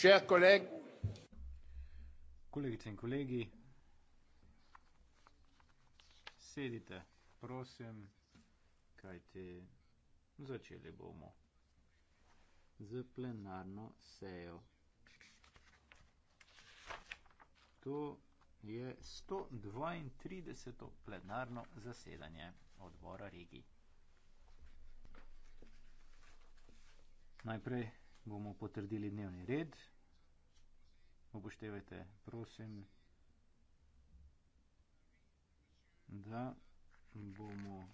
Chers collègues, kolegice in kolegi, sedite, prosim, kajti začeli bomo z plenarno sejo. To je 132. plenarno zasedanje odbora regij. Najprej bomo potrdili dnevni red. Upoštevajte, prosim, da bomo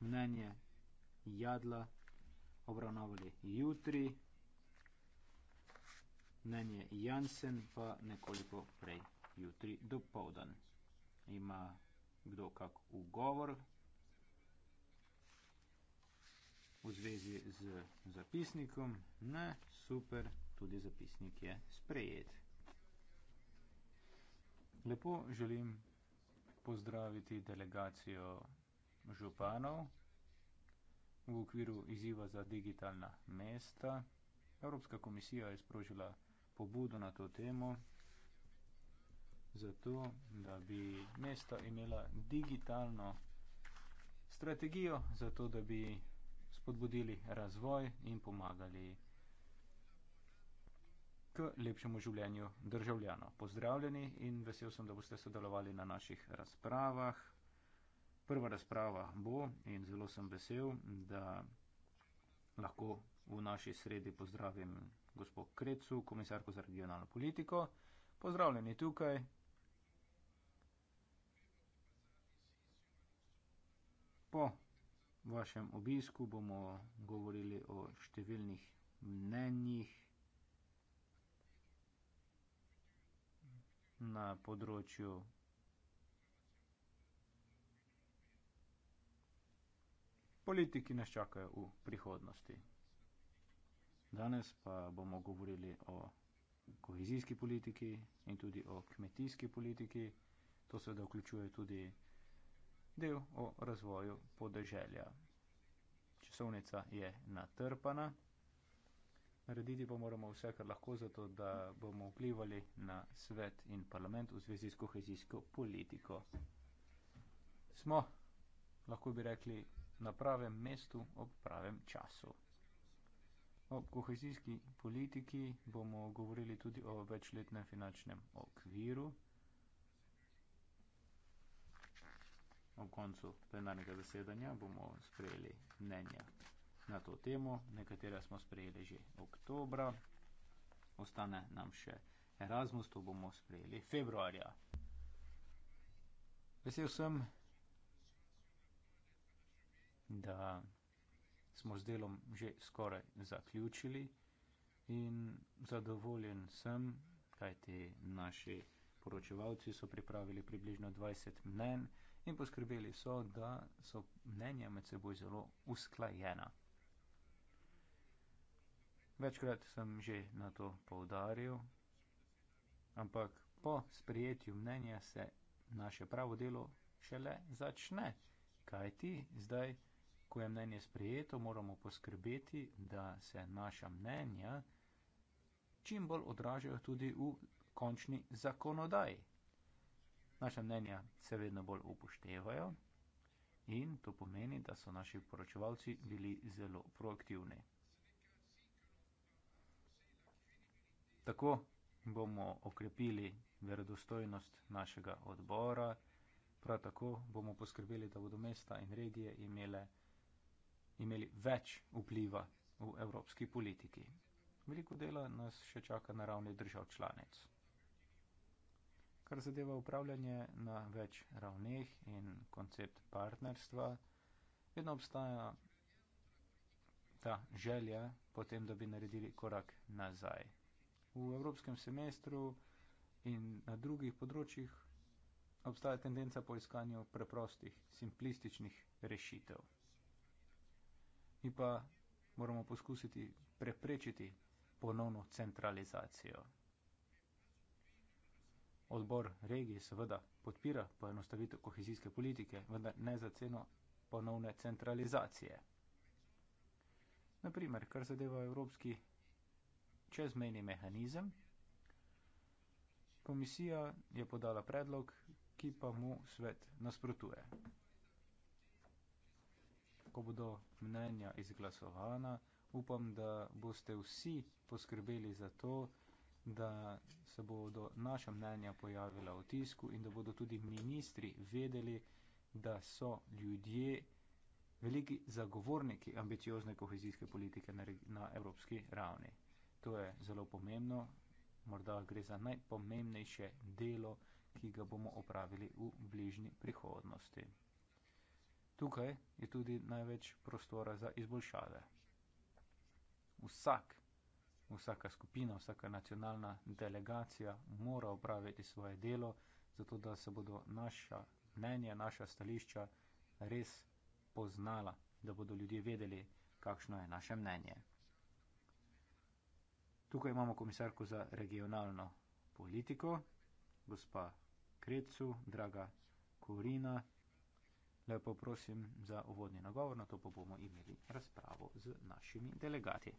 mnenje jadla obravnavali jutri, mnenje Jansen pa nekoliko prej, jutri do povdan. Ima kdo kak ugovor? v zvezi z zapisnikom. Ne, super, tudi zapisnik je sprejet. Lepo želim pozdraviti delegacijo županov v okviru izziva za digitalna mesta. Evropska komisija je sprožila pobudo na to temo, zato da bi mesta imela digitalno strategijo, zato da bi spodbudili razvoj in pomagali k lepšemu življenju državljanov. Pozdravljeni in vesel sem, da boste sodelovali na naših razpravah. Prva razprava bo in zelo sem vesel, da lahko v naši sredi pozdravim gospod Krecu, komisarko za regionalno politiko. Pozdravljeni tukaj. Po vašem obisku bomo govorili o številnih mnenjih na področju politiki nas čakajo v prihodnosti. Danes pa bomo govorili o kohezijski politiki in tudi o kmetijski politiki. To seveda vključuje tudi del o razvoju podeželja. Časovnica je natrpana. Narediti pa moramo vse, kar lahko, zato da bomo vplivali na svet in parlament v zvezi s kohezijsko politiko. Smo, lahko bi rekli, na pravem mestu ob pravem času. Ob kohezijski politiki bomo govorili tudi o večletnem finančnem okviru 2014-2020. ob koncu plenarnega zasedanja bomo sprejeli mnenja na to temo. Nekatera smo sprejeli že oktobra, ostane nam še Erasmus, to bomo sprejeli februarja. Vesel sem, da smo z delom že skoraj zaključili in zadovoljen sem, kajti naši poročevalci so pripravili približno 20 mnen in poskrbeli so, da so mnenja med seboj zelo usklajena. Večkrat sem že na to povdaril, ampak po sprejetju mnenja se naše pravo delo šele začne, kajti zdaj, ko je mnenje sprejeto, moramo poskrbeti, da se naša mnenja čim bolj odražajo tudi v končni zakonodaji. Naša mnenja se vedno bolj upoštevajo in to pomeni, da so naši poročevalci bili zelo proaktivni. Tako bomo okrepili verodostojnost našega odbora, prav tako bomo poskrbeli, da bodo mesta in regije imele, imeli več vpliva v evropski politiki. Veliko dela nas še čaka na ravni držav članic kar zadeva upravljanje na več ravneh in koncept partnerstva, vedno obstaja ta želja potem, da bi naredili korak nazaj. V evropskem semestru in na drugih področjih obstaja tendenca po iskanju preprostih, simplističnih rešitev. Mi pa moramo poskusiti preprečiti ponovno centralizacijo odbor regije seveda podpira poenostavitev kohezijske politike, vendar ne za ceno ponovne centralizacije. Naprimer, kar zadeva evropski čezmejni mehanizem, komisija je podala predlog, ki pa mu svet nasprotuje. Ko bodo mnenja izglasovana, upam, da boste vsi poskrbeli za to, da se bodo naša mnenja pojavila v tisku in da bodo tudi ministri vedeli, da so ljudje veliki zagovorniki ambiciozne kohezijske politike na, na evropski ravni. To je zelo pomembno, morda gre za najpomembnejše delo, ki ga bomo opravili v bližnji prihodnosti. Tukaj je tudi največ prostora za izboljšave. Vsak vsaka skupina, vsaka nacionalna delegacija mora upraviti svoje delo, zato da se bodo naša mnenja, naša stališča res poznala, da bodo ljudje vedeli, kakšno je naše mnenje. Tukaj imamo komisarko za regionalno politiko, gospa Krecu, draga Korina. Lepo prosim za uvodni nagovor, na to pa bomo imeli razpravo z našimi delegati.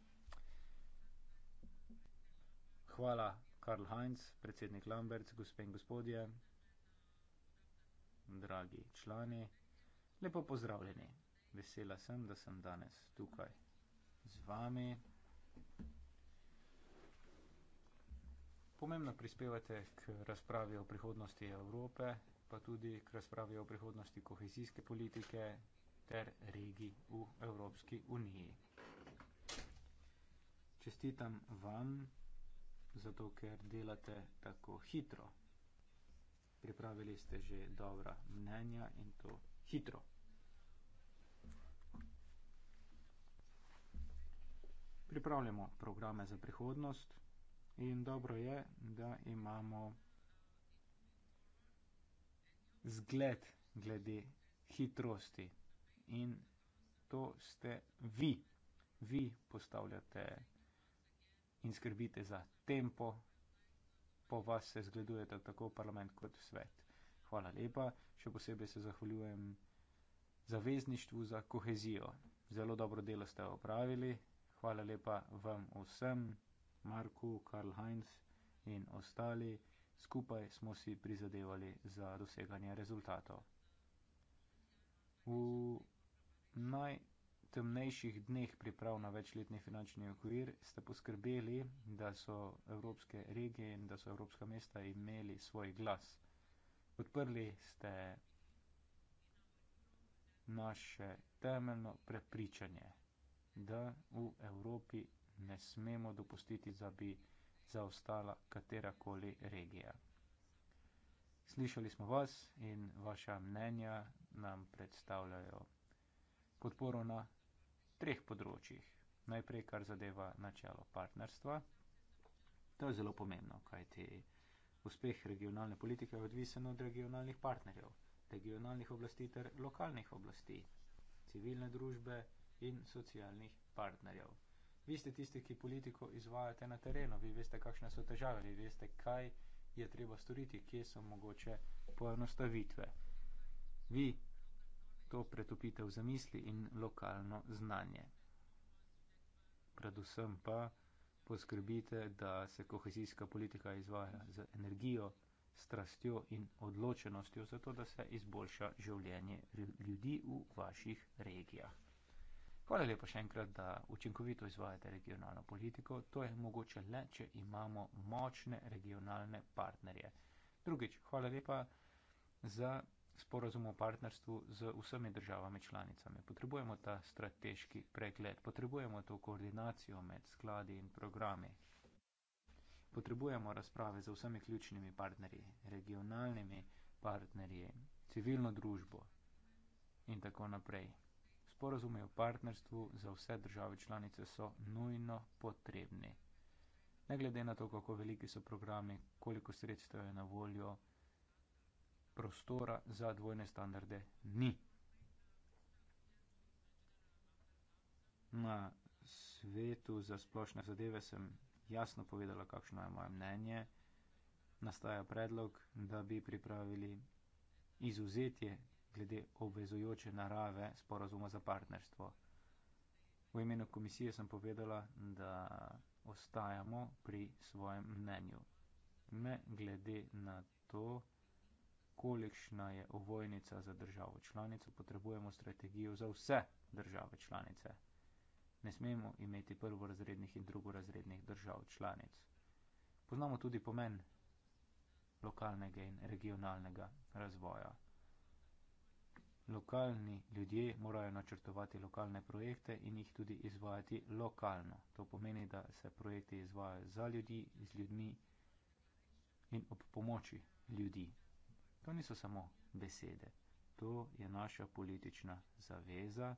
Hvala, Karl Heinz, predsednik Lamberts, gospe in gospodje, dragi člani, lepo pozdravljeni. Vesela sem, da sem danes tukaj z vami. Pomembno prispevate k razpravi o prihodnosti Evrope, pa tudi k razpravi o prihodnosti kohezijske politike ter regij v Evropski uniji. Čestitam vam, zato ker delate tako hitro. Pripravili ste že dobra mnenja in to hitro. Pripravljamo programe za prihodnost in dobro je, da imamo zgled glede hitrosti in to ste vi. Vi postavljate in skrbite za tempo, po vas se zgledujete tako parlament kot svet. Hvala lepa, še posebej se zahvaljujem zavezništvu za kohezijo. Zelo dobro delo ste opravili. Hvala lepa vam vsem, Marku, Karl Heinz in ostali. Skupaj smo si prizadevali za doseganje rezultatov. V naj temnejših dneh priprav na večletni finančni okvir ste poskrbeli, da so evropske regije in da so evropska mesta imeli svoj glas. Podprli ste naše temeljno prepričanje, da v Evropi ne smemo dopustiti, da bi zaostala katerakoli regija. Slišali smo vas in vaša mnenja nam predstavljajo podporo na treh področjih. Najprej, kar zadeva načelo partnerstva. To je zelo pomembno, kajti uspeh regionalne politike je odvisen od regionalnih partnerjev, regionalnih oblasti ter lokalnih oblasti, civilne družbe in socialnih partnerjev. Vi ste tisti, ki politiko izvajate na terenu, vi veste, kakšne so težave, vi veste, kaj je treba storiti, kje so mogoče poenostavitve. Vi to pretopitev za misli in lokalno znanje. Predvsem pa poskrbite, da se kohezijska politika izvaja z energijo, strastjo in odločenostjo, zato da se izboljša življenje ljudi v vaših regijah. Hvala lepa še enkrat, da učinkovito izvajate regionalno politiko. To je mogoče le, če imamo močne regionalne partnerje. Drugič, hvala lepa za sporozum o partnerstvu z vsemi državami članicami. Potrebujemo ta strateški pregled, potrebujemo to koordinacijo med skladi in programi. Potrebujemo razprave z vsemi ključnimi partnerji, regionalnimi partnerji, civilno družbo in tako naprej. Sporozumi o partnerstvu za vse države članice so nujno potrebni. Ne glede na to, kako veliki so programi, koliko sredstev je na voljo, prostora za dvojne standarde ni. Na svetu za splošne zadeve sem jasno povedala, kakšno je moje mnenje. Nastaja predlog, da bi pripravili izuzetje glede obvezujoče narave sporazuma za partnerstvo. V imenu komisije sem povedala, da ostajamo pri svojem mnenju. Ne glede na to, kolikšna je ovojnica za državo članico potrebujemo strategijo za vse države članice ne smemo imeti prvorazrednih in drugorazrednih držav članic poznamo tudi pomen lokalnega in regionalnega razvoja Lokalni ljudje morajo načrtovati lokalne projekte in jih tudi izvajati lokalno. To pomeni, da se projekti izvajajo za ljudi, z ljudmi in ob pomoči ljudi. To niso samo besede, to je naša politična zaveza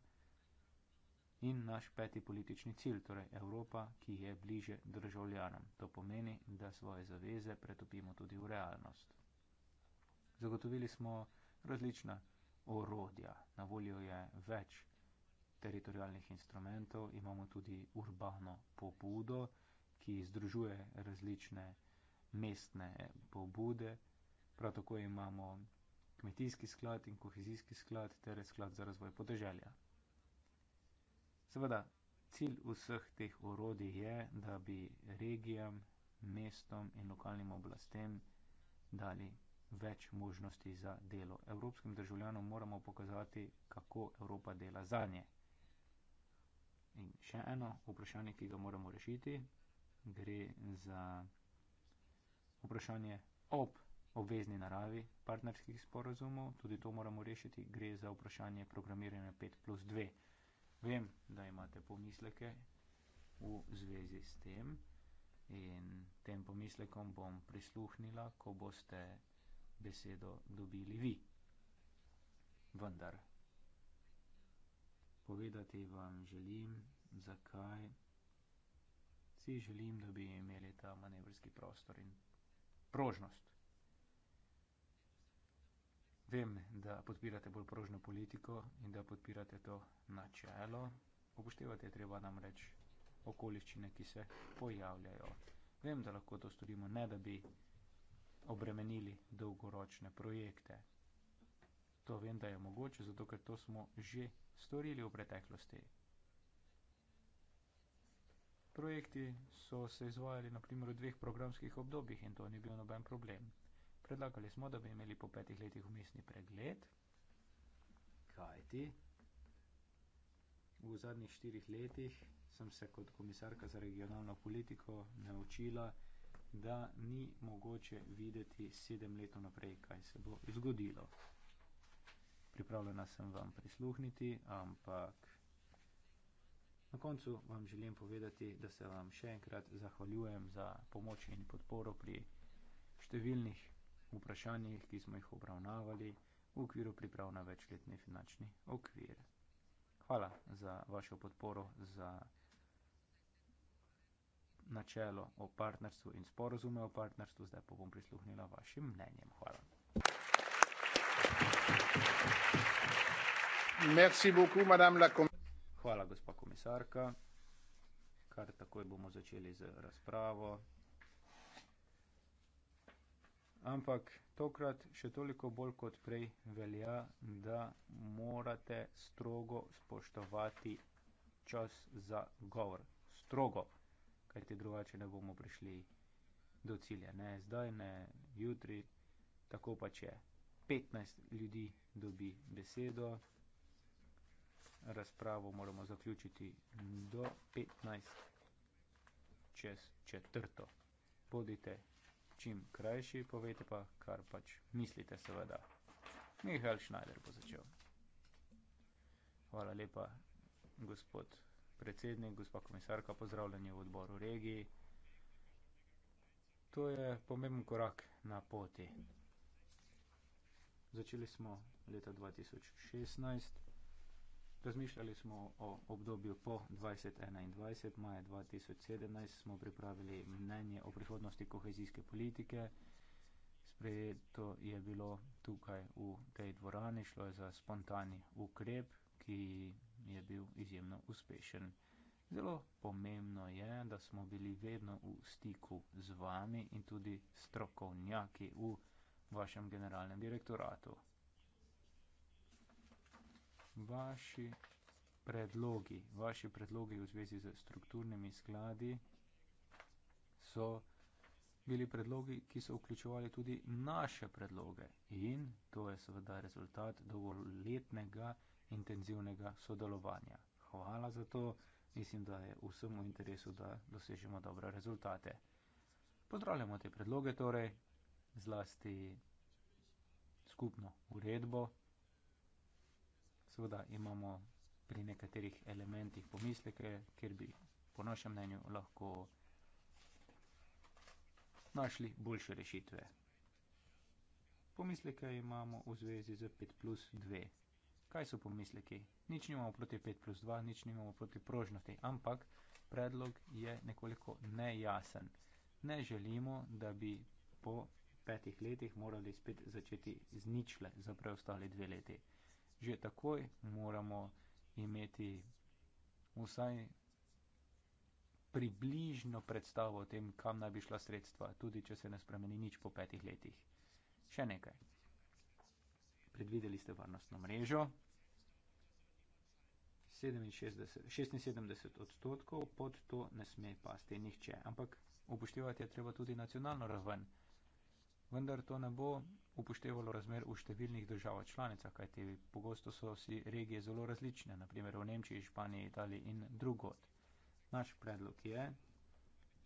in naš peti politični cilj, torej Evropa, ki je bliže državljanom. To pomeni, da svoje zaveze pretopimo tudi v realnost. Zagotovili smo različna orodja, na voljo je več teritorijalnih instrumentov, imamo tudi urbano pobudo, ki združuje različne mestne pobude. Prav tako imamo kmetijski sklad in kohezijski sklad ter sklad za razvoj podeželja. Seveda, cilj vseh teh orodij je, da bi regijam, mestom in lokalnim oblastem dali več možnosti za delo. Evropskim državljanom moramo pokazati, kako Evropa dela za nje. In še eno vprašanje, ki ga moramo rešiti, gre za vprašanje ob obvezni naravi partnerskih sporazumov – tudi to moramo rešiti – gre za vprašanje programiranja 5 plus 2. Vem, da imate pomisleke v zvezi s tem in tem pomislekom bom prisluhnila, ko boste besedo dobili vi. Vendar, povedati vam želim, zakaj si želim, da bi imeli ta manevrski prostor in prožnost – Vem, da podpirate bolj prožno politiko in da podpirate to načelo. Upoštevati je treba namreč okoliščine, ki se pojavljajo. Vem, da lahko to storimo, ne da bi obremenili dolgoročne projekte. To vem, da je mogoče, zato ker to smo že storili v preteklosti. Projekti so se izvajali naprimer v dveh programskih obdobjih in to ni bil noben problem. Predlagali smo, da bi imeli po petih letih umestni pregled, kaj ti. V zadnjih štirih letih sem se kot komisarka za regionalno politiko naučila, da ni mogoče videti sedem let naprej, kaj se bo zgodilo. Pripravljena sem vam prisluhniti, ampak na koncu vam želim povedati, da se vam še enkrat zahvaljujem za pomoč in podporo pri številnih vprašanjih, ki smo jih obravnavali v okviru priprav na večletni finančni okvir. Hvala za vašo podporo za načelo o partnerstvu in sporozume o partnerstvu. Zdaj pa bom prisluhnila vašim mnenjem. Hvala. Hvala, gospa komisarka. Kar takoj bomo začeli z razpravo ampak tokrat še toliko bolj kot prej velja, da morate strogo spoštovati čas za govor. Strogo, kajti drugače ne bomo prišli do cilja. Ne zdaj, ne jutri, tako pač je. 15 ljudi dobi besedo. Razpravo moramo zaključiti do 15 čez četrto. Bodite čim krajši, povejte pa, kar pač mislite, seveda. Mihael Schneider bo začel. Hvala lepa, gospod predsednik, gospa komisarka, pozdravljeni v odboru regiji. To je pomemben korak na poti. Začeli smo leta 2016. Razmišljali smo o obdobju po 2021, maja 2017 smo pripravili mnenje o prihodnosti kohezijske politike. Sprejeto je bilo tukaj v tej dvorani, šlo je za spontani ukrep, ki je bil izjemno uspešen. Zelo pomembno je, da smo bili vedno v stiku z vami in tudi strokovnjaki v vašem generalnem direktoratu vaši predlogi, vaši predlogi v zvezi z strukturnimi skladi so bili predlogi, ki so vključevali tudi naše predloge in to je seveda rezultat dovoljetnega intenzivnega sodelovanja. Hvala za to, mislim, da je vsem v interesu, da dosežemo dobre rezultate. Pozdravljamo te predloge torej, zlasti skupno uredbo, seveda imamo pri nekaterih elementih pomisleke, ker bi po našem mnenju lahko našli boljše rešitve. Pomisleke imamo v zvezi z 5 plus 2. Kaj so pomisleki? Nič nimamo proti 5 plus 2, nič nimamo proti prožnosti, ampak predlog je nekoliko nejasen. Ne želimo, da bi po petih letih morali spet začeti z ničle za preostali dve leti že takoj moramo imeti vsaj približno predstavo o tem, kam naj bi šla sredstva, tudi če se ne spremeni nič po petih letih. Še nekaj. Predvideli ste varnostno mrežo. 67, 76 odstotkov pod to ne sme pasti nihče. Ampak upoštevati je treba tudi nacionalno raven. Vendar to ne bo upoštevalo razmer v številnih državah članicah, kajti pogosto so si regije zelo različne, naprimer v Nemčiji, Španiji, Italiji in drugod. Naš predlog je,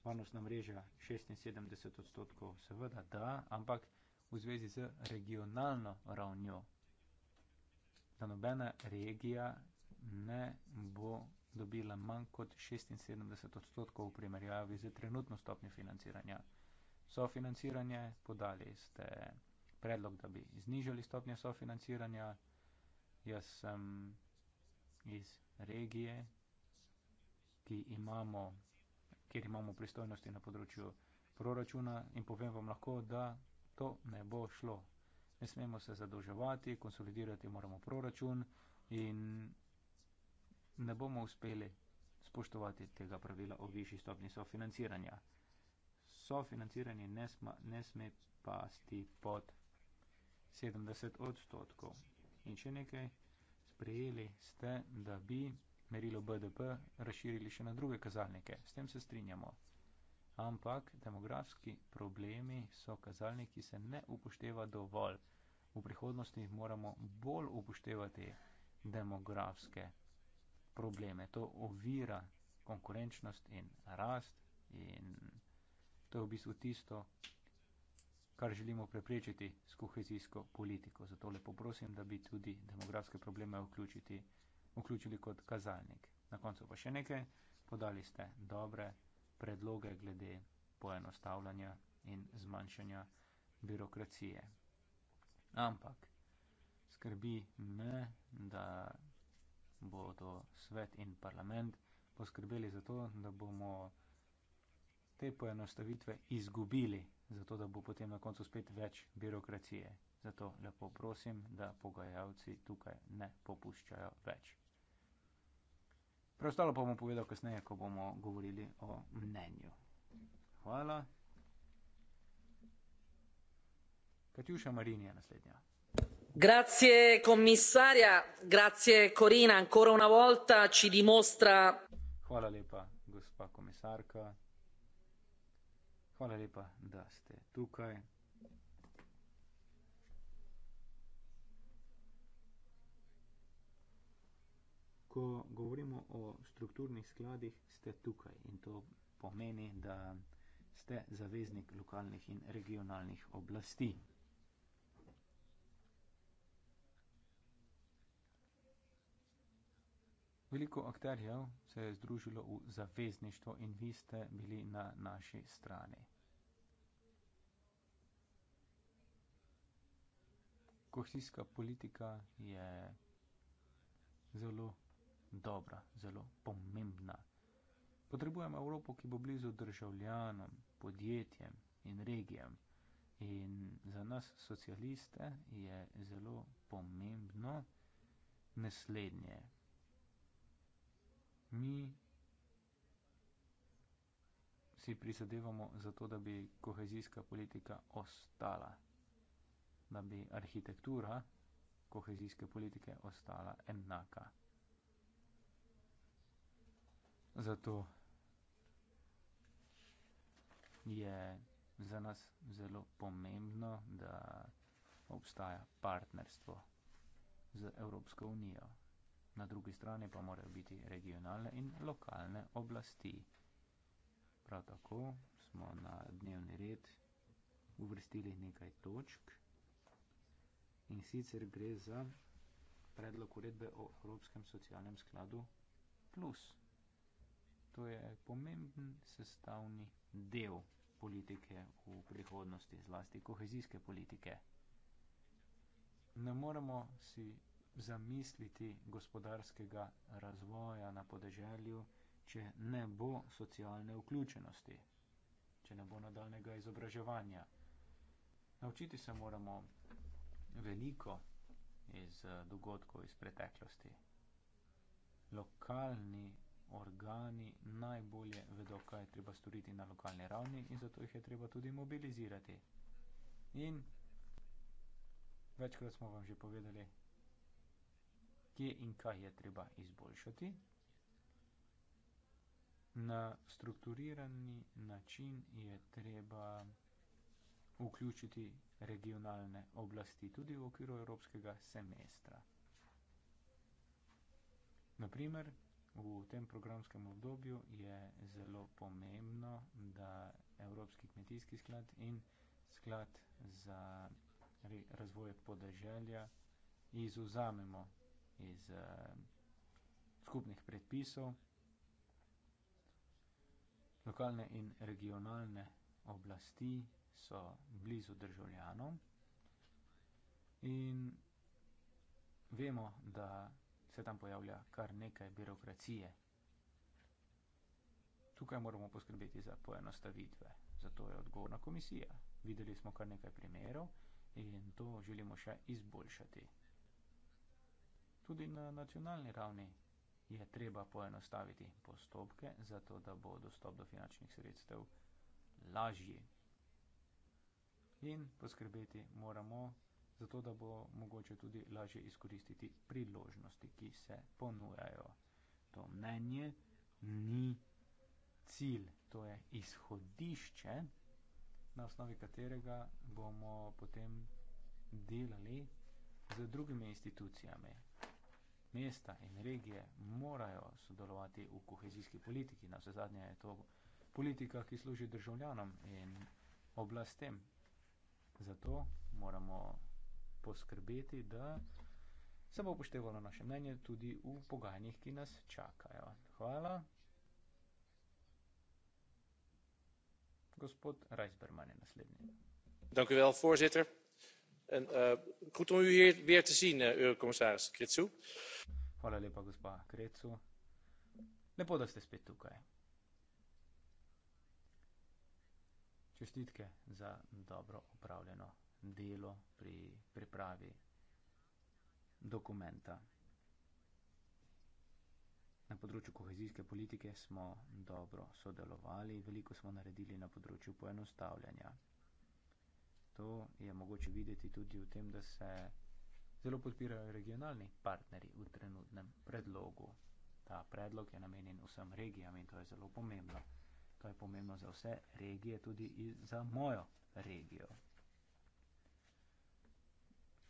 varnostna mreža 76 odstotkov seveda da, ampak v zvezi z regionalno ravnjo, da nobena regija ne bo dobila manj kot 76 odstotkov v primerjavi z trenutno stopnjo financiranja. Sofinanciranje podali ste predlog, da bi znižali stopnjo sofinanciranja. Jaz sem iz regije, imamo, kjer imamo pristojnosti na področju proračuna in povem vam lahko, da to ne bo šlo. Ne smemo se zadolževati, konsolidirati moramo proračun in ne bomo uspeli spoštovati tega pravila o višji stopni sofinanciranja. Sofinanciranje ne, sma, ne sme pasti pod 50%. 70 odstotkov. In če nekaj sprejeli ste, da bi merilo BDP razširili še na druge kazalnike, s tem se strinjamo. Ampak demografski problemi so kazalniki, ki se ne upošteva dovolj. V prihodnosti moramo bolj upoštevati demografske probleme. To ovira konkurenčnost in rast in to je v bistvu tisto, kar želimo preprečiti s kohezijsko politiko. Zato lepo prosim, da bi tudi demografske probleme vključiti, vključili kot kazalnik. Na koncu pa še nekaj, podali ste dobre predloge glede poenostavljanja in zmanjšanja birokracije. Ampak skrbi me, da bodo svet in parlament poskrbeli za to, da bomo te poenostavitve izgubili zato da bo potem na koncu spet več birokracije. Zato lepo prosim, da pogajalci tukaj ne popuščajo več. Preostalo pa bom povedal kasneje, ko bomo govorili o mnenju. Hvala. Katjuša Marin je naslednja. Grazie komisarja, grazie Korina, ancora una volta ci dimostra. Hvala lepa, gospa komisarka. Hvala lepa, da ste tukaj. Ko govorimo o strukturnih skladih, ste tukaj in to pomeni, da ste zaveznik lokalnih in regionalnih oblasti. Veliko akterjev se je združilo v zavezništvo in vi ste bili na naši strani. Kohezijska politika je zelo dobra, zelo pomembna. Potrebujemo Evropo, ki bo blizu državljanom, podjetjem in regijam. In za nas, socialiste, je zelo pomembno naslednje mi si prizadevamo za to, da bi kohezijska politika ostala, da bi arhitektura kohezijske politike ostala enaka. Zato je za nas zelo pomembno, da obstaja partnerstvo z Evropsko unijo na drugi strani pa morajo biti regionalne in lokalne oblasti. Prav tako smo na dnevni red uvrstili nekaj točk in sicer gre za predlog uredbe o Evropskem socialnem skladu plus. To je pomemben sestavni del politike v prihodnosti, zlasti kohezijske politike. Ne moremo si zamisliti gospodarskega razvoja na podeželju, če ne bo socialne vključenosti, če ne bo nadaljnega izobraževanja. Naučiti se moramo veliko iz eh, dogodkov iz preteklosti. Lokalni organi najbolje vedo, kaj je treba storiti na lokalni ravni in zato jih je treba tudi mobilizirati. In večkrat smo vam že povedali, kje in kaj je treba izboljšati. Na strukturirani način je treba vključiti regionalne oblasti tudi v okviru evropskega semestra. Naprimer, v tem programskem obdobju je zelo pomembno, da Evropski kmetijski sklad in sklad za razvoj podeželja izuzamemo iz uh, skupnih predpisov, lokalne in regionalne oblasti so blizu državljanom in vemo, da se tam pojavlja kar nekaj birokracije. Tukaj moramo poskrbeti za poenostavitve, zato je odgovorna komisija. Videli smo kar nekaj primerov in to želimo še izboljšati tudi na nacionalni ravni je treba poenostaviti postopke, zato da bo dostop do finančnih sredstev lažji. In poskrbeti moramo, zato da bo mogoče tudi lažje izkoristiti priložnosti, ki se ponujajo. To mnenje ni cilj, to je izhodišče, na osnovi katerega bomo potem delali z drugimi institucijami, mesta in regije morajo sodelovati v kohezijski politiki. Na vse zadnje je to politika, ki služi državljanom in oblastem. Zato moramo poskrbeti, da se bo upoštevalo naše mnenje tudi v pogajanjih, ki nas čakajo. Hvala. Gospod Reisberman je naslednji. Dank u wel, voorzitter en eh, goed om u hier weer te zien, eh, eurocommissaris Kretsou. Hvala lepa, gospa Kretsou. Lepo, da ste spet tukaj. Čestitke za dobro upravljeno delo pri pripravi dokumenta. Na področju kohezijske politike smo dobro sodelovali, veliko smo naredili na področju poenostavljanja To je mogoče videti tudi v tem, da se zelo podpirajo regionalni partnerji v trenutnem predlogu. Ta predlog je namenjen vsem regijam in to je zelo pomembno. To je pomembno za vse regije, tudi za mojo regijo.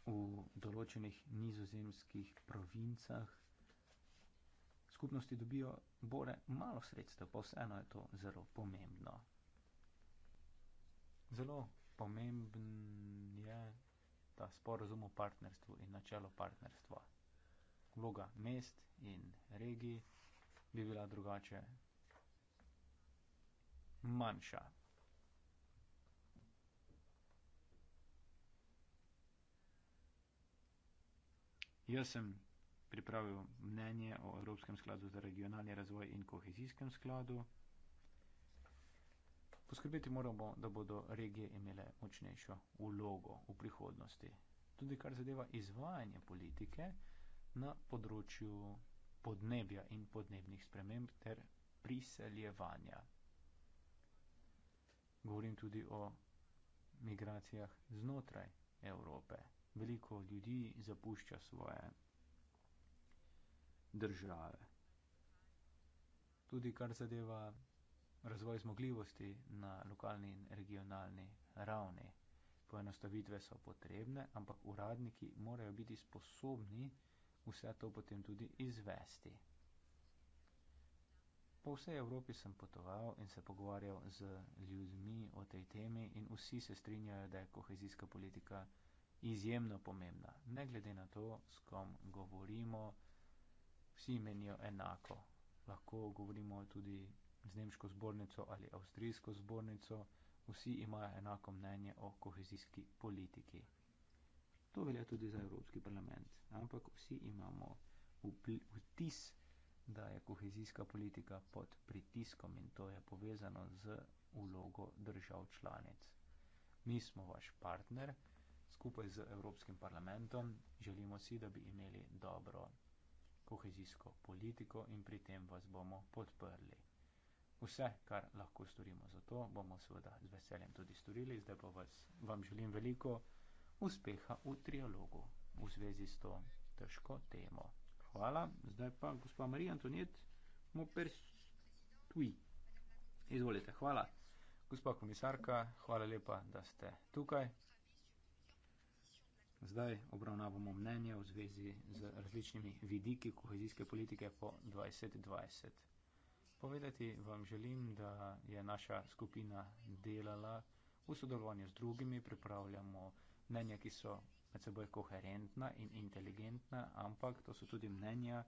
V določenih nizozemskih provincah skupnosti dobijo bore malo sredstev, pa vseeno je to zelo pomembno. Zelo pomemben je ta sporozum o partnerstvu in načelo partnerstva. Vloga mest in regij bi bila drugače manjša. Jaz sem pripravil mnenje o Evropskem skladu za regionalni razvoj in kohezijskem skladu. Poskrbeti moramo, da bodo regije imele močnejšo ulogo v prihodnosti. Tudi kar zadeva izvajanje politike na področju podnebja in podnebnih sprememb ter priseljevanja. Govorim tudi o migracijah znotraj Evrope. Veliko ljudi zapušča svoje države. Tudi kar zadeva razvoj zmogljivosti na lokalni in regionalni ravni. Poenostavitve so potrebne, ampak uradniki morajo biti sposobni vse to potem tudi izvesti. Po vsej Evropi sem potoval in se pogovarjal z ljudmi o tej temi in vsi se strinjajo, da je kohezijska politika izjemno pomembna. Ne glede na to, s kom govorimo, vsi menijo enako. Lahko govorimo tudi z nemško zbornico ali avstrijsko zbornico, vsi imajo enako mnenje o kohezijski politiki. To velja tudi za Evropski parlament, ampak vsi imamo vtis, da je kohezijska politika pod pritiskom in to je povezano z ulogo držav članic. Mi smo vaš partner, skupaj z Evropskim parlamentom želimo si, da bi imeli dobro kohezijsko politiko in pri tem vas bomo podprli vse, kar lahko storimo. Zato bomo seveda z veseljem tudi storili. Zdaj pa vas, vam želim veliko uspeha v trialogu v zvezi s to težko temo. Hvala. Zdaj pa gospa Marija Antonijet, Moperstui. Izvolite, hvala. Gospa komisarka, hvala lepa, da ste tukaj. Zdaj obravnavamo mnenje v zvezi z različnimi vidiki kohezijske politike po 2020 povedati, vam želim, da je naša skupina delala v sodelovanju z drugimi, pripravljamo mnenja, ki so med seboj koherentna in inteligentna, ampak to so tudi mnenja,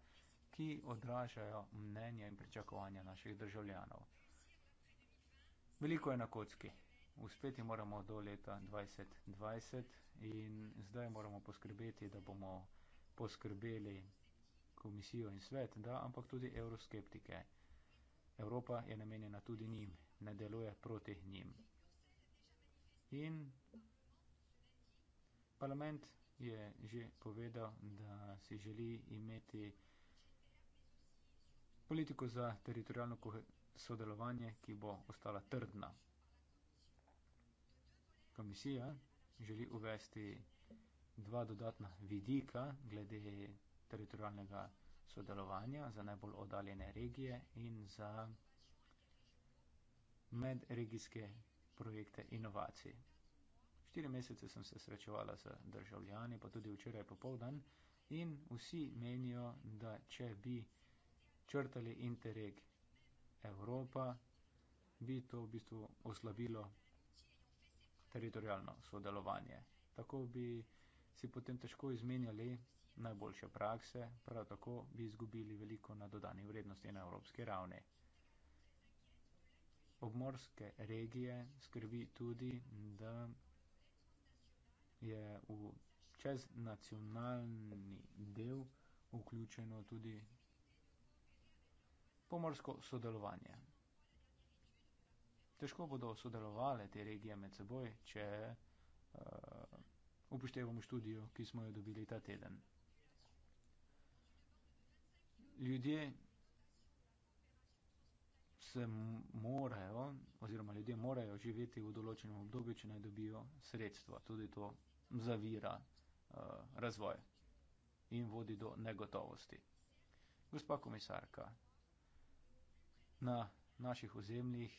ki odražajo mnenja in pričakovanja naših državljanov. Veliko je na kocki. Uspeti moramo do leta 2020 in zdaj moramo poskrbeti, da bomo poskrbeli komisijo in svet, da, ampak tudi evroskeptike. Evropa je namenjena tudi njim, ne deluje proti njim. In parlament je že povedal, da si želi imeti politiko za teritorijalno sodelovanje, ki bo ostala trdna. Komisija želi uvesti dva dodatna vidika glede teritorijalnega sodelovanja sodelovanja za najbolj oddaljene regije in za medregijske projekte inovacij. Štiri mesece sem se srečevala z državljani, pa tudi včeraj popovdan, in vsi menijo, da če bi črtali interreg Evropa, bi to v bistvu oslabilo teritorijalno sodelovanje. Tako bi si potem težko izmenjali najboljše prakse, prav tako bi izgubili veliko na dodani vrednosti na evropski ravni. Obmorske regije skrbi tudi, da je v čeznacionalni del vključeno tudi pomorsko sodelovanje. Težko bodo sodelovali te regije med seboj, če uh, upoštevamo študijo, ki smo jo dobili ta teden ljudje se morajo, oziroma ljudje morajo živeti v določenem obdobju, če naj dobijo sredstva. Tudi to zavira uh, razvoj in vodi do negotovosti. Gospa komisarka, na naših ozemljih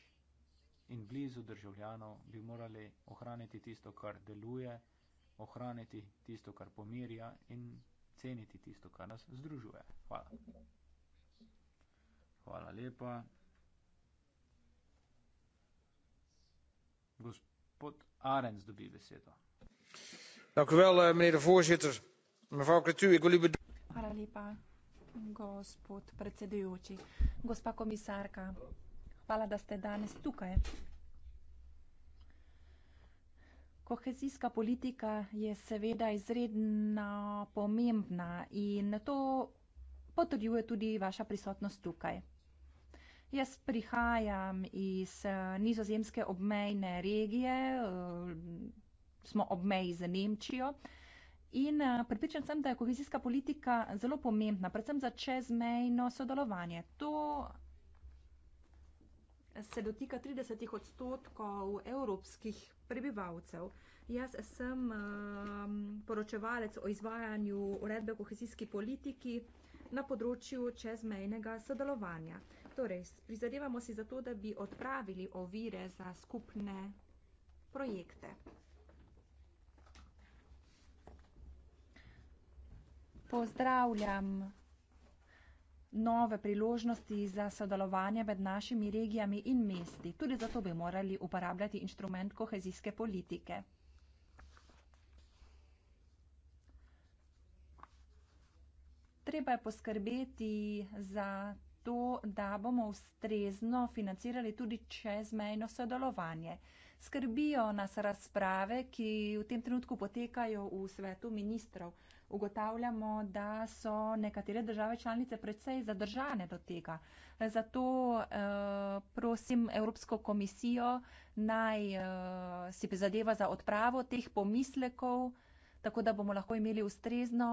in blizu državljanov bi morali ohraniti tisto, kar deluje, ohraniti tisto, kar pomirja in ceniti tisto, kar nas združuje. Hvala. Hvala lepa. Gospod Arens dobi besedo. Dank u wel, eh, meneer de voorzitter. Mevrouw Cretu, ik wil u bedanken. Hvala lepa, gospod predsedujoči. Gospa komisarka, hvala da ste danes tukaj. Kohezijska politika je seveda izredno pomembna in to potrjuje tudi vaša prisotnost tukaj. Jaz prihajam iz eh, nizozemske obmejne regije, eh, smo obmeji z Nemčijo in eh, pripričan sem, da je kohezijska politika zelo pomembna, predvsem za čezmejno sodelovanje. To se dotika 30 odstotkov evropskih prebivalcev. Jaz sem um, poročevalec o izvajanju uredbe o kohezijski politiki na področju čezmejnega sodelovanja. Torej, prizadevamo si za to, da bi odpravili ovire za skupne projekte. Pozdravljam nove priložnosti za sodelovanje med našimi regijami in mesti. Tudi zato bi morali uporabljati inštrument kohezijske politike. Treba je poskrbeti za to, da bomo ustrezno financirali tudi čezmejno sodelovanje. Skrbijo nas razprave, ki v tem trenutku potekajo v svetu ministrov ugotavljamo, da so nekatere države članice predvsej zadržane do tega. Zato eh, prosim Evropsko komisijo naj eh, si prizadeva za odpravo teh pomislekov, tako da bomo lahko imeli ustrezno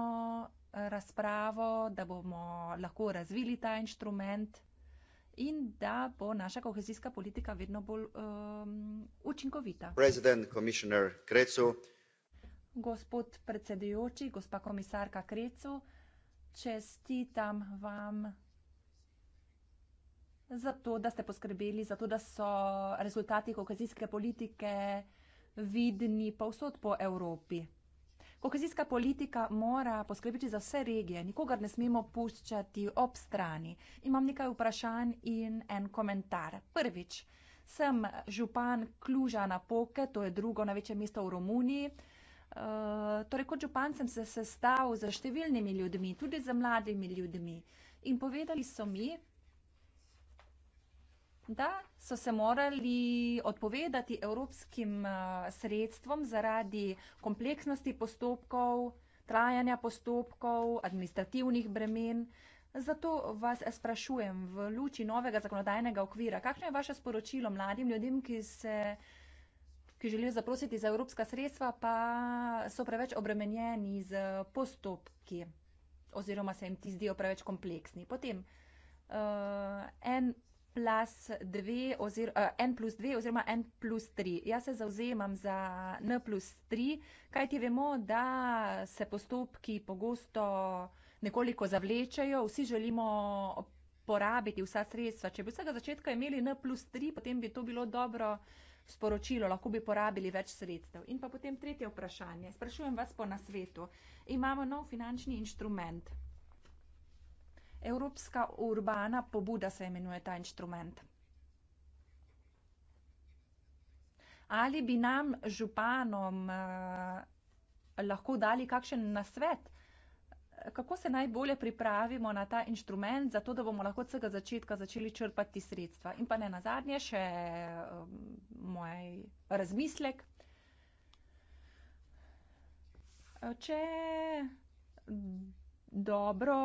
eh, razpravo, da bomo lahko razvili ta inštrument in da bo naša kohezijska politika vedno bolj um, učinkovita. President, komisar Krecu. Gospod predsedujoči, gospa komisarka Krecu, čestitam vam za to, da ste poskrbeli za to, da so rezultati kohezijske politike vidni povsod po Evropi. Kohezijska politika mora poskrbeti za vse regije, nikogar ne smemo puščati ob strani. Imam nekaj vprašanj in en komentar. Prvič, sem župan Kluža na Poke, to je drugo največje mesto v Romuniji. Eh, torej kot župan sem se sestal z številnimi ljudmi, tudi z mladimi ljudmi. In povedali so mi, da so se morali odpovedati evropskim eh, sredstvom zaradi kompleksnosti postopkov, trajanja postopkov, administrativnih bremen. Zato vas sprašujem v luči novega zakonodajnega okvira, kakšno je vaše sporočilo mladim ljudem, ki se uh, ki želijo zaprositi za evropska sredstva, pa so preveč obremenjeni z postopki oziroma se jim ti zdijo preveč kompleksni. Potem uh, en, plus dve, ozir, uh, eh, en plus dve oziroma en plus tri. Jaz se zauzemam za n plus tri, kaj ti vemo, da se postopki pogosto nekoliko zavlečejo, vsi želimo porabiti vsa sredstva. Če bi vsega začetka imeli n plus tri, potem bi to bilo dobro. Uh, sporočilo, lahko bi porabili več sredstev. In pa potem tretje vprašanje. Sprašujem vas po nasvetu. Imamo nov finančni inštrument. Evropska urbana pobuda se imenuje ta inštrument. Ali bi nam županom eh, lahko dali kakšen nasvet, kako se najbolje pripravimo na ta inštrument, zato da bomo lahko od vsega začetka začeli črpati sredstva. In pa ne na zadnje, še um, moj razmislek. Če dobro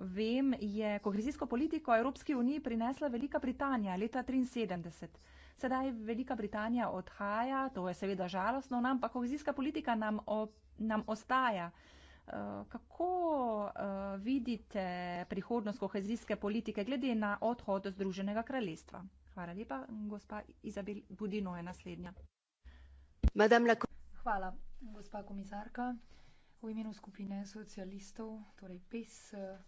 vem, je kohezijsko politiko Evropski uniji prinesla Velika Britanija leta 1973. Sedaj Velika Britanija odhaja, to je seveda žalostno, ampak kohezijska politika nam, o, nam ostaja. Eh, kako eh, vidite prihodnost kohezijske politike glede na odhod Združenega kraljestva? Hvala lepa, gospa Izabel Budino je naslednja. Hvala, gospa komisarka. V imenu skupine socialistov, torej PES, eh,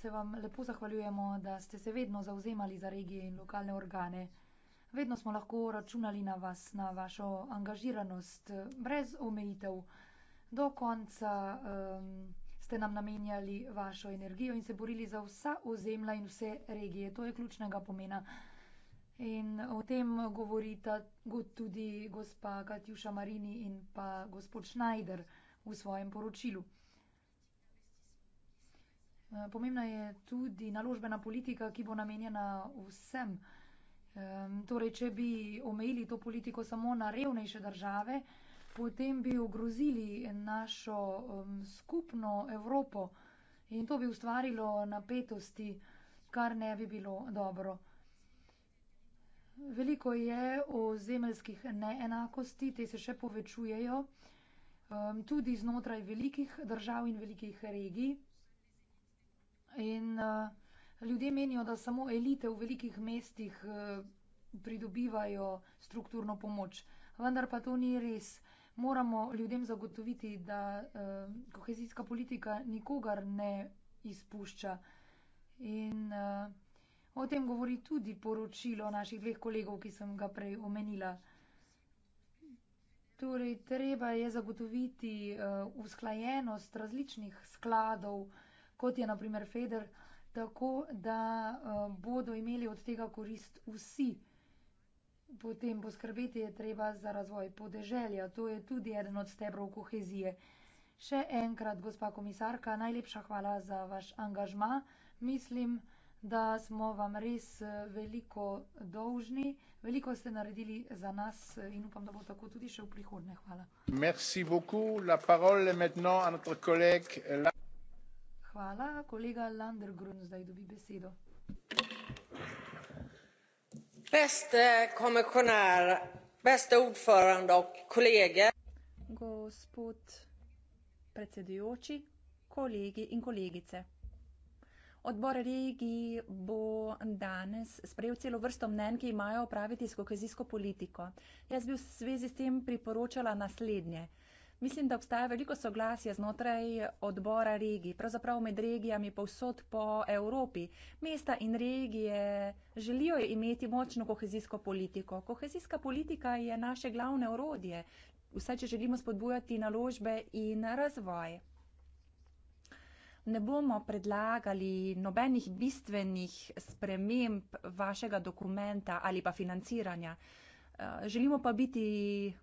se vam lepo zahvaljujemo, da ste se vedno zauzemali za regije in lokalne organe. Vedno smo lahko računali na vas, na vašo angažiranost brez omejitev do konca um, ste nam namenjali vašo energijo in se borili za vsa ozemlja in vse regije. To je ključnega pomena. In o tem govorita tudi gospa Katjuša Marini in pa gospod Schneider v svojem poročilu. Pomembna je tudi naložbena politika, ki bo namenjena vsem. Torej, če bi omejili to politiko samo na revnejše države, potem bi ogrozili našo um, skupno Evropo in to bi ustvarilo napetosti, kar ne bi bilo dobro. Veliko je o zemeljskih neenakosti, te se še povečujejo, um, tudi znotraj velikih držav in velikih regij. In uh, ljudje menijo, da samo elite v velikih mestih uh, pridobivajo strukturno pomoč. Vendar pa to ni res moramo ljudem zagotoviti, da uh, kohezijska politika nikogar ne izpušča. In uh, o tem govori tudi poročilo naših dveh kolegov, ki sem ga prej omenila. Torej, treba je zagotoviti uh, usklajenost različnih skladov, kot je naprimer FEDER, tako da uh, bodo imeli od tega korist vsi. Uh, Potem poskrbeti je treba za razvoj podeželja, to je tudi eden od stebrov kohezije. Še enkrat, gospa komisarka, najlepša hvala za vaš angažma. Mislim, da smo vam res eh, veliko dolžni, veliko ste naredili za nas eh, in upam, da bo tako tudi še v prihodnje. Hvala. Hvala, kolega Landergrun zdaj dobi besedo. Gospod predsedujoči, kolegi in kolegice. Odbor regij bo danes sprejel celo vrsto mnenj, ki imajo opraviti s kohezijsko politiko. Jaz bi v zvezi s tem priporočala naslednje. Mislim, da obstaja veliko soglasje znotraj odbora regij, pravzaprav med regijami povsod po Evropi. Mesta in regije želijo imeti močno kohezijsko politiko. Kohezijska politika je naše glavne orodje, vse če želimo spodbujati naložbe in razvoj. Ne bomo predlagali nobenih bistvenih sprememb vašega dokumenta ali pa financiranja. Eh, želimo pa biti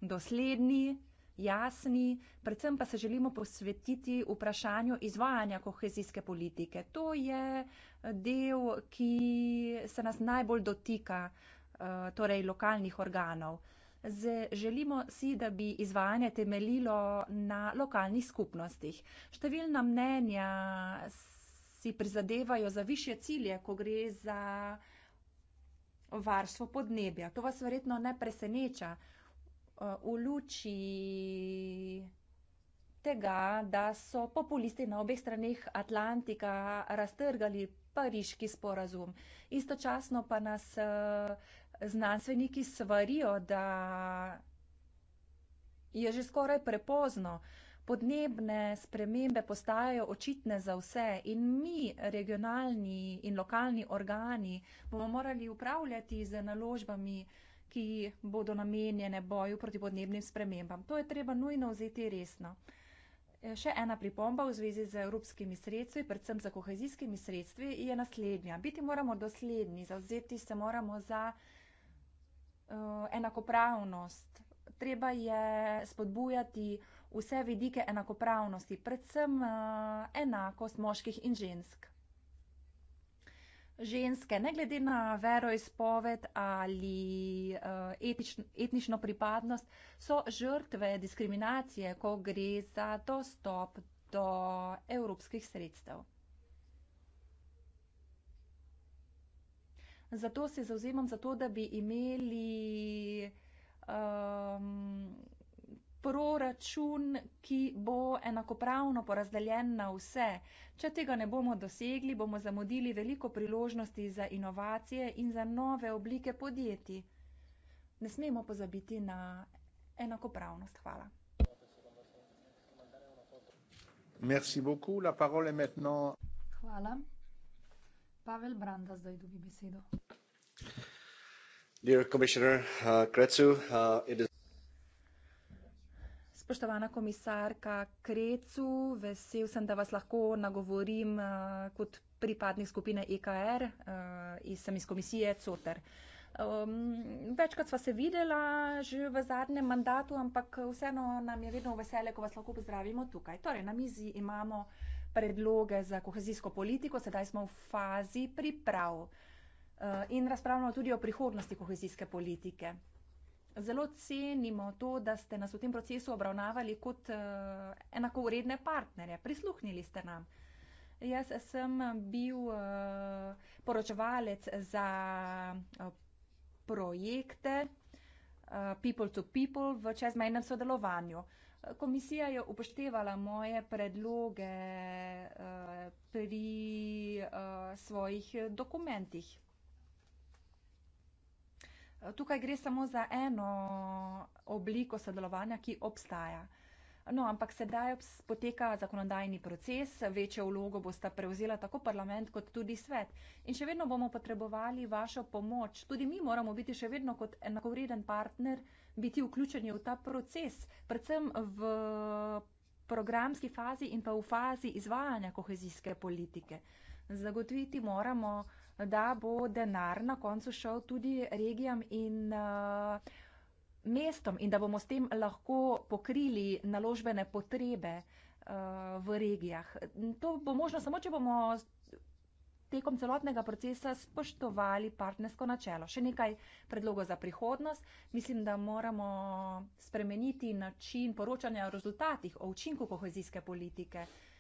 dosledni, jasni, predvsem pa se želimo posvetiti vprašanju izvajanja kohezijske politike. To je eh, del, ki se nas najbolj dotika, eh, torej lokalnih organov. Želimo si, da bi izvajanje temeljilo na lokalnih skupnostih. Številna mnenja si prizadevajo za više cilje, ko gre za varstvo podnebja. To vas verjetno ne preseneča. Eh, v luči tega, da so populisti na obeh straneh Atlantika raztrgali pariški sporazum. Istočasno pa nas eh, znanstveniki svarijo, da je že skoraj prepozno. Podnebne spremembe postajajo očitne za vse in mi, regionalni in lokalni organi, bomo morali upravljati z naložbami, ki bodo namenjene boju proti podnebnim spremembam. To je treba nujno vzeti resno. E, še ena pripomba v zvezi z evropskimi sredstvi, predvsem za kohezijskimi sredstvi, je naslednja. Biti moramo dosledni, zavzeti se moramo za uh, enakopravnost. Treba je spodbujati vse vidike enakopravnosti, predvsem uh, enakost moških in žensk ženske, ne glede na veroizpoved ali eh, etnično pripadnost, so žrtve diskriminacije, ko gre za dostop do evropskih sredstev. Zato se zauzemam za to, da bi imeli um, proračun, ki bo enakopravno porazdeljen na vse. Če tega ne bomo dosegli, bomo zamudili veliko priložnosti za inovacije in za nove oblike podjetij. Ne smemo pozabiti na enakopravnost. Hvala. Hvala. Pavel Branda zdaj dobi besedo. Dear commissioner uh, Kretsu, uh, it is Spoštovana komisarka Krecu, vesel sem, da vas lahko nagovorim uh, kot pripadnik skupine EKR uh, eh, in sem iz komisije Coter. Um, večkrat sva se videla že v zadnjem mandatu, ampak vseeno nam je vedno vesele, ko vas lahko pozdravimo tukaj. Torej, na mizi imamo predloge za kohezijsko politiko, sedaj smo v fazi priprav uh, in razpravljamo tudi o prihodnosti kohezijske politike. Zelo cenimo to, da ste nas v tem procesu obravnavali kot uh, eh, enako uredne partnerje, prisluhnili ste nam. Jaz sem bil uh, poročevalec za uh, projekte uh, People to People v čezmejnem sodelovanju. Komisija je upoštevala moje predloge uh, pri uh, svojih dokumentih. Tukaj gre samo za eno obliko sodelovanja, ki obstaja. No, ampak sedaj poteka zakonodajni proces, večjo vlogo bosta prevzela tako parlament kot tudi svet. In še vedno bomo potrebovali vašo pomoč. Tudi mi moramo biti še vedno kot enakovreden partner, biti vključeni v ta proces, predvsem v programski fazi in pa v fazi izvajanja kohezijske politike. Zagotoviti moramo, da bo denar na koncu šel tudi regijam in eh, mestom in da bomo s tem lahko pokrili naložbene potrebe eh, v regijah. To bo možno samo, če bomo tekom celotnega procesa spoštovali partnersko načelo. Še nekaj predlogov za prihodnost. Mislim, da moramo spremeniti način poročanja o rezultatih, o učinku kohezijske politike. Uh,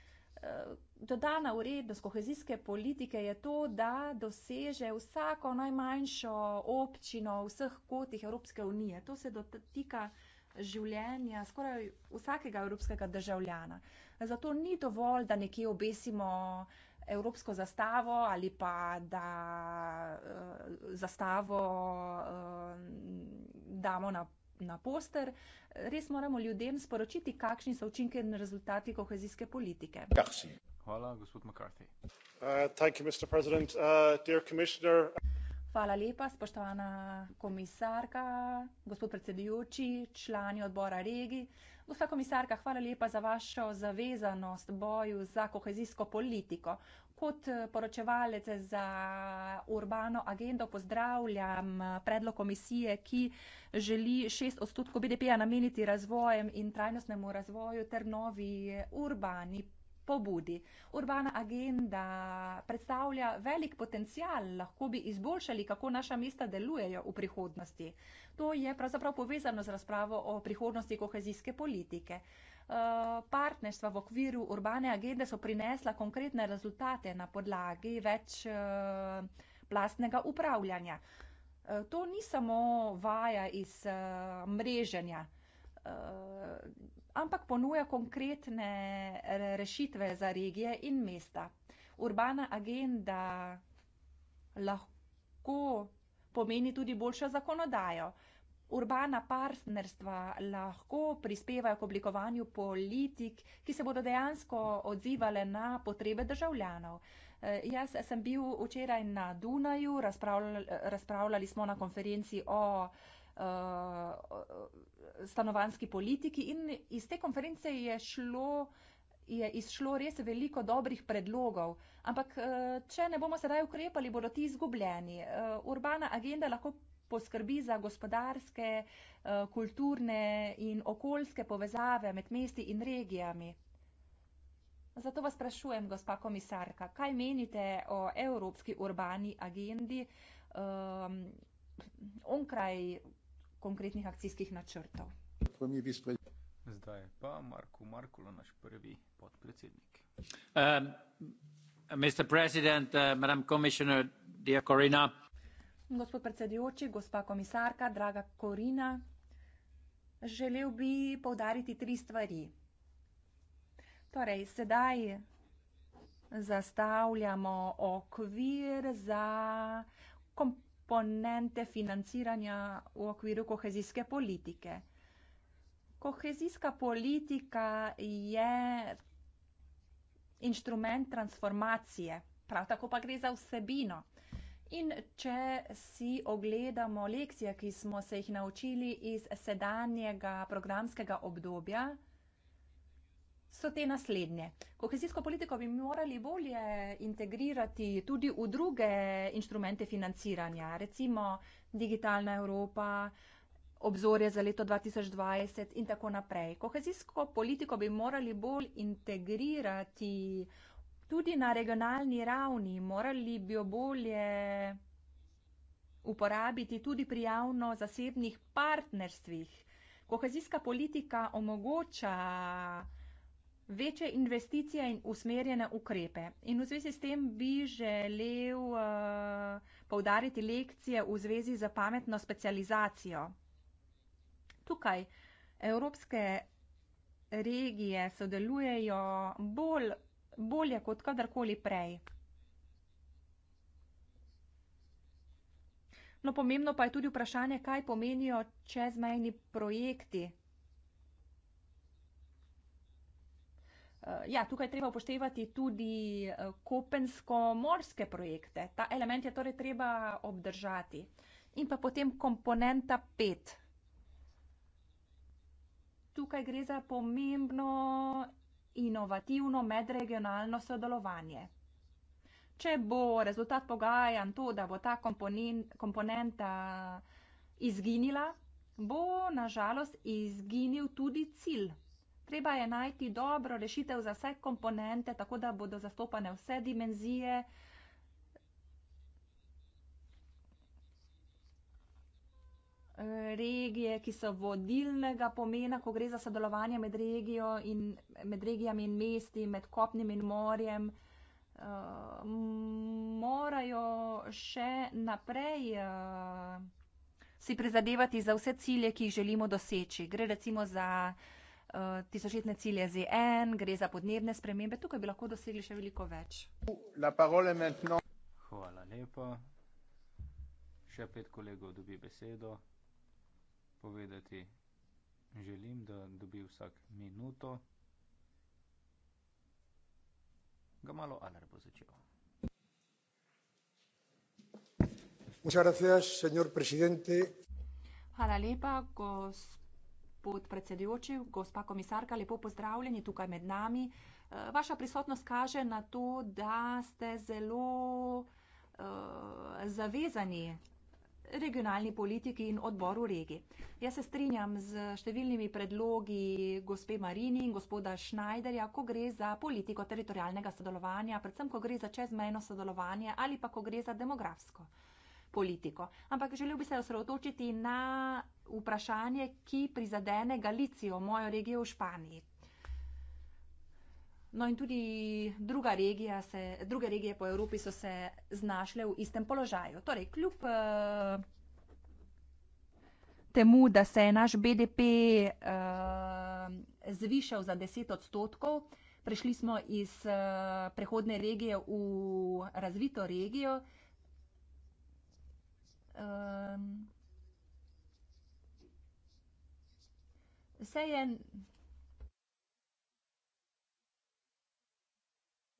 Eh, dodana vrednost kohezijske politike je to, da doseže vsako najmanjšo občino v vseh kotih Evropske unije. To se dotika življenja skoraj vsakega evropskega državljana. Zato ni dovolj, da nekje obesimo evropsko zastavo ali pa da uh, zastavo uh, damo na na poster. Res moramo ljudem sporočiti, kakšni so učinke in rezultati kohezijske politike. Hvala, gospod McCarthy. Uh, uh, hvala lepa, spoštovana komisarka, gospod predsedujoči, člani odbora regi. Gospa komisarka, hvala lepa za vašo zavezanost boju za kohezijsko politiko kot eh, poročevalec za urbano agendo pozdravljam eh, predlog komisije, ki želi šest odstotkov BDP-ja nameniti razvojem in trajnostnemu razvoju ter novi eh, urbani pobudi. Urbana agenda predstavlja velik potencial, lahko bi izboljšali, kako naša mesta delujejo v prihodnosti. To je pravzaprav povezano z razpravo o prihodnosti kohezijske politike. Eh, partnerstva v okviru urbane agende so prinesla konkretne rezultate na podlagi več eh, plastnega upravljanja. Eh, to ni samo vaja iz mreženja, ampak ponuja konkretne rešitve za regije in mesta. Urbana agenda lahko pomeni tudi boljšo zakonodajo urbana partnerstva lahko prispevajo k oblikovanju politik, ki se bodo dejansko odzivale na potrebe državljanov. E, jaz sem bil včeraj na Dunaju, razpravljali, razpravljali smo na konferenci o e, stanovanski politiki in iz te konference je šlo, je izšlo res veliko dobrih predlogov. Ampak, e, če ne bomo sedaj ukrepali, bodo ti izgubljeni. Urbana agenda lahko poskrbi za gospodarske, eh, kulturne in okoljske povezave med mesti in regijami. Zato vas sprašujem, gospa komisarka, kaj menite o evropski urbani agendi um, onkraj konkretnih akcijskih načrtov? Zdaj pa Marko Markula, naš prvi podpredsednik. Um, Mr. President, uh, Madam Commissioner, dear Corina. Gospod predsedujoči, gospa komisarka, draga Korina, želel bi povdariti tri stvari. Torej, sedaj zastavljamo okvir za komponente financiranja v okviru kohezijske politike. Kohezijska politika je inštrument transformacije, prav tako pa gre za vsebino. In če si ogledamo lekcije, ki smo se jih naučili iz sedanjega programskega obdobja, so te naslednje. Kohezijsko politiko bi morali bolje integrirati tudi v druge inštrumente financiranja, recimo digitalna Evropa, obzorje za leto 2020 in tako naprej. Kohezijsko politiko bi morali bolj integrirati tudi na regionalni ravni, morali bi jo bolje uporabiti tudi pri javno-zasebnih partnerstvih. Kohezijska politika omogoča večje investicije in usmerjene ukrepe. In v zvezi s tem bi želel uh, eh, povdariti lekcije v zvezi za pametno specializacijo. Tukaj evropske regije sodelujejo bolj bolje kot kadarkoli prej. No, pomembno pa je tudi vprašanje, kaj pomenijo čezmejni projekti. Eh, ja, tukaj treba upoštevati tudi eh, kopensko-morske projekte. Ta element je torej treba obdržati. In pa potem komponenta 5. Tukaj gre za pomembno inovativno medregionalno sodelovanje. Če bo rezultat pogajanj to, da bo ta komponenta izginila, bo nažalost izginil tudi cilj. Treba je najti dobro rešitev za vse komponente, tako da bodo zastopane vse dimenzije, uh, regije, ki so vodilnega pomena, ko gre za sodelovanje med, in, med regijami in mesti, med kopnim in morjem, eh, morajo še naprej eh, si prizadevati za vse cilje, ki jih želimo doseči. Gre recimo za eh, tisočletne cilje ZN, gre za podnebne spremembe, tukaj bi lahko dosegli še veliko več. Hvala lepa. Še pet kolegov dobi besedo povedati, želim, da dobi vsak minuto. Ga malo alar bo začel. Gracias, Hvala lepa, gospod predsedujoči, gospa komisarka, lepo pozdravljeni tukaj med nami. Eh, vaša prisotnost kaže na to, da ste zelo uh, zavezani regionalni politiki in odboru regi. Jaz se strinjam z številnimi predlogi gospe Marini in gospoda Šnajderja, ko gre za politiko teritorijalnega sodelovanja, predvsem ko gre za čezmejno sodelovanje ali pa ko gre za demografsko politiko. Ampak želel bi se osredotočiti na vprašanje, ki prizadene Galicijo, mojo regijo v Španiji. No in tudi druga regija se, druge regije po Evropi so se znašle v istem položaju. Torej, kljub uh, temu, da se je naš BDP uh, zvišal za 10 odstotkov, prišli smo iz uh, prehodne regije v razvito regijo. Um, vse je.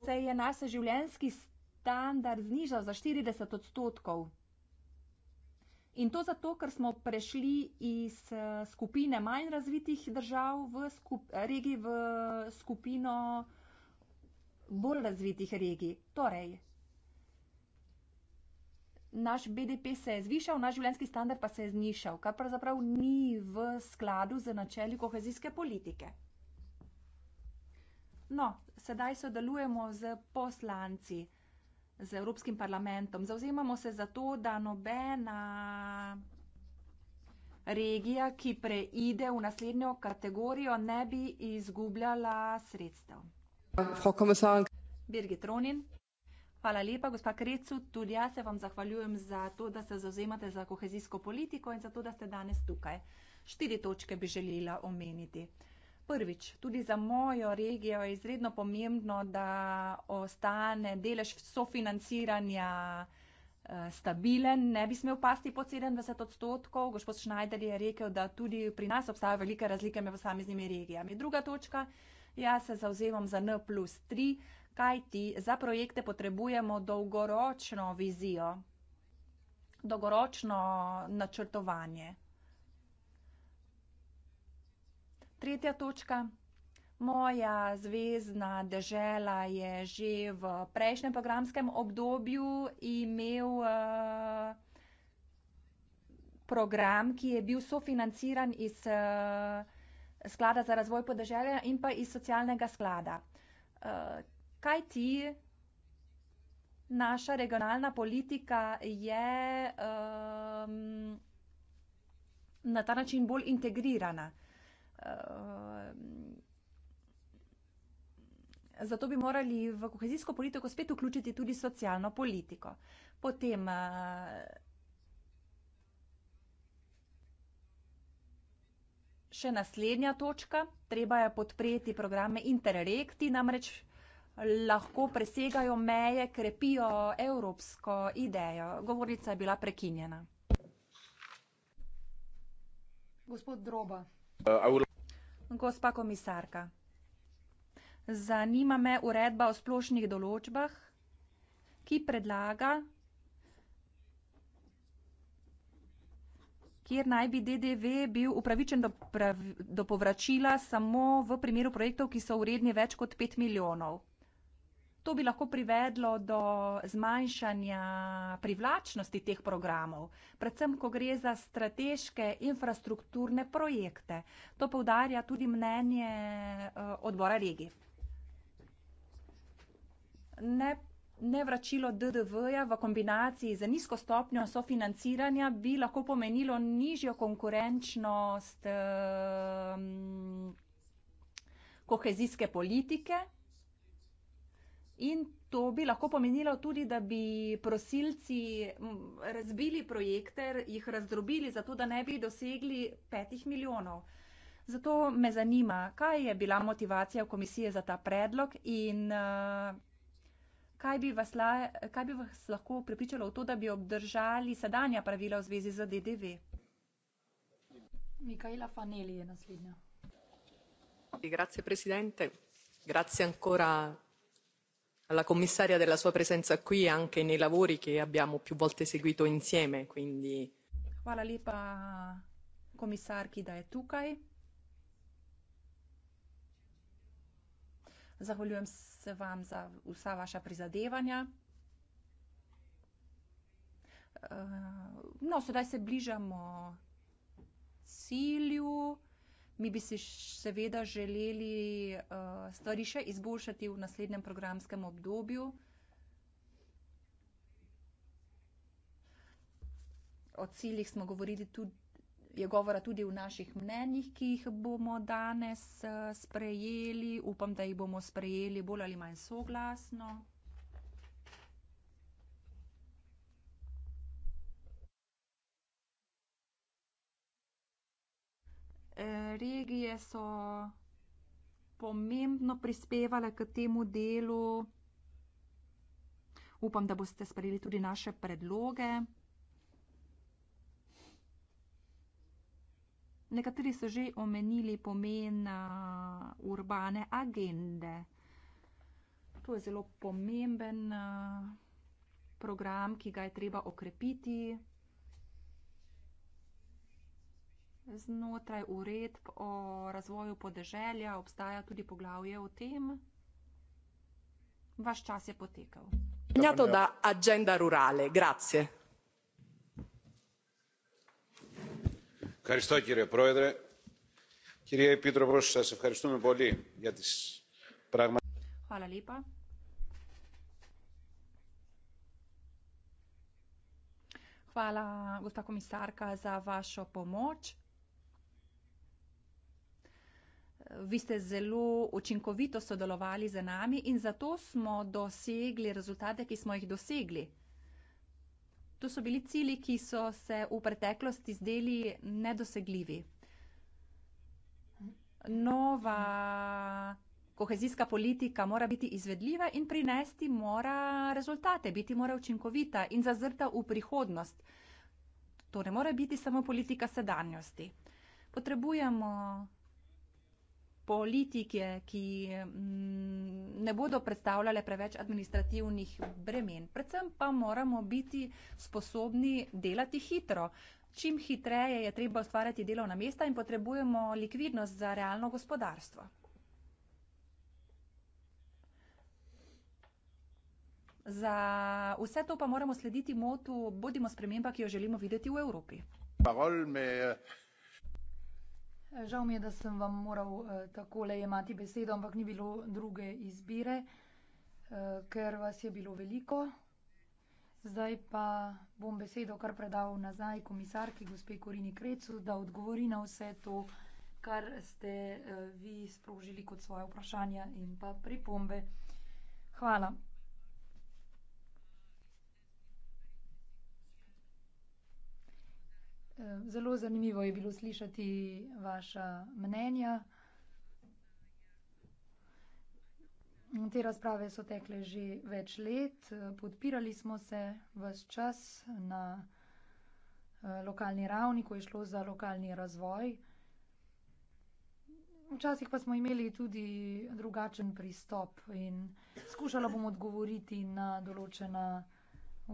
se je naš življenjski standard znižal za 40 odstotkov. In to zato, ker smo prešli iz eh, skupine manj razvitih držav v skup, regiji v skupino bolj razvitih regij. Torej, naš BDP se je zvišal, naš življenjski standard pa se je znišal, kar pravzaprav ni v skladu z načeli kohezijske politike. No, sedaj sodelujemo z poslanci, z Evropskim parlamentom. Zauzemamo se za to, da nobena regija, ki preide v naslednjo kategorijo, ne bi izgubljala sredstev. Birgit Ronin. Hvala lepa, gospa Krecu, tudi jaz se vam zahvaljujem za to, da se zauzemate za kohezijsko politiko in za to, da ste danes tukaj. Štiri točke bi želela omeniti. Prvič, tudi za mojo regijo je izredno pomembno, da ostane delež sofinanciranja eh, stabilen, ne bi smel pasti pod 70 odstotkov. Gospod Šnajder je rekel, da tudi pri nas obstajajo velike razlike med posameznimi regijami. Druga točka, jaz se zauzemam za N plus 3, kajti za projekte potrebujemo dolgoročno vizijo, dolgoročno načrtovanje. Tretja točka. Moja zvezdna dežela je že v prejšnjem programskem obdobju imel eh, program, ki je bil sofinanciran iz eh, sklada za razvoj podeželja in pa iz socialnega sklada. Eh, Kaj ti naša regionalna politika je na ta način bolj integrirana? Ehm, zato bi morali v kohezijsko politiko spet vključiti tudi socialno politiko. Potem eh, še naslednja točka, treba je podpreti programe Interrekti, namreč lahko presegajo meje, krepijo evropsko idejo. Govornica je bila prekinjena. Gospod Droba. Uh, gospa komisarka. Zanima me uredba o splošnih določbah, ki predlaga, kjer naj bi DDV bil upravičen do, prav, do povračila samo v primeru projektov, ki so vredni več kot pet milijonov. To bi lahko privedlo do zmanjšanja privlačnosti teh programov, predvsem, ko gre za strateške infrastrukturne projekte. To povdarja tudi mnenje eh, odbora regi. Ne, ne vračilo DDV-ja v kombinaciji z nizko stopnjo sofinanciranja bi lahko pomenilo nižjo konkurenčnost um, kohezijske politike. In to bi lahko pomenilo tudi, da bi prosilci razbili projekter, jih razdrobili, zato da ne bi dosegli petih milijonov. Zato me zanima, kaj je bila motivacija komisije za ta predlog in uh, kaj, bi la, kaj bi vas lahko pripričalo v to, da bi obdržali sedanja pravila v zvezi z DDV. Mikaela Faneli je naslednja. Grazie, predsednik. Grazie ancora alla commissaria della sua presenza qui anche nei lavori che abbiamo più volte seguito insieme. Quindi. Hvala lepa, komisarki, da je tukaj. Zahvaljujem se vam za vsa vaša prizadevanja. Eh, no, sedaj se bližamo cilju. Mi bi si seveda želeli uh, stvari še izboljšati v naslednjem programskem obdobju. O ciljih smo govorili tudi, je govora tudi v naših mnenjih, ki jih bomo danes uh, sprejeli. Upam, da jih bomo sprejeli bolj ali manj soglasno. Eh, regije so pomembno prispevale k temu delu. Upam, da boste sprejeli tudi naše predloge. Nekateri so že omenili pomen eh, urbane agende. To je zelo pomemben eh, program, ki ga je treba okrepiti. znotraj uredb o razvoju podeželja, obstaja tudi poglavje o tem. Vaš čas je potekal. Gnato ja, da agenda rurale, grazie. Ευχαριστώ κύριε Πρόεδρε. Κύριε Επίτροπο, σας ευχαριστούμε πολύ για τις πράγματα. Χαλά λίπα. Hvala, gospa komisarka, za vašo pomoč. vi ste zelo učinkovito sodelovali z nami in zato smo dosegli rezultate, ki smo jih dosegli. To so bili cili, ki so se v preteklosti zdeli nedosegljivi. Nova kohezijska politika mora biti izvedljiva in prinesti mora rezultate, biti mora učinkovita in zazrta v prihodnost. To ne more biti samo politika sedanjosti. Potrebujemo politike, ki mm, ne bodo predstavljale preveč administrativnih bremen. Predvsem pa moramo biti sposobni delati hitro. Čim hitreje je treba ustvarjati delovna mesta in potrebujemo likvidnost za realno gospodarstvo. Za vse to pa moramo slediti motu, bodimo sprememba, ki jo želimo videti v Evropi. Parol, me, uh... Žal mi je, da sem vam moral eh, takole jemati besedo, ampak ni bilo druge izbire, eh, ker vas je bilo veliko. Zdaj pa bom besedo kar predal nazaj komisarki gospe Korini Krecu, da odgovori na vse to, kar ste eh, vi sprožili kot svoje vprašanja in pa pripombe. Hvala. Eh, zelo zanimivo je bilo slišati vaša mnenja. Te razprave so tekle že več let, podpirali smo se vse čas na eh, lokalni ravni, ko je šlo za lokalni razvoj. Včasih pa smo imeli tudi drugačen pristop in skušala bom odgovoriti na določena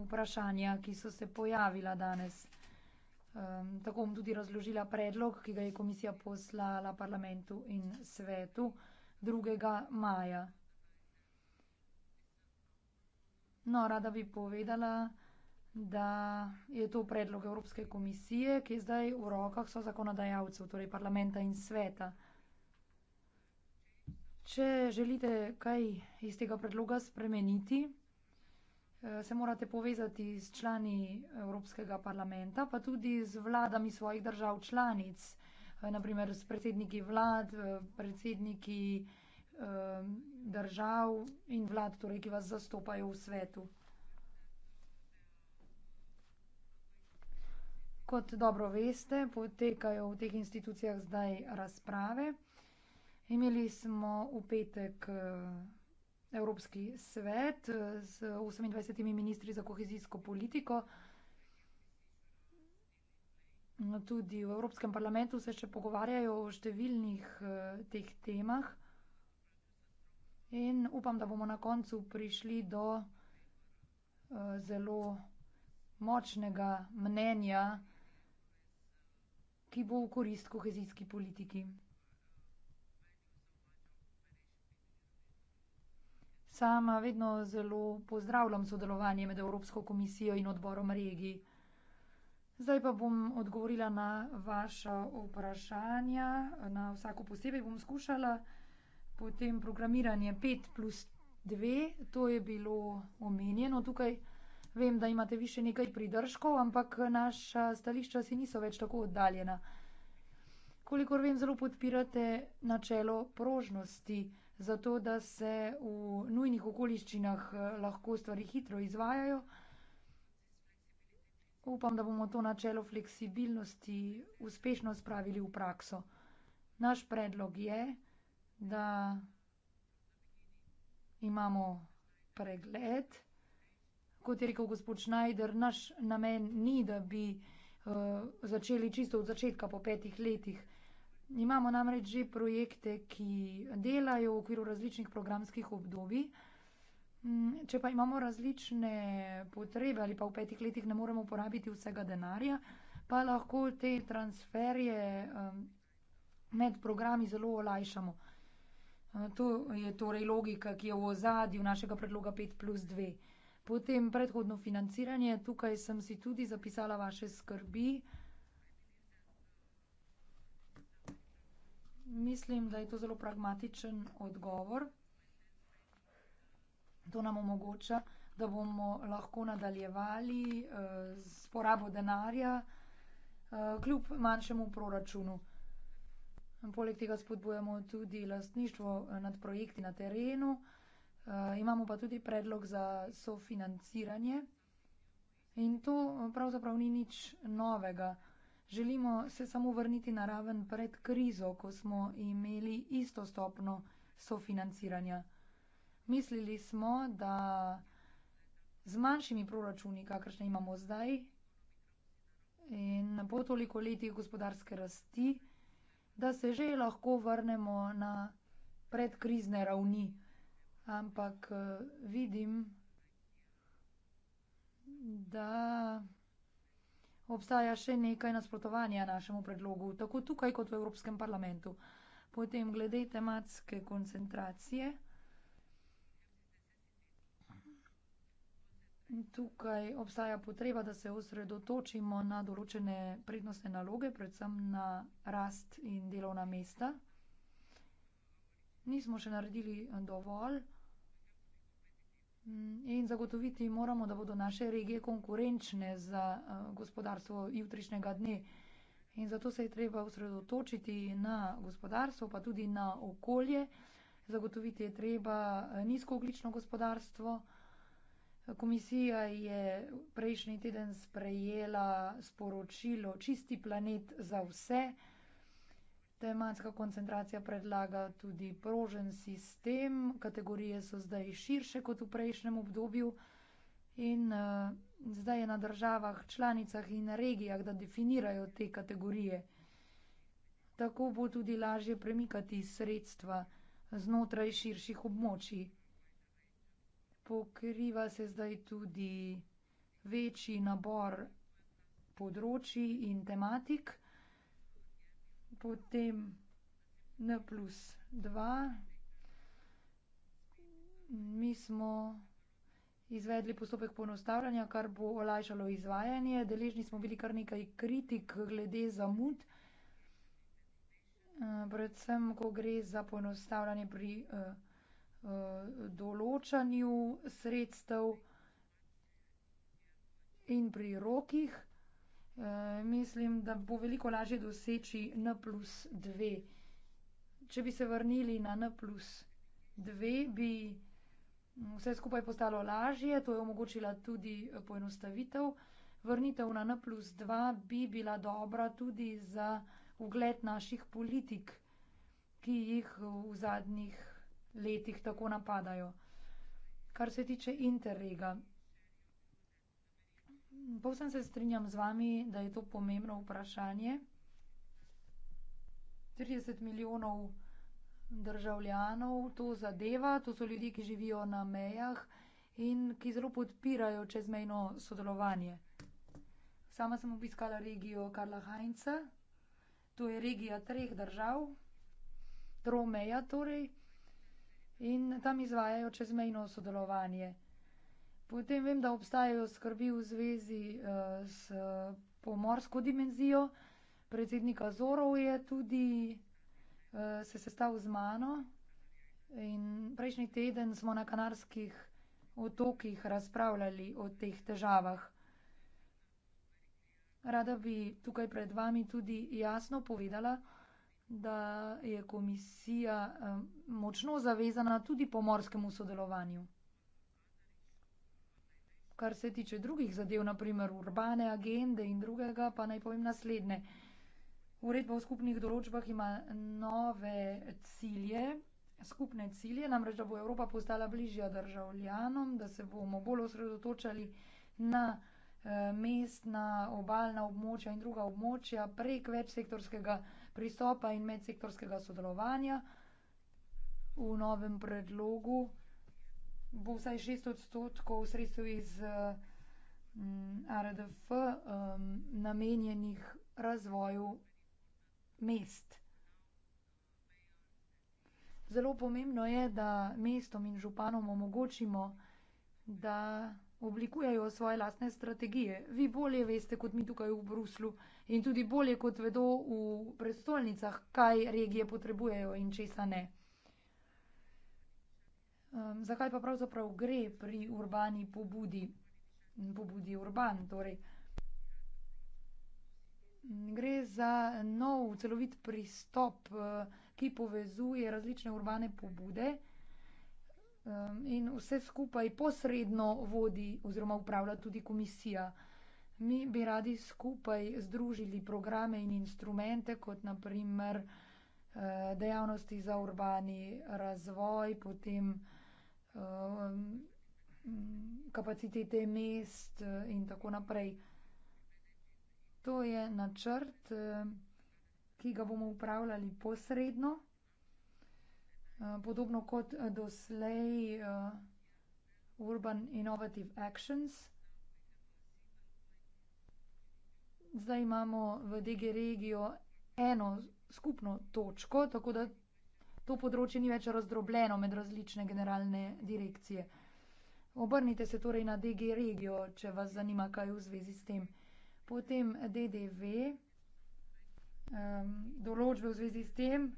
vprašanja, ki so se pojavila danes. Um, tako bom tudi razložila predlog, ki ga je komisija poslala parlamentu in svetu 2. maja. No, rada bi povedala, da je to predlog Evropske komisije, ki je zdaj v rokah so zakonodajalcev, torej parlamenta in sveta. Če želite kaj iz tega predloga spremeniti, Eh, se morate povezati s člani Evropskega parlamenta, pa tudi z vladami svojih držav članic, eh, naprimer s predsedniki vlad, eh, predsedniki držav in vlad, torej, ki vas zastopajo v svetu. Kot dobro veste, potekajo v teh institucijah zdaj razprave. Imeli smo v petek Evropski svet eh, z 28 ministri za kohezijsko politiko. No, tudi v Evropskem parlamentu se še pogovarjajo o številnih eh, teh temah. In upam, da bomo na koncu prišli do eh, zelo močnega mnenja, ki bo v korist kohezijski politiki. sama vedno zelo pozdravljam sodelovanje med Evropsko komisijo in odborom regij. Zdaj pa bom odgovorila na vaša vprašanja, na vsako posebej bom skušala. Potem programiranje 5 plus 2, to je bilo omenjeno tukaj. Vem, da imate vi še nekaj pridržkov, ampak naša stališča si niso več tako oddaljena. Kolikor vem, zelo podpirate načelo prožnosti, zato da se v nujnih okoliščinah eh, lahko stvari hitro izvajajo. Upam, da bomo to načelo fleksibilnosti uspešno spravili v prakso. Naš predlog je, da imamo pregled. Kot je rekel gospod Schneider, naš namen ni, da bi uh, začeli čisto od začetka po petih letih, Imamo namreč že projekte, ki delajo v okviru različnih programskih obdobij. Mm, če pa imamo različne potrebe ali pa v petih letih ne moremo uporabiti vsega denarja, pa lahko te transferje um, med programi zelo olajšamo. Uh, to je torej logika, ki je v ozadju našega predloga 5 plus 2. Potem predhodno financiranje, tukaj sem si tudi zapisala vaše skrbi. Mislim, da je to zelo pragmatičen odgovor. To nam omogoča, da bomo lahko nadaljevali eh, s porabo denarja eh, kljub manjšemu proračunu. Poleg tega spodbujamo tudi lastništvo eh, nad projekti na terenu. Imamo pa tudi predlog za sofinanciranje. In to pravzaprav ni nič novega. Želimo se samo vrniti na raven pred krizo, ko smo imeli isto stopno sofinanciranja. Mislili smo, da z manjšimi proračuni, kakršne imamo zdaj, in po toliko letih gospodarske rasti, da se že lahko vrnemo na predkrizne ravni. Ampak vidim, da obstaja še nekaj nasprotovanja našemu predlogu, tako tukaj kot v Evropskem parlamentu. Potem glede tematske koncentracije. Tukaj obstaja potreba, da se osredotočimo na določene prednostne naloge, predvsem na rast in delovna mesta. Nismo še naredili dovolj. Mm, in zagotoviti moramo, da bodo naše regije konkurenčne za eh, gospodarstvo jutrišnjega dne. In zato se je treba usredotočiti na gospodarstvo, pa tudi na okolje. Zagotoviti je treba eh, nizkooglično gospodarstvo. Komisija je prejšnji teden sprejela sporočilo Čisti planet za vse. Tematska koncentracija predlaga tudi prožen sistem, kategorije so zdaj širše kot v prejšnjem obdobju in uh, zdaj je na državah, članicah in regijah, da definirajo te kategorije. Tako bo tudi lažje premikati sredstva znotraj širših območij. Pokriva se zdaj tudi večji nabor področji in tematik potem n plus 2. Mi smo izvedli postopek ponostavljanja, kar bo olajšalo izvajanje. Deležni smo bili kar nekaj kritik glede zamud, eh, predvsem, ko gre za ponostavljanje pri eh, eh, določanju sredstev in pri rokih. Eh, mislim, da bo veliko lažje doseči N plus 2. Če bi se vrnili na N plus 2, bi mm, vse skupaj postalo lažje, to je omogočila tudi eh, poenostavitev. Vrnitev na N plus 2 bi bila dobra tudi za ugled naših politik, ki jih eh, v zadnjih letih tako napadajo. Kar se tiče interrega, Povsem se strinjam z vami, da je to pomembno vprašanje. 30 milijonov državljanov to zadeva, to so ljudje, ki živijo na mejah in ki zelo podpirajo čezmejno sodelovanje. Sama sem obiskala regijo Karla Heinze, to je regija treh držav, tromeja torej, in tam izvajajo čezmejno sodelovanje. Potem vem, da obstajajo skrbi v zvezi uh, s pomorsko dimenzijo. Predsednik Azorov je tudi uh, se sestal z mano in prejšnji teden smo na kanarskih otokih razpravljali o teh težavah. Rada bi tukaj pred vami tudi jasno povedala, da je komisija eh, močno zavezana tudi pomorskemu sodelovanju. Kar se tiče drugih zadev, naprimer urbane agende in drugega, pa naj povem naslednje. Uredba v skupnih določbah ima nove cilje, skupne cilje, namreč, da bo Evropa postala bližja državljanom, da se bomo bolj osredotočali na eh, mestna, obaljna območja in druga območja prek večsektorskega pristopa in medsektorskega sodelovanja. V novem predlogu bo vsaj šest odstotkov sredstev iz eh, RDF eh, namenjenih razvoju mest. Zelo pomembno je, da mestom in županom omogočimo, da oblikujejo svoje lastne strategije. Vi bolje veste kot mi tukaj v Bruslu in tudi bolje kot vedo v prestolnicah, kaj regije potrebujejo in česa ne. Um, zakaj pa pravzaprav gre pri urbani pobudi, pobudi urban? Torej. Gre za nov celovit pristop, eh, ki povezuje različne urbane pobude um, in vse skupaj posredno vodi oziroma upravlja tudi komisija. Mi bi radi skupaj združili programe in instrumente, kot naprimer eh, dejavnosti za urbani razvoj, potem uh, Um, kapacitete mest eh, in tako naprej. To je načrt, eh, ki ga bomo upravljali posredno, eh, podobno kot doslej Urban Innovative Actions. Zdaj imamo v DG regijo eno skupno točko, tako da to področje ni več razdrobljeno med različne generalne direkcije. Obrnite se torej na DG regijo, če vas zanima kaj v zvezi s tem. Potem DDV, um, ehm, določbe v zvezi s tem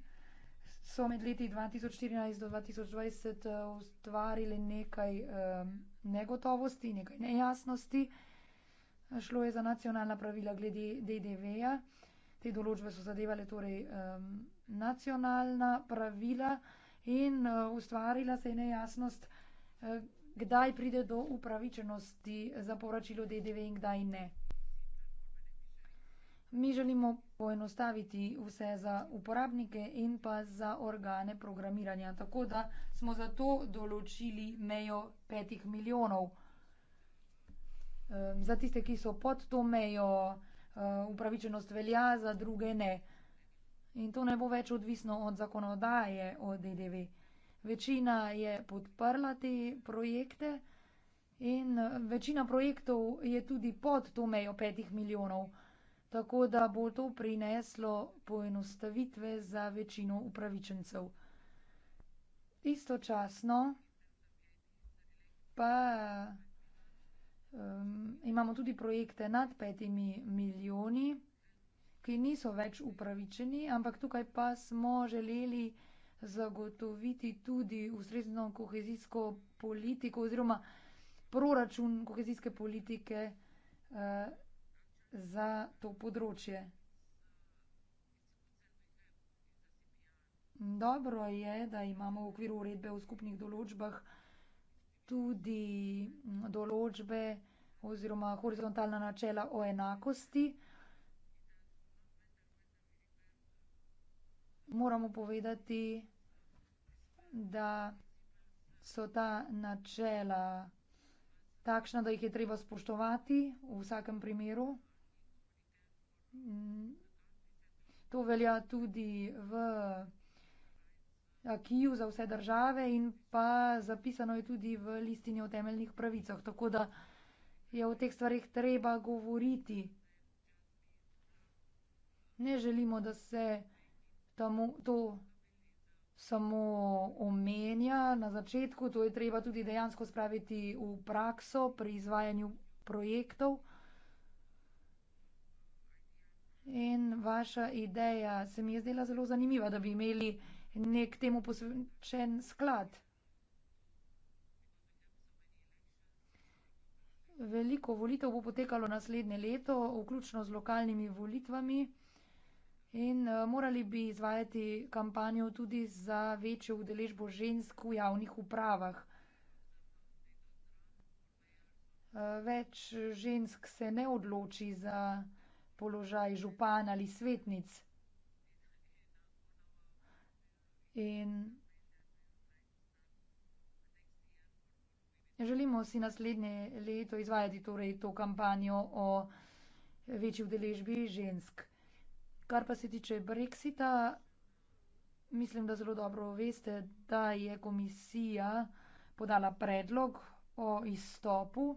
so med leti 2014 do 2020 eh, ustvarili nekaj um, negotovosti, nekaj nejasnosti. Šlo je za nacionalna pravila glede DDV-ja. Te določbe so zadevale torej um, nacionalna pravila in eh, ustvarila se je nejasnost, eh, kdaj pride do upravičenosti za poračilo DDV in kdaj ne. Mi želimo poenostaviti vse za uporabnike in pa za organe programiranja, tako da smo zato določili mejo petih milijonov. Ehm, za tiste, ki so pod to mejo, eh, upravičenost velja, za druge ne. In to ne bo več odvisno od zakonodaje o DDV. Večina je podprla te projekte in večina projektov je tudi pod to mejo petih milijonov. Tako da bo to prineslo poenostavitve za večino upravičencev. Istočasno pa um, imamo tudi projekte nad petimi milijoni ki niso več upravičeni, ampak tukaj pa smo želeli zagotoviti tudi ustrezno kohezijsko politiko oziroma proračun kohezijske politike eh, za to področje. Dobro je, da imamo v okviru uredbe v skupnih določbah tudi mm, določbe oziroma horizontalna načela o enakosti. Eh, moramo povedati, da so ta načela takšna, da jih je treba spoštovati v vsakem primeru. To velja tudi v akiju za vse države in pa zapisano je tudi v listini o temeljnih pravicah. Tako da je o teh stvarih treba govoriti. Ne želimo, da se da mu to samo omenja na začetku, to je treba tudi dejansko spraviti v prakso pri izvajanju projektov. In vaša ideja se mi je zdela zelo zanimiva, da bi imeli nek temu posvečen sklad. Veliko volitev bo potekalo naslednje leto, vključno z lokalnimi volitvami. In eh, morali bi izvajati kampanjo tudi za večjo udeležbo žensk v javnih upravah. Eh, več žensk se ne odloči za položaj župan ali svetnic. In želimo si naslednje leto izvajati torej to kampanjo o večji udeležbi žensk. Kar pa se tiče Brexita, mislim, da zelo dobro veste, da je komisija podala predlog o izstopu,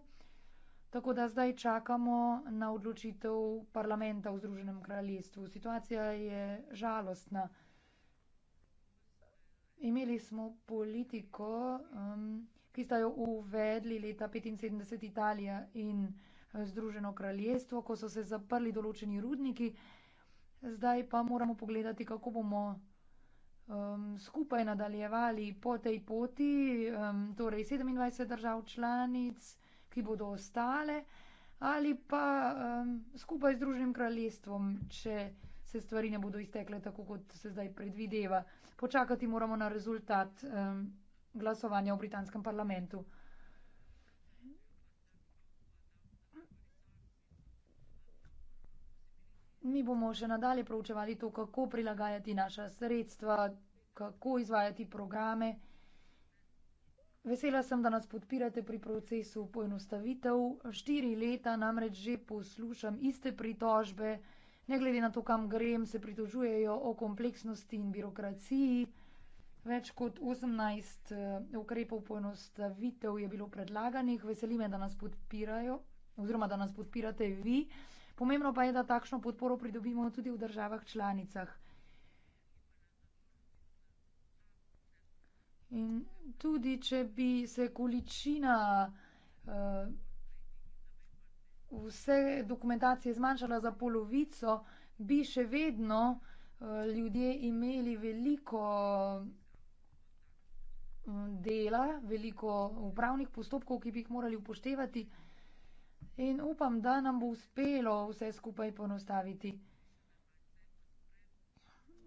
tako da zdaj čakamo na odločitev parlamenta v Združenem kraljestvu. Situacija je žalostna. Imeli smo politiko, um, ki sta jo uvedli leta 1975 Italija in eh, Združeno kraljestvo, ko so se zaprli določeni rudniki. Zdaj pa moramo pogledati, kako bomo um, skupaj nadaljevali po tej poti, um, torej 27 držav članic, ki bodo ostale, ali pa um, skupaj z Združenim kraljestvom, če se stvari ne bodo iztekle tako, kot se zdaj predvideva. Počakati moramo na rezultat um, glasovanja v britanskem parlamentu. Mi bomo še nadalje proučevali to, kako prilagajati naša sredstva, kako izvajati programe. Vesela sem, da nas podpirate pri procesu poenostavitev. Štiri leta namreč že poslušam iste pritožbe. Ne glede na to, kam grem, se pritožujejo o kompleksnosti in birokraciji. Več kot 18 eh, ukrepov poenostavitev je bilo predlaganih. Veselime, da nas podpirajo oziroma da nas podpirate vi. Pomembno pa je, da takšno podporo pridobimo tudi v državah članicah. In tudi, če bi se količina uh, vse dokumentacije zmanjšala za polovico, bi še vedno uh, ljudje imeli veliko mm, dela, veliko upravnih postopkov, ki bi jih morali upoštevati. Uh, in upam, da nam bo uspelo vse skupaj ponostaviti.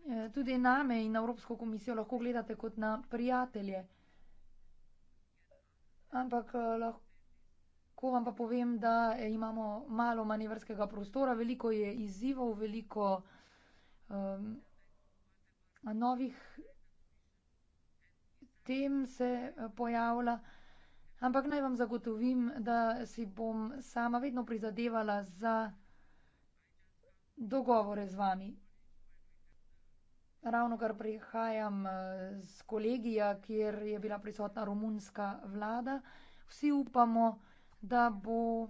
E, tudi name in Evropsko komisijo lahko gledate kot na prijatelje. Ampak e, lahko vam pa povem, da e, imamo malo manevrskega prostora, veliko je izzivov, veliko um, novih tem se pojavlja. Ampak naj vam zagotovim, da si bom sama vedno prizadevala za dogovore z vami. Ravno kar prihajam z eh, kolegija, kjer je bila prisotna romunska vlada, vsi upamo, da bo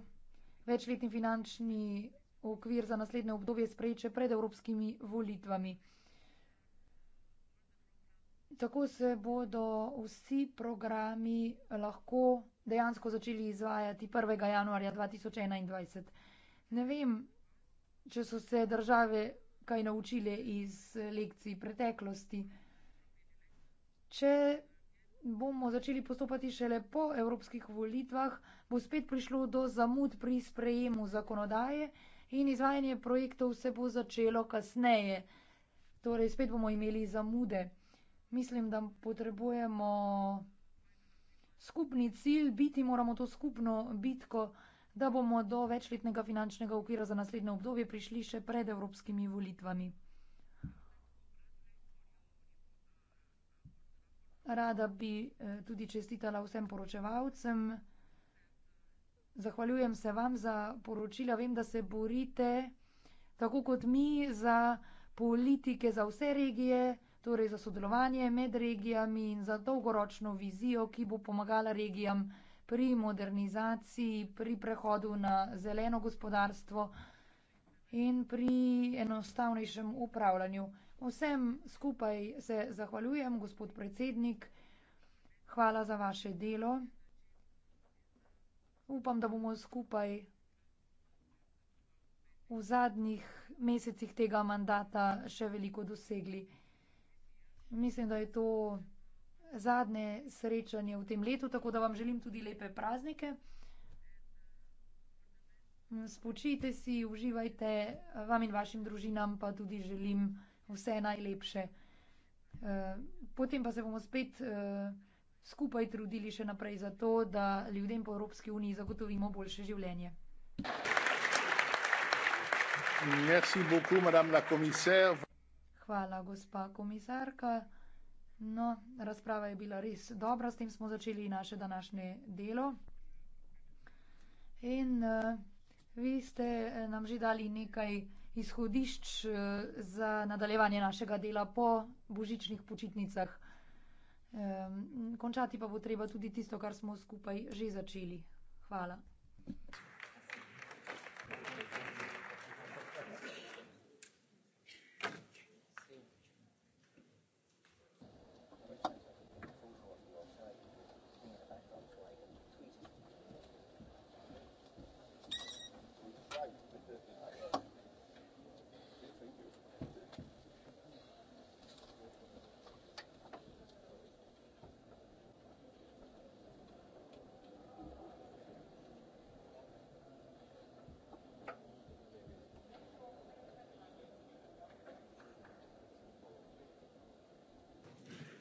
večletni finančni okvir za naslednje obdobje sprejče pred evropskimi volitvami tako se bodo vsi programi lahko dejansko začeli izvajati 1. januarja 2021. Ne vem, če so se države kaj naučile iz lekcij preteklosti. Če bomo začeli postopati šele po evropskih volitvah, bo spet prišlo do zamud pri sprejemu zakonodaje in izvajanje projektov se bo začelo kasneje. Torej, spet bomo imeli zamude. Mislim, da potrebujemo skupni cilj, biti moramo to skupno bitko, da bomo do večletnega finančnega okvira za naslednje obdobje prišli še pred evropskimi volitvami. Rada bi eh, tudi čestitala vsem poročevalcem. Zahvaljujem se vam za poročila. Vem, da se borite tako kot mi za politike, za vse regije torej za sodelovanje med regijami in za dolgoročno vizijo, ki bo pomagala regijam pri modernizaciji, pri prehodu na zeleno gospodarstvo in pri enostavnejšem upravljanju. Vsem skupaj se zahvaljujem, gospod predsednik. Hvala za vaše delo. Upam, da bomo skupaj v zadnjih mesecih tega mandata še veliko dosegli. Mislim, da je to zadnje srečanje v tem letu, tako da vam želim tudi lepe praznike. Spočite si, uživajte vam in vašim družinam, pa tudi želim vse najlepše. Eh, potem pa se bomo spet eh, skupaj trudili še naprej za to, da ljudem po Evropski uniji zagotovimo boljše življenje. Merci beaucoup, madame la commissaire. Hvala, gospa komisarka. No, razprava je bila res dobra, s tem smo začeli naše današnje delo. In uh, vi ste eh, nam že dali nekaj izhodišč uh, za nadaljevanje našega dela po božičnih počitnicah. Um, končati pa bo treba tudi tisto, kar smo skupaj že začeli. Hvala. Thank you.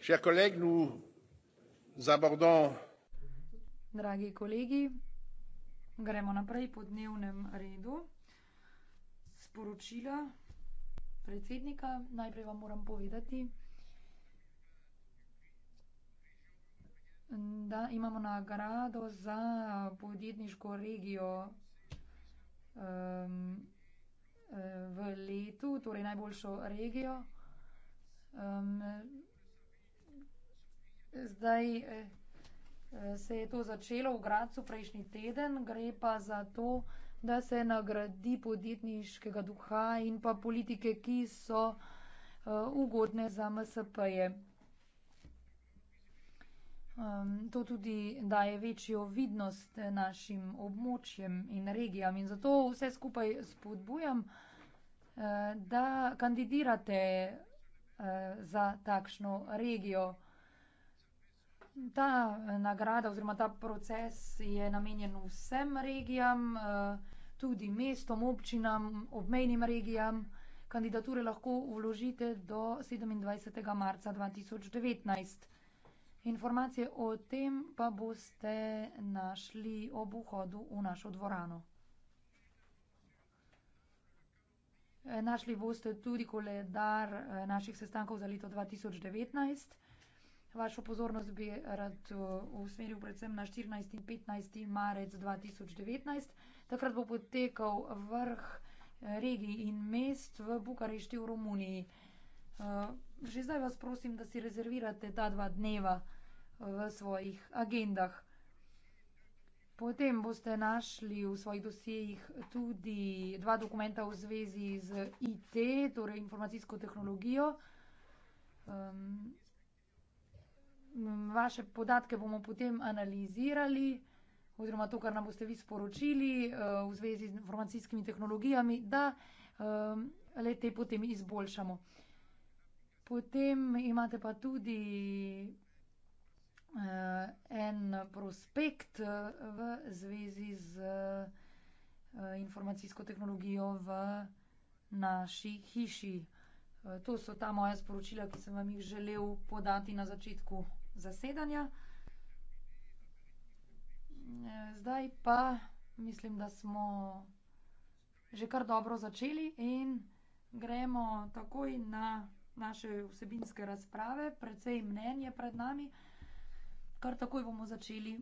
chers collègues nous abordons Dragi kolegi, gremo naprej po dnevnem redu. Sporočila predsednika, najprej vam moram povedati, da imamo nagrado za podjetniško regijo um, v letu, torej najboljšo regijo. Um, Zdaj eh, eh, se je to začelo v Gracu prejšnji teden, gre pa za to, da se nagradi podjetniškega duha in pa politike, ki so eh, ugodne za MSP-je. Ehm, to tudi daje večjo vidnost našim območjem in regijam in zato vse skupaj spodbujam, da kandidirate za takšno regijo. Ta eh, nagrada oziroma ta proces je namenjen vsem regijam, eh, tudi mestom, občinam, obmejnim regijam. Kandidature lahko vložite do 27. marca 2019. Informacije o tem pa boste našli ob vhodu v našo dvorano. Eh, našli boste tudi koledar naših sestankov za leto 2019. Vašo pozornost bi rad uh, usmeril predvsem na 14. in 15. marec 2019. Takrat bo potekal vrh eh, regij in mest v Bukarešti v Romuniji. Eh, že zdaj vas prosim, da si rezervirate ta dva dneva eh, v svojih agendah. Potem boste našli v svojih dosejih tudi dva dokumenta v zvezi z IT, torej informacijsko tehnologijo. Ehm, vaše podatke bomo potem analizirali, oziroma to, kar nam boste vi sporočili eh, v zvezi z informacijskimi tehnologijami, da le te potem izboljšamo. Potem imate pa tudi eh, en prospekt eh, v zvezi z informacijsko tehnologijo v naši hiši. To so ta moja sporočila, ki sem vam jih želel podati na začetku zasedanja. Zdaj pa mislim, da smo že kar dobro začeli in gremo takoj na naše vsebinske razprave, predvsej mnenje pred nami. Kar takoj bomo začeli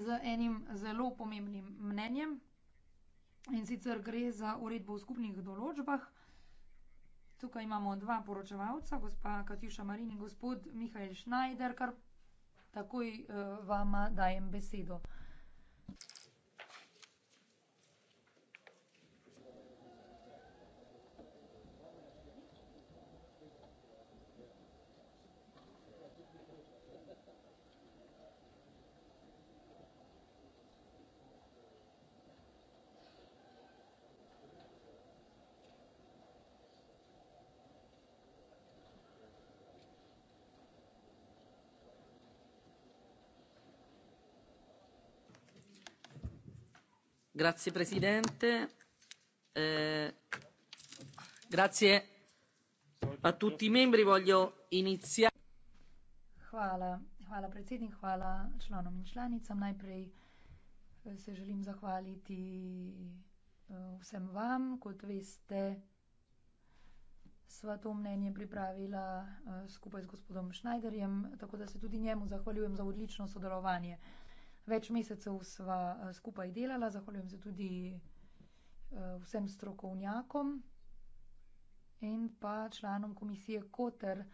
z enim zelo pomembnim mnenjem. In sicer gre za uredbo v skupnih določbah, Tukaj imamo dva poročevalca, gospa Katjuša Marin in gospod Mihajl Šnajder, kar takoj eh, vama dajem besedo. signor presidente eh, onorevoli colleghi hvala predsednik hvala članom in članicam. najprej eh, se želim zahvaliti eh, vsem vam. kot veste sva to mnenje pripravila skupaj z gospodom schneiderjem tako da se tudi njemu zahvaljujem za odlično sodelovanje več mesecev sva eh, skupaj delala, zahvaljujem se tudi eh, vsem strokovnjakom in pa članom komisije Koter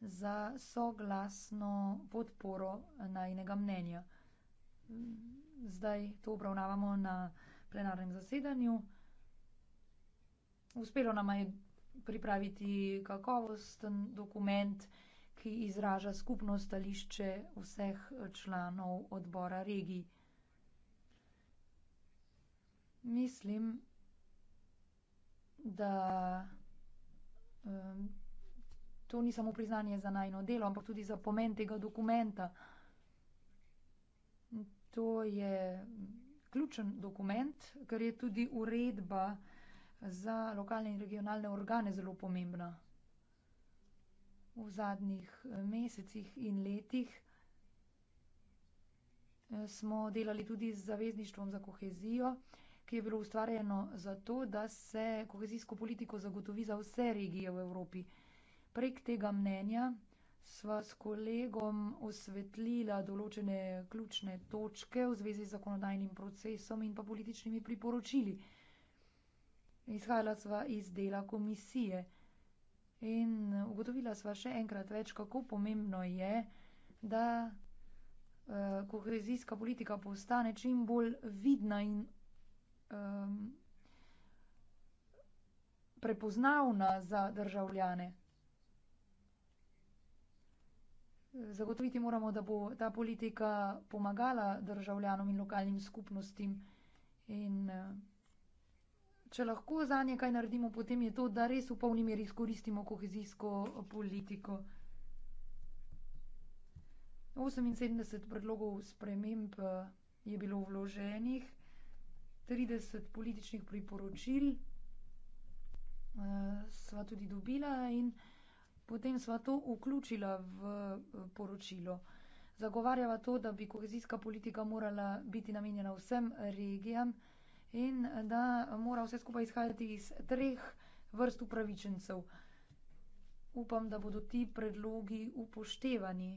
za soglasno podporo najnega mnenja. Zdaj to obravnavamo na plenarnem zasedanju. Uspelo nam je pripraviti kakovosten dokument, ki izraža skupno stališče vseh članov odbora regij. Mislim, da um, to ni samo priznanje za najno delo, ampak tudi za pomen tega dokumenta. To je ključen dokument, ker je tudi uredba za lokalne in regionalne organe zelo pomembna v zadnjih eh, mesecih in letih. Eh, smo delali tudi z zavezništvom za kohezijo, ki je bilo ustvarjeno zato, da se kohezijsko politiko zagotovi za vse regije v Evropi. Prek tega mnenja sva s kolegom osvetlila določene ključne točke v zvezi z zakonodajnim procesom in pa političnimi priporočili. Izhajala sva iz dela komisije. In ugotovila sva še enkrat več, kako pomembno je, da uh, kohezijska politika postane čim bolj vidna in um, prepoznavna za državljane. Zagotoviti moramo, da bo ta politika pomagala državljanom in lokalnim skupnostim. In, uh, če lahko za nje kaj naredimo, potem je to, da res v polni meri izkoristimo kohezijsko politiko. 78 predlogov sprememb eh, je bilo vloženih, 30 političnih priporočil eh, sva tudi dobila in potem sva to vključila v eh, poročilo. Zagovarjava to, da bi kohezijska politika morala biti namenjena vsem regijam in da mora vse skupaj izhajati iz treh vrst upravičencev. Upam, da bodo ti predlogi upoštevani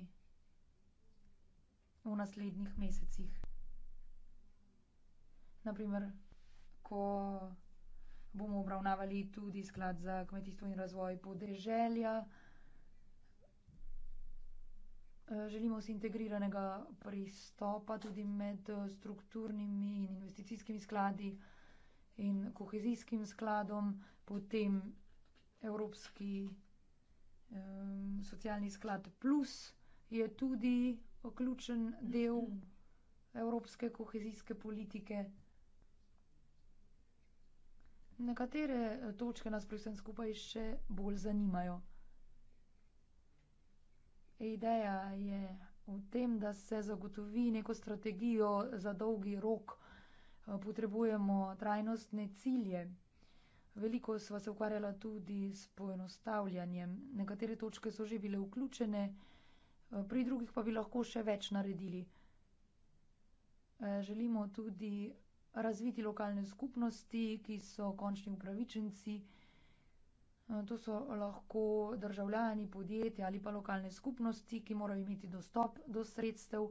v naslednjih mesecih. Naprimer, ko bomo obravnavali tudi sklad za kmetijstvo in razvoj podeželja. Eh, želimo si integriranega pristopa tudi med eh, strukturnimi in investicijskimi skladi in kohezijskim skladom, potem Evropski um, socialni sklad plus je tudi ključen del evropske kohezijske politike. Na katere eh, točke nas pri vsem skupaj še bolj zanimajo? Ideja je v tem, da se zagotovi neko strategijo za dolgi rok. Eh, potrebujemo trajnostne cilje. Veliko sva se ukvarjala tudi s poenostavljanjem. Nekatere točke so že bile vključene, eh, pri drugih pa bi lahko še več naredili. Eh, želimo tudi razviti lokalne skupnosti, ki so končni upravičenci. Eh, to so lahko državljani, podjetja ali pa lokalne skupnosti, ki morajo imeti dostop do sredstev.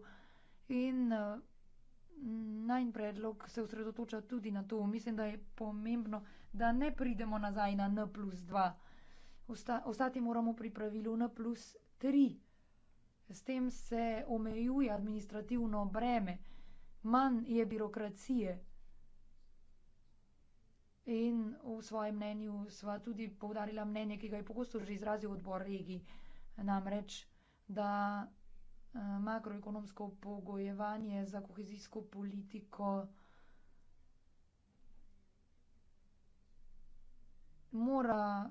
In eh, najn predlog se osredotoča tudi na to. Mislim, da je pomembno, da ne pridemo nazaj na N plus 2. Ostati moramo pri pravilu N plus 3. S tem se omejuje administrativno breme, manj je birokracije. In v svojem mnenju sva tudi povdarila mnenje, ki ga je pogosto že izrazil odbor regij, namreč, da eh, makroekonomsko pogojevanje za kohezijsko politiko mora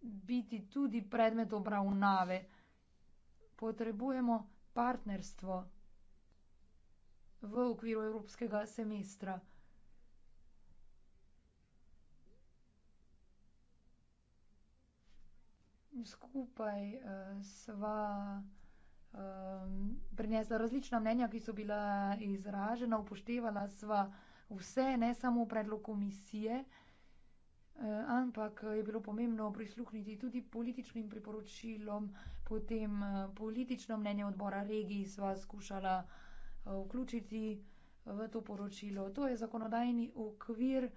biti tudi predmet obravnave. Potrebujemo partnerstvo v okviru evropskega semestra. skupaj uh, sva um, prinesla različna mnenja, ki so bila izražena, upoštevala sva vse, ne samo predlog komisije, uh, ampak je bilo pomembno prisluhniti tudi političnim priporočilom, potem uh, politično mnenje odbora regiji sva skušala uh, vključiti v to poročilo. To je zakonodajni okvir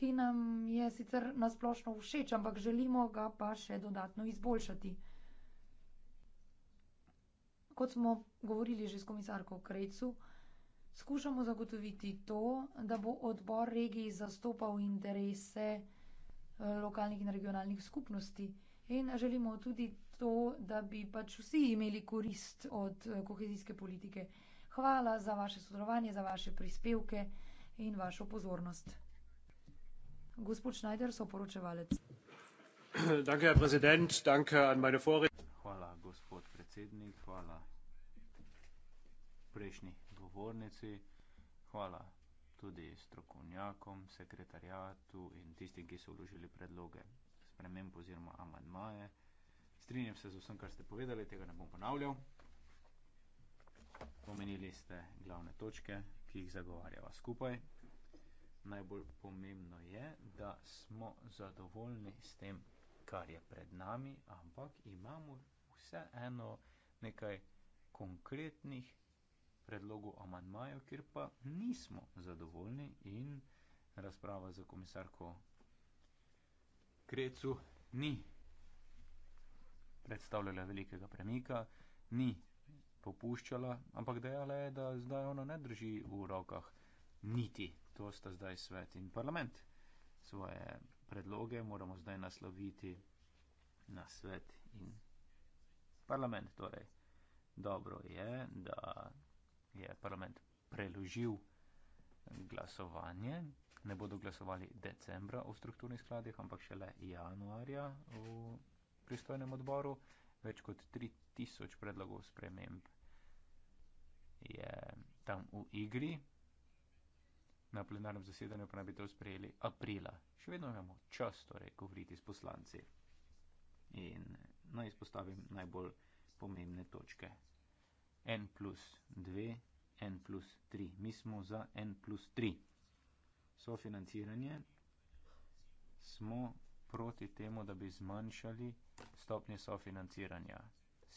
ki nam je sicer nasplošno všeč, ampak želimo ga pa še dodatno izboljšati. Kot smo govorili že s komisarko Krecu, skušamo zagotoviti to, da bo odbor regij zastopal interese eh, lokalnih in regionalnih skupnosti. In želimo tudi to, da bi pač vsi imeli korist od eh, kohezijske politike. Hvala za vaše sodelovanje, za vaše prispevke in vašo pozornost. Gospod Schneider, soporočevalec. Hvala, gospod predsednik, hvala prejšnji govornici, hvala tudi strokovnjakom, sekretarjatu in tistim, ki so vložili predloge sprememb oziroma amandmaje. Strinjam se z vsem, kar ste povedali, tega ne bom ponavljal. Omenili ste glavne točke, ki jih zagovarjava skupaj najbolj pomembno je, da smo zadovoljni s tem, kar je pred nami, ampak imamo vseeno nekaj konkretnih predlogov amanmajo, kjer pa nismo zadovoljni in razprava za komisarko Krecu ni predstavljala velikega premika, ni popuščala, ampak dejala je, da zdaj ona ne drži v rokah niti to sta zdaj svet in parlament. Svoje predloge moramo zdaj nasloviti na svet in parlament. Torej, dobro je, da je parlament preložil glasovanje. Ne bodo glasovali decembra o strukturnih skladih, ampak šele januarja v pristojnem odboru. Več kot 3000 predlogov sprememb je tam v igri na plenarnem zasedanju pa naj bi to sprejeli aprila. Še vedno imamo čas torej govoriti s poslanci. In naj izpostavim najbolj pomembne točke. N plus 2, N plus 3. Mi smo za N plus 3. So financiranje. Smo proti temu, da bi zmanjšali stopnje sofinanciranja.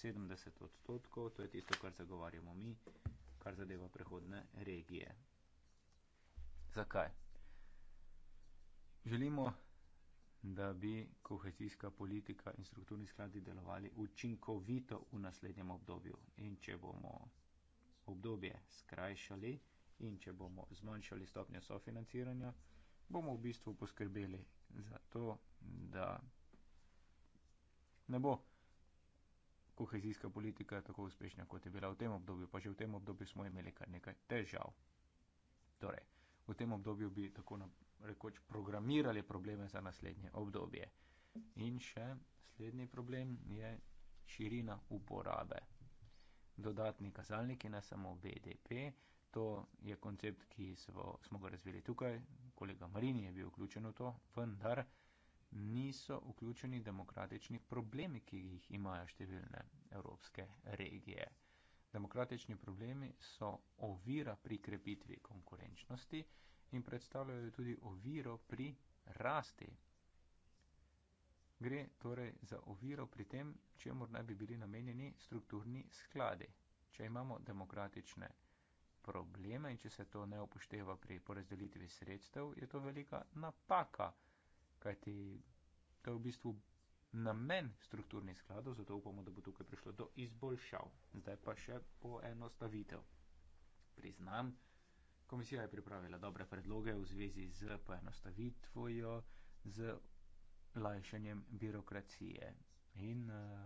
70 odstotkov, to je tisto, kar zagovarjamo mi, kar zadeva prehodne regije. Zakaj? Želimo, da bi kohezijska politika in strukturni skladi delovali učinkovito v naslednjem obdobju. In če bomo obdobje skrajšali in če bomo zmanjšali stopnjo sofinanciranja, bomo v bistvu poskrbeli za to, da ne bo kohezijska politika tako uspešna, kot je bila v tem obdobju. Pa že v tem obdobju smo imeli kar nekaj težav. Torej, v tem obdobju bi tako na, rekoč programirali probleme za naslednje obdobje. In še slednji problem je širina uporabe. Dodatni kazalniki, ne samo BDP, to je koncept, ki svo, smo ga razvili tukaj, kolega Marini je bil vključen v to, vendar niso vključeni demokratični problemi, ki jih imajo številne evropske regije. Demokratični problemi so ovira pri krepitvi konkurenčnosti in predstavljajo tudi oviro pri rasti. Gre torej za oviro pri tem, čemu naj bi bili namenjeni strukturni skladi. Če imamo demokratične probleme in če se to ne upošteva pri porazdelitvi sredstev, je to velika napaka, kajti to je v bistvu namen strukturnih skladov, zato upamo, da bo tukaj prišlo do izboljšav. Zdaj pa še poenostavitev. Priznam, komisija je pripravila dobre predloge v zvezi z poenostavitvojo, z lajšanjem birokracije. In uh,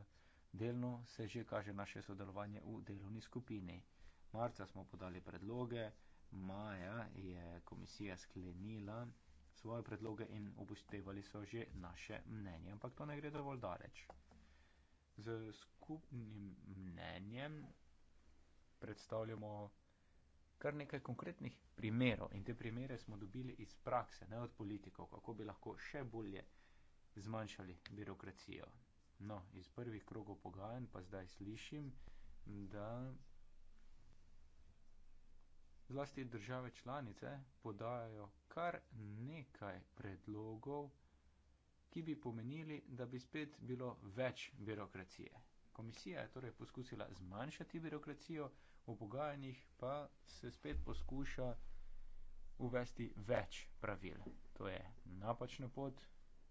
delno se že kaže naše sodelovanje v delovni skupini. Marca smo podali predloge, maja je komisija sklenila svoje predloge in upoštevali so že naše mnenje. Ampak to ne gre dovolj daleč. Z skupnim mnenjem predstavljamo kar nekaj konkretnih primerov in te primere smo dobili iz prakse, ne od politikov, kako bi lahko še bolje zmanjšali birokracijo. No, iz prvih krogov pogajanj pa zdaj slišim, da zlasti države članice, podajajo kar nekaj predlogov, ki bi pomenili, da bi spet bilo več birokracije. Komisija je torej poskusila zmanjšati birokracijo, v pogajanjih pa se spet poskuša uvesti več pravil. To je napačna pot.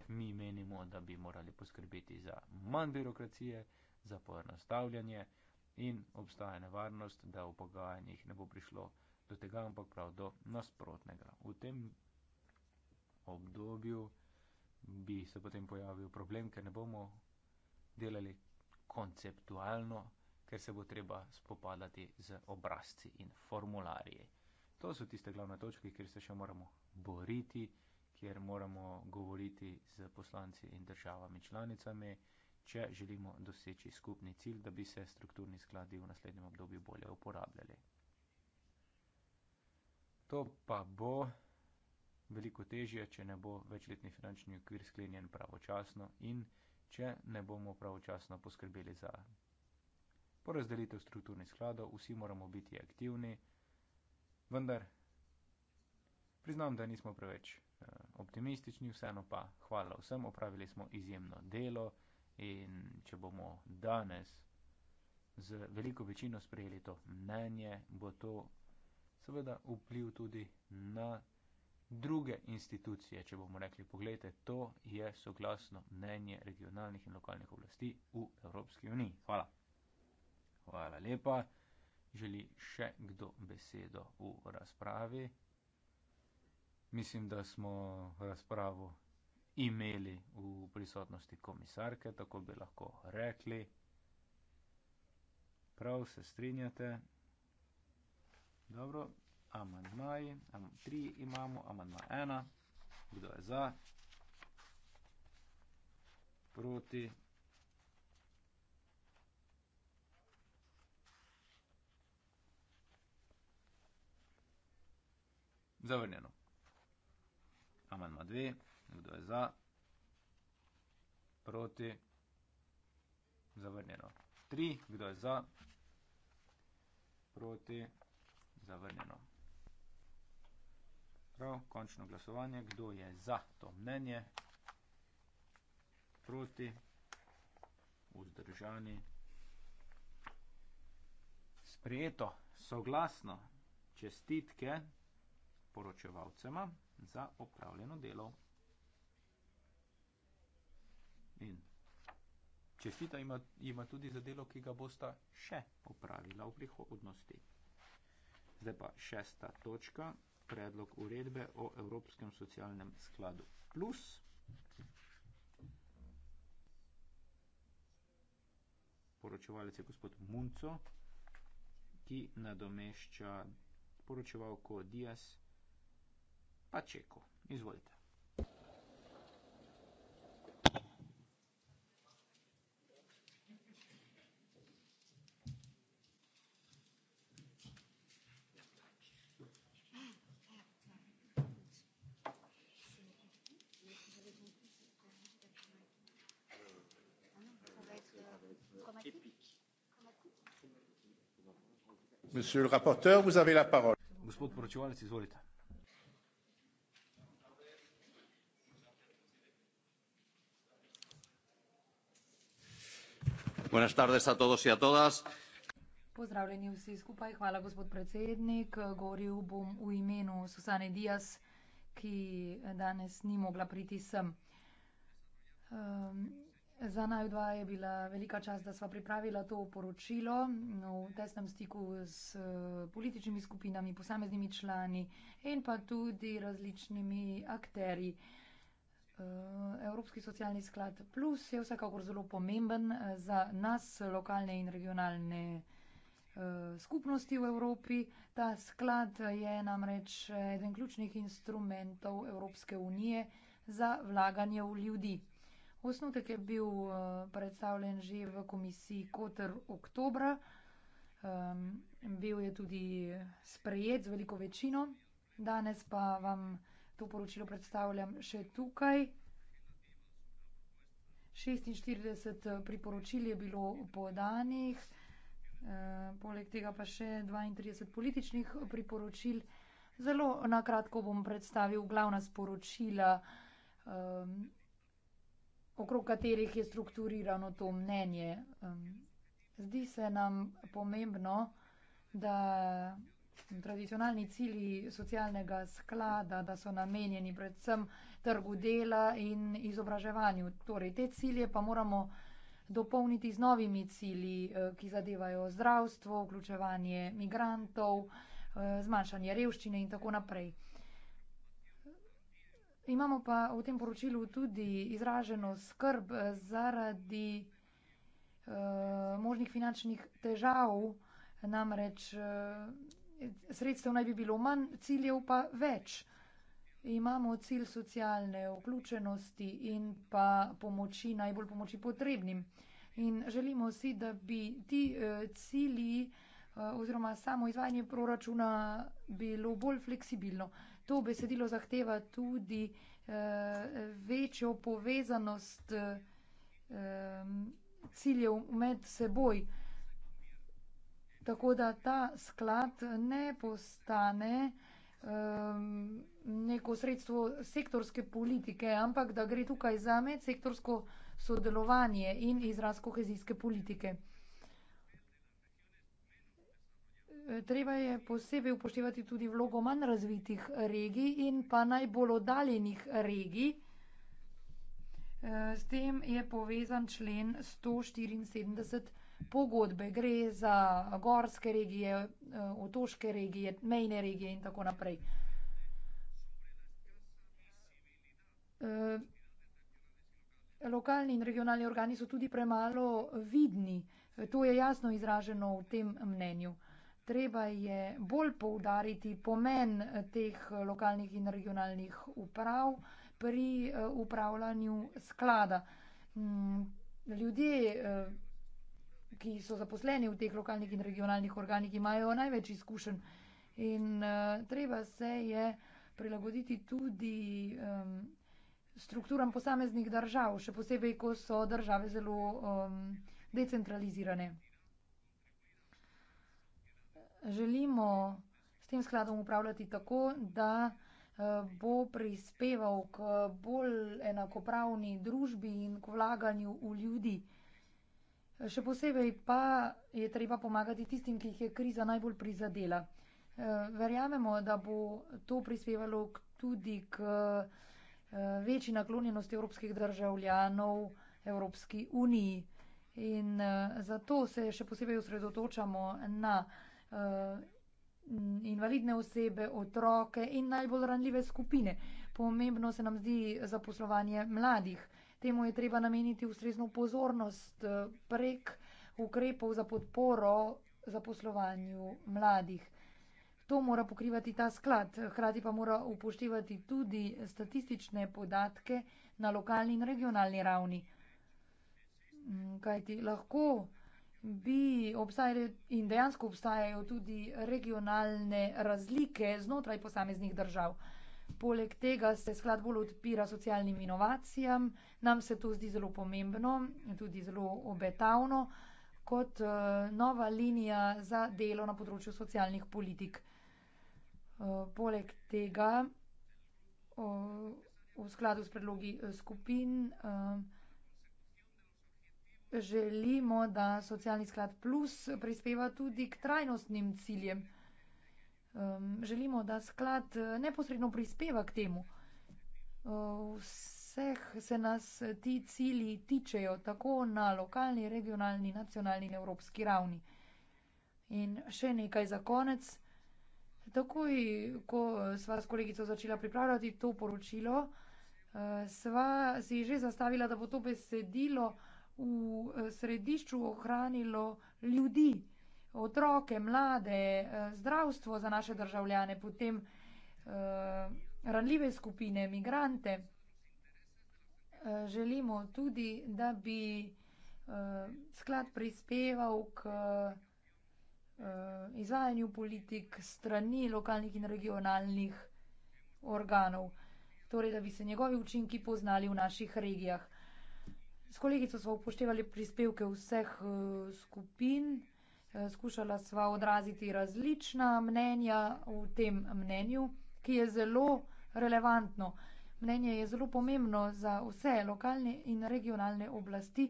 Mi menimo, da bi morali poskrbeti za manj birokracije, za poenostavljanje in obstaja nevarnost, da v pogajanjih ne bo prišlo do tega, ampak prav do nasprotnega. V tem obdobju bi se potem pojavil problem, ker ne bomo delali konceptualno, ker se bo treba spopadati z obrazci in formularije. To so tiste glavne točke, kjer se še moramo boriti, kjer moramo govoriti z poslanci in državami članicami, če želimo doseči skupni cilj, da bi se strukturni skladi v naslednjem obdobju bolje uporabljali. To pa bo veliko težje, če ne bo večletni finančni okvir sklenjen pravočasno in če ne bomo pravočasno poskrbeli za porazdelitev strukturnih skladov. Vsi moramo biti aktivni, vendar priznam, da nismo preveč eh, optimistični, vseeno pa hvala vsem, opravili smo izjemno delo in če bomo danes z veliko večino sprejeli to mnenje, bo to seveda vpliv tudi na druge institucije, če bomo rekli, pogledajte, to je soglasno mnenje regionalnih in lokalnih oblasti v Evropski uniji. Hvala. Hvala lepa. Želi še kdo besedo v razpravi? Mislim, da smo razpravo imeli v prisotnosti komisarke, tako bi lahko rekli. Prav se strinjate? Dobro, amandmaji, Am tri imamo, amandma ena, kdo je za, proti, zavrnjeno. Amandma dve, kdo je za, proti, zavrnjeno. Tri, kdo je za, proti, zavrnjeno zavrnjeno. Prav, končno glasovanje, kdo je za to mnenje, proti, vzdržani, sprejeto, soglasno, čestitke poročevalcema za opravljeno delo. In čestita ima, ima tudi za delo, ki ga bosta še opravila v prihodnosti. Zdaj pa šesta točka, predlog uredbe o Evropskem socialnem skladu. Plus. Poročevalec je gospod Munco, ki nadomešča poročevalko Dias Pačeko. Izvolite. Monsieur le rapporteur, vous avez la parole. Gospod poročevalec, izvolite. Buenas tardes a todos y a todas. Pozdravljeni vsi skupaj, hvala gospod predsednik, govoril bom v imenu Susane Dias, ki danes ni mogla priti sem. Ehm, Za naju dva je bila velika čast, da sva pripravila to poročilo v tesnem stiku s eh, političnimi skupinami, posameznimi člani in pa tudi različnimi akteri. Eh, Evropski socialni sklad Plus je vsekakor zelo pomemben eh, za nas, lokalne in regionalne skupnosti v Evropi. Ta sklad je namreč eden ključnih instrumentov Evropske unije za vlaganje v ljudi. Osnutek je bil uh, predstavljen že v komisiji Kotr oktobra. Um, bil je tudi sprejet z veliko večino. Danes pa vam to poročilo predstavljam še tukaj. 46 eh, priporočil je bilo podanih, eh, poleg tega pa še 32 političnih eh, priporočil. Zelo na kratko bom predstavil glavna sporočila eh, okrog katerih je strukturirano to mnenje. Zdi se nam pomembno, da tradicionalni cili socialnega sklada, da so namenjeni predvsem trgu dela in izobraževanju. Torej, te cilje pa moramo dopolniti z novimi cili, e, ki zadevajo zdravstvo, vključevanje migrantov, e, zmanjšanje revščine in tako naprej. Imamo pa v tem poročilu tudi izraženo skrb zaradi uh, možnih finančnih težav, namreč uh, sredstev naj bi bilo manj, ciljev pa več. Imamo cilj socialne vključenosti in pa pomoči, najbolj pomoči potrebnim. In želimo si, da bi ti uh, cilji uh, oziroma samo izvajanje proračuna bilo bolj fleksibilno. Uh, to besedilo zahteva tudi eh, večjo povezanost eh, ciljev med seboj. Tako da ta sklad ne postane eh, neko sredstvo sektorske politike, ampak da gre tukaj za medsektorsko sodelovanje in izraz kohezijske politike. Treba je posebej upoštevati tudi vlogo manj razvitih regij in pa najbolj oddaljenih regij. S tem je povezan člen 174 pogodbe. Gre za gorske regije, otoške regije, mejne regije in tako naprej. Lokalni in regionalni organi so tudi premalo vidni. To je jasno izraženo v tem mnenju treba je bolj poudariti pomen eh, teh eh, lokalnih in regionalnih uprav pri eh, upravljanju sklada. Mm, ljudje, ki so zaposleni v teh lokalnih in regionalnih organih, imajo največ izkušenj in treba se je prilagoditi tudi strukturam posameznih držav, še posebej, ko so države zelo um, decentralizirane želimo s tem skladom upravljati tako, da eh, bo prispeval k bolj enakopravni družbi in k vlaganju v ljudi. Še posebej pa je treba pomagati tistim, ki jih je kriza najbolj prizadela. Eh, verjamemo, da bo to prispevalo tudi k eh, večji naklonjenosti evropskih državljanov Evropski uniji. In zato se še posebej osredotočamo na Eh, invalidne osebe, otroke in najbolj ranljive skupine. Pomembno se nam zdi zaposlovanje mladih. Temu je treba nameniti ustrezno pozornost eh, prek ukrepov za podporo zaposlovanju mladih. To mora pokrivati ta sklad, hkrati pa mora upoštevati tudi statistične podatke na lokalni in regionalni ravni. Mm, Kaj ti lahko bi obstajali in dejansko obstajajo tudi regionalne razlike znotraj posameznih držav. Poleg tega se sklad bolj odpira socialnim inovacijam, nam se to zdi zelo pomembno in tudi zelo obetavno kot nova linija za delo na področju socialnih politik. Poleg tega v skladu s predlogi skupin želimo, da socialni sklad plus prispeva tudi k trajnostnim ciljem. Um, želimo, da sklad eh, neposredno prispeva k temu. Eh, vseh se nas eh, ti cili tičejo tako na lokalni, regionalni, nacionalni in evropski ravni. In še nekaj za konec. Takoj, ko sva s kolegico začela pripravljati to poročilo, sva si že zastavila, da bo to besedilo v eh, središču ohranilo ljudi, otroke, mlade, eh, zdravstvo za naše državljane, potem eh, ranljive skupine, migrante. Želimo tudi, da bi sklad prispeval k izvajanju politik strani lokalnih in regionalnih organov, torej da bi se njegovi učinki poznali v naših regijah. S kolegico smo upoštevali prispevke vseh eh, skupin, eh, skušala sva odraziti različna mnenja v tem mnenju, ki je zelo relevantno. Mnenje je zelo pomembno za vse lokalne in regionalne oblasti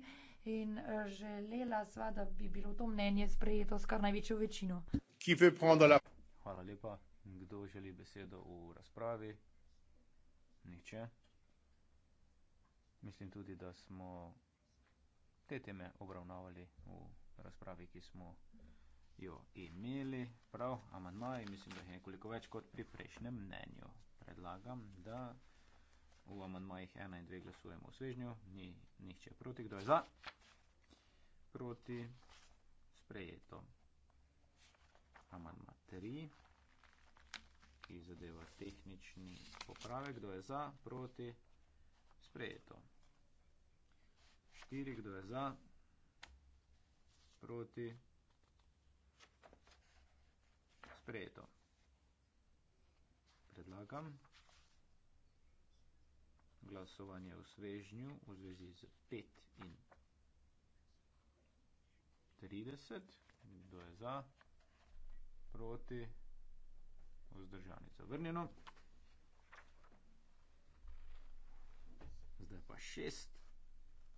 in eh, želela sva, da bi bilo to mnenje sprejeto s kar največjo večino. Hvala lepa. Kdo želi besedo v razpravi? Nihče mislim tudi, da smo te teme obravnavali v razpravi, ki smo jo imeli. Prav, amandmaji, mislim, da jih je nekoliko več kot pri prejšnjem mnenju. Predlagam, da v amandmajih 1 in 2 glasujemo v svežnju, ni nihče proti, kdo je za, proti, sprejeto. Amandma 3, ki zadeva tehnični popravek, kdo je za, proti, sprejeto. Štiri, kdo je za, proti, sprejeto. Predlagam glasovanje v svežnju v zvezi z 5 in 30. Kdo je za, proti, vzdržanica vrnjeno. Zdaj pa šest.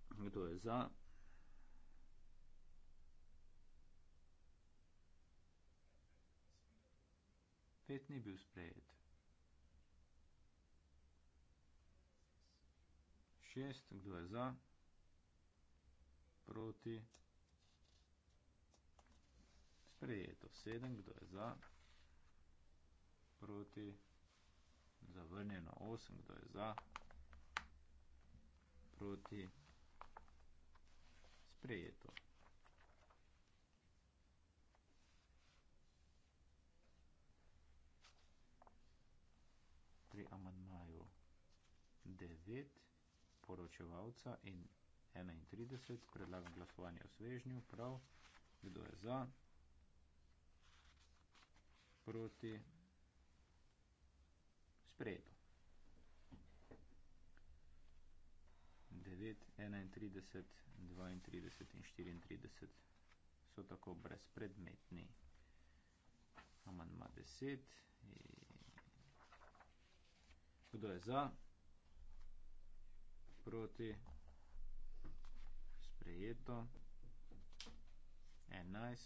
Kdo je za? Pet ni bil sprejet. Šest. Kdo je za? Proti. Sprejeto. Sedem. Kdo je za? Proti. Zavrnjeno. Osem. Kdo je za? Proti proti sprejeto. Pri amandmaju 9 poročevalca in 31 predlagam glasovanje o svežnju. Prav, kdo je za? Proti sprejeto. 9, 31, 32 in 34 so tako brezpredmetni. Amandma 10. Kdo je za? Proti? Sprejeto. 11.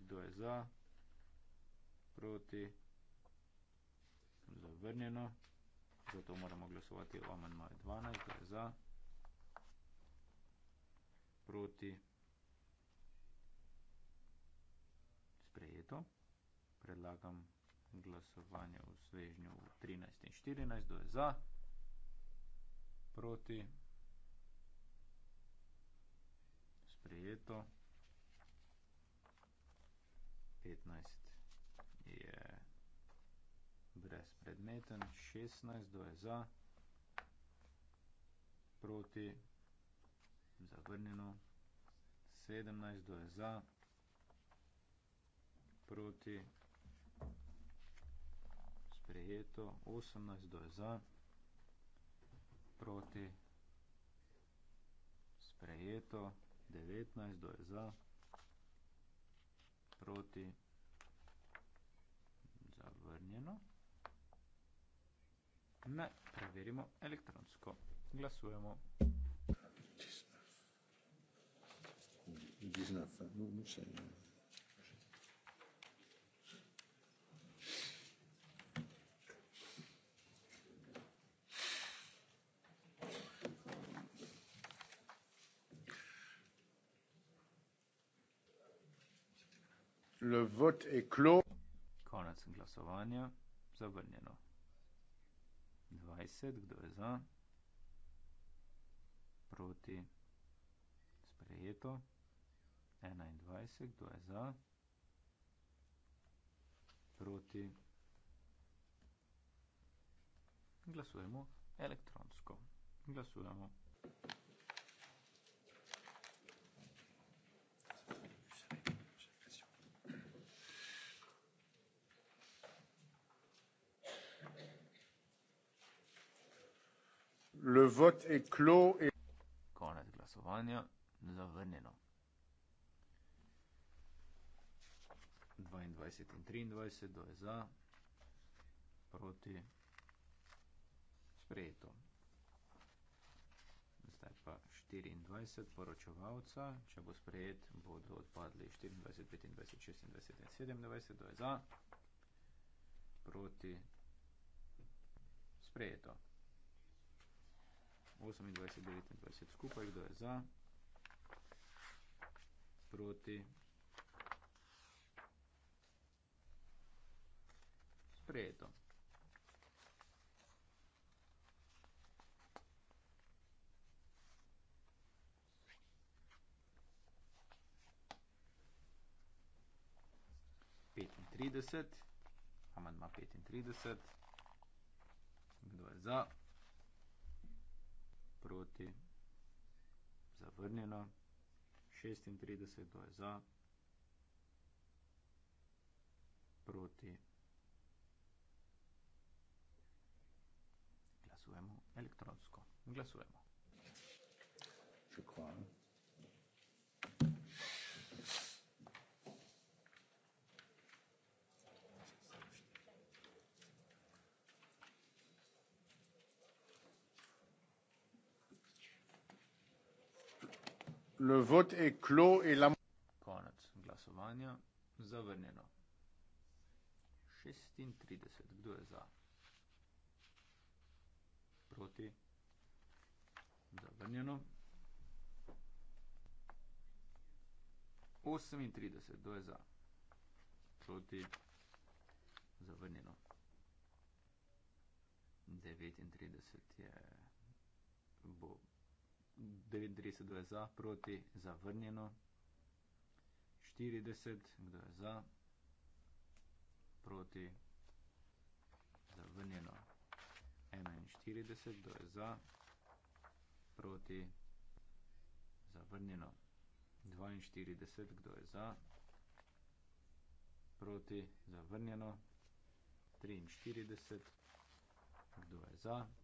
Kdo je za? Proti? Zavrnjeno zato moramo glasovati o amandmaju 12, kdo je za, proti, sprejeto, predlagam glasovanje v svežnju 13 in 14, kdo je za, proti, sprejeto, 15 brezpredmeten, 16, kdo je za, proti, zavrnjeno, 17, kdo je za, proti, sprejeto, 18, kdo je za, proti, sprejeto, 19, kdo je za, proti, sprejeto, Ne, preverimo elektronsko. Glasujemo. Le vote est clos. Konec glasovanja. Zavrnjeno. 20, kdo je za? Proti sprejeto. 21, kdo je za? Proti. Glasujemo elektronsko. Glasujemo. Thank you. Le vote est clos et konec glasovanja zavrnjeno. 22 in 23, kdo je za, proti, sprejeto. Zdaj pa 24 poročevalca, če bo sprejet, bodo odpadli 24, 25, 26 in 27, kdo je za, proti, sprejeto. 28, 29 skupaj, kdo je za, proti. Sprejeto. Amandma 35. Kdo je za? proti zavrnjeno, 36 to je za, proti glasujemo elektronsko. Glasujemo. Zahvaljujem. Le vote est clos et la... Konec glasovanja. Zavrnjeno. 36. Kdo je za? Proti? Zavrnjeno. 38. Kdo je za? Proti? Zavrnjeno. 39. je... Bo... 39, kdo je za, proti, zavrnjeno. 40, kdo je za, proti, zavrnjeno. 41, kdo je za, proti, zavrnjeno. 42, kdo je za, proti, zavrnjeno. 43, kdo je za, proti, zavrnjeno.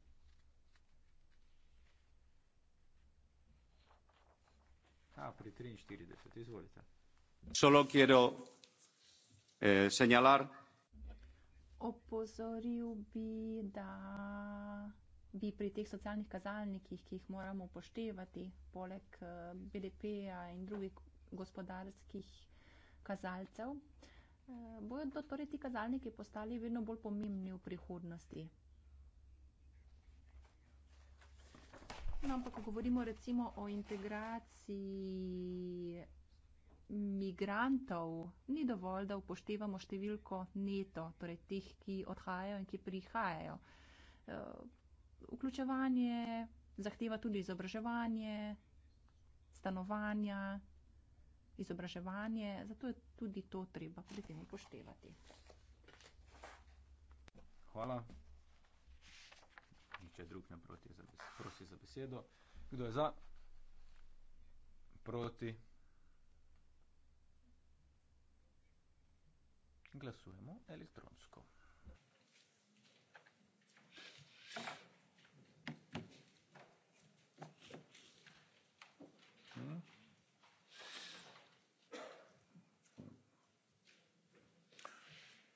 solo quiero eh, señalar opozoril bi da bi pri teh socialnih kazalnikih ki jih moramo upoštevati poleg eh, BDP ja in drugih gospodarskih kazalcev eh, bodo torej ti kazalniki postali vedno bolj pomembni v prihodnosti No, ampak, ko govorimo recimo o integraciji migrantov, ni dovolj, da upoštevamo številko neto, torej tih, ki odhajajo in ki prihajajo. Eh, vključevanje zahteva tudi izobraževanje, stanovanja, izobraževanje, zato je tudi to treba pri tem upoštevati. Hvala nihče drug ne prosi za besedo. Kdo je za? Proti? Glasujemo elektronsko.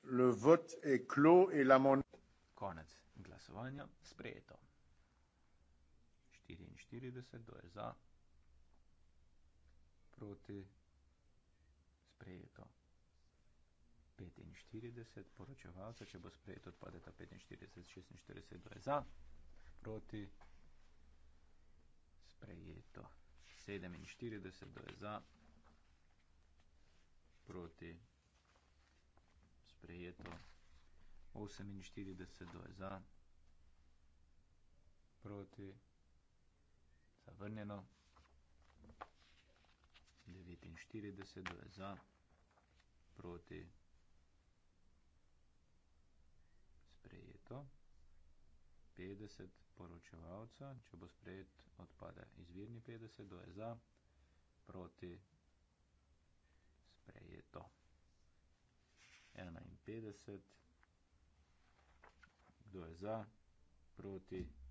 Le vote est clos et l'amendement. Konec glasovanja sprejeto. 44, kdo je za, proti, sprejeto. 45, poročevalce, če bo sprejeto, odpadeta 45, 46, kdo je za, proti, sprejeto. 47, kdo je za, proti, sprejeto. 48 do je za, proti, zavrnjeno. 49, dve za, proti, sprejeto. 50 poročevalca, če bo sprejet, odpade izvirni 50, dve za, proti, sprejeto. 51, kdo je za, proti, sprejeto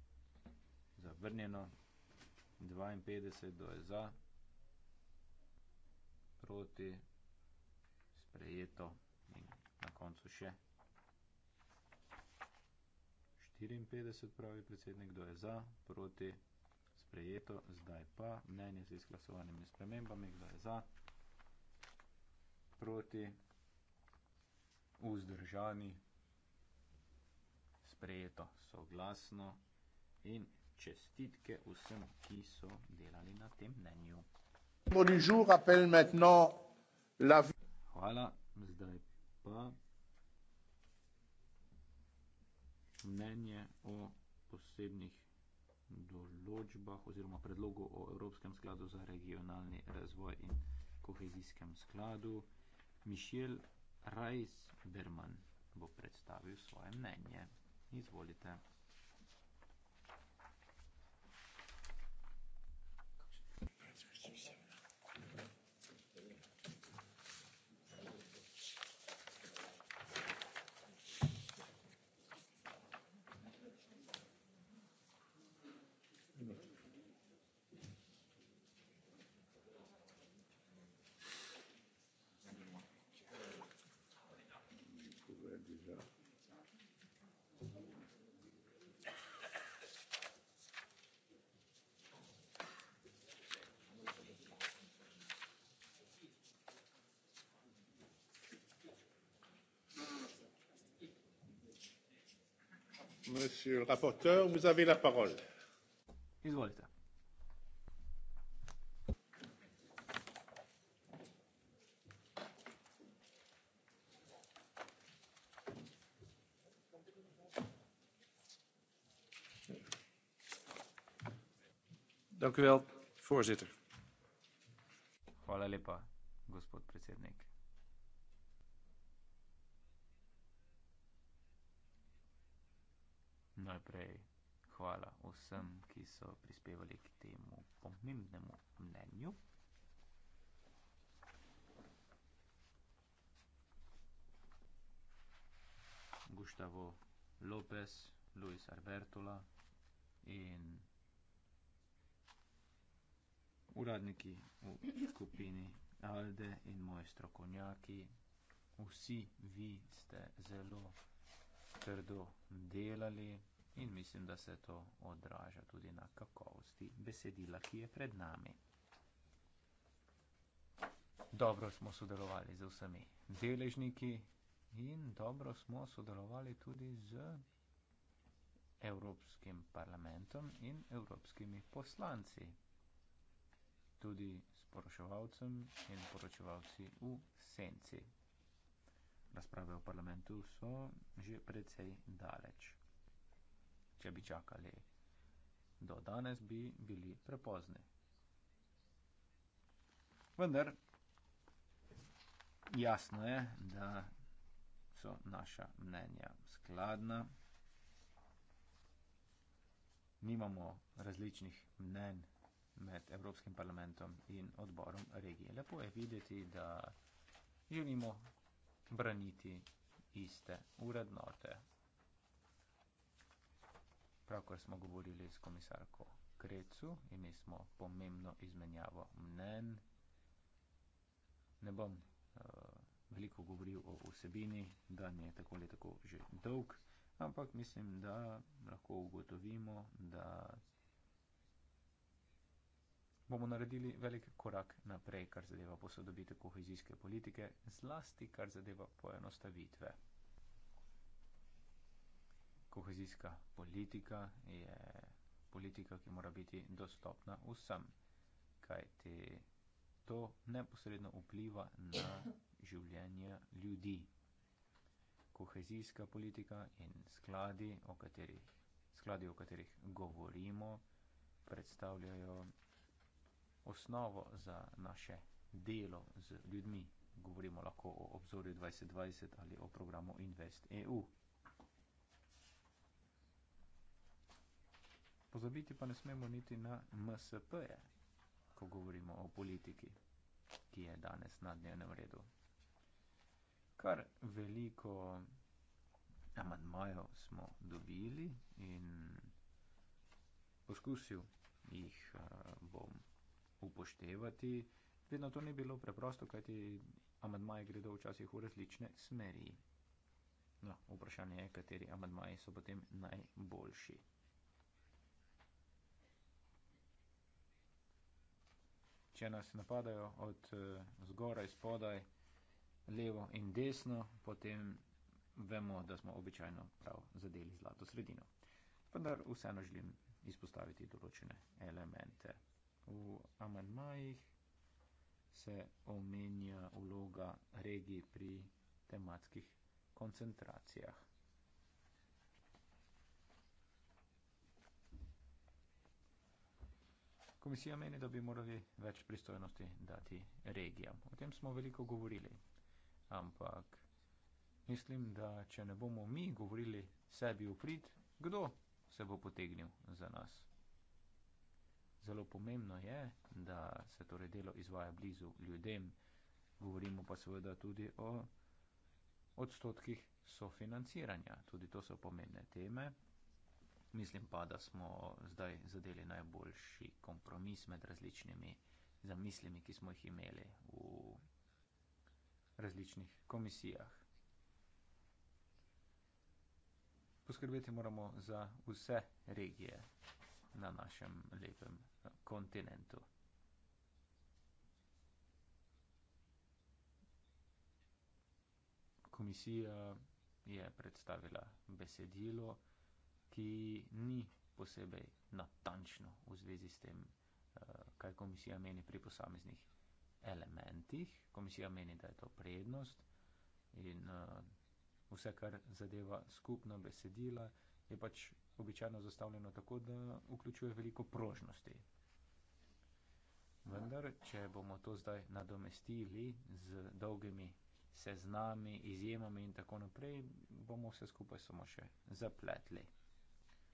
zavrnjeno, 52 do je za, proti, sprejeto in na koncu še 54 pravi predsednik, kdo je za, proti, sprejeto, zdaj pa mnenje z izglasovanimi spremembami, kdo je za, proti, vzdržani, sprejeto, soglasno in čestitke vsem, ki so delali na tem mnenju. Hvala, zdaj pa mnenje o posebnih določbah oziroma predlogu o Evropskem skladu za regionalni razvoj in kohezijskem skladu. Mišel Rajs Berman bo predstavil svoje mnenje. Izvolite. Monsieur le rapporteur, vous avez la parole. Izvolite. Dank u wel, voorzitter. Hvala lepa, gospod predsednik. najprej hvala vsem, ki so prispevali k temu pomembnemu mnenju. Gustavo Lopez, Luis Arbertola in uradniki v skupini Alde in moji strokovnjaki. Vsi vi ste zelo trdo delali in mislim, da se to odraža tudi na kakovosti besedila, ki je pred nami. Dobro smo sodelovali z vsemi deležniki in dobro smo sodelovali tudi z Evropskim parlamentom in evropskimi poslanci, tudi s poročevalcem in poročevalci v senci. Razprave v parlamentu so že precej daleč če bi čakali. Do danes bi bili prepozni. Vendar jasno je, da so naša mnenja skladna. Nimamo različnih mnen med Evropskim parlamentom in odborom regije. Lepo je videti, da želimo braniti iste urednote pravkar smo govorili s komisarko Krecu, imeli smo pomembno izmenjavo mnen. Ne bom uh, veliko govoril o vsebini, dan je tako ali tako že dolg, ampak mislim, da lahko ugotovimo, da bomo naredili velik korak naprej, kar zadeva posodobitev kohezijske politike, zlasti kar zadeva poenostavitve. Kohezijska politika je politika, ki mora biti dostopna vsem, kajti to neposredno vpliva na življenje ljudi. Kohezijska politika in skladi, o katerih, skladi, o katerih govorimo, predstavljajo osnovo za naše delo z ljudmi. Govorimo lahko o obzorju 2020 ali o programu Invest EU. Pozabiti pa ne smemo niti na MSP-je, ko govorimo o politiki, ki je danes na dnevnem redu. Kar veliko amadmajev smo dobili in poskusil jih eh, bom upoštevati. Vedno to ni bilo preprosto, kajti amadmaje gredo včasih v različne smeri. No, vprašanje je, kateri amadmaji so potem najboljši. če nas napadajo od eh, zgoraj, spodaj, levo in desno, potem vemo, da smo običajno prav zadeli zlato sredino. Vendar vseeno želim izpostaviti določene elemente. V amenmajih se omenja vloga regij pri tematskih koncentracijah. Komisija meni, da bi morali več pristojnosti dati regijam. O tem smo veliko govorili, ampak mislim, da če ne bomo mi govorili sebi uprit, kdo se bo potegnil za nas. Zelo pomembno je, da se torej delo izvaja blizu ljudem, govorimo pa seveda tudi o odstotkih sofinanciranja. Tudi to so pomembne teme. Mislim pa, da smo zdaj zadeli najboljši kompromis med različnimi zamislimi, ki smo jih imeli v različnih komisijah. Poskrbeti moramo za vse regije na našem lepem eh, kontinentu. Komisija je predstavila besedilo, ki ni posebej natančno v zvezi s tem, eh, kaj komisija meni pri posameznih elementih. Komisija meni, da je to prednost in eh, vse, kar zadeva skupna besedila, je pač običajno zastavljeno tako, da vključuje veliko prožnosti. Vendar, če bomo to zdaj nadomestili z dolgimi seznami, izjemami in tako naprej, bomo vse skupaj samo še zapletli.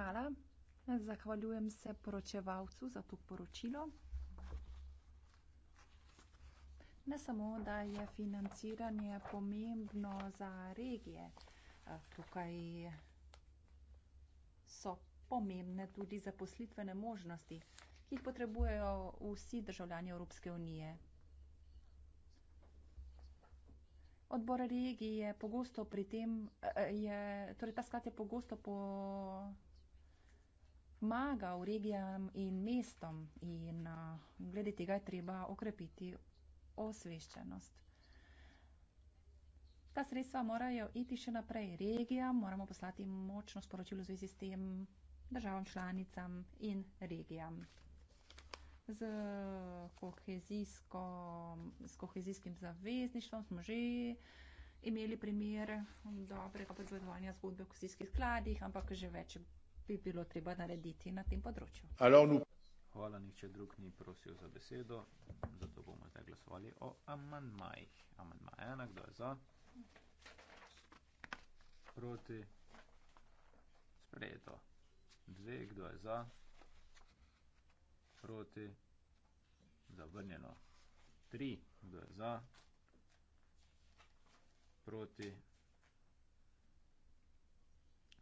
hvala. Zahvaljujem se poročevalcu za to poročilo. Ne samo, da je financiranje pomembno za regije, tukaj so pomembne tudi zaposlitvene možnosti, ki jih potrebujejo vsi državljani Evropske unije. Odbor regije pogosto pri tem, je, torej ta sklad je pogosto po pomagal regijam in mestom in uh, glede tega je treba okrepiti osveščenost. Ta sredstva morajo iti še naprej regijam, moramo poslati močno sporočilo v zvezi s tem državam, članicam in regijam. Z, z kohezijskim zavezništvom smo že imeli primer dobrega podzvedovanja zgodbe o kohezijskih skladih, ampak že več bi bilo treba narediti na tem področju. Hvala, nihče drug ni prosil za besedo, zato bomo zdaj glasovali o amandmajih. Amandma ena, kdo je za? Proti? Sprejeto. Dve, kdo je za? Proti? Zavrnjeno. Tri, kdo je za? Proti?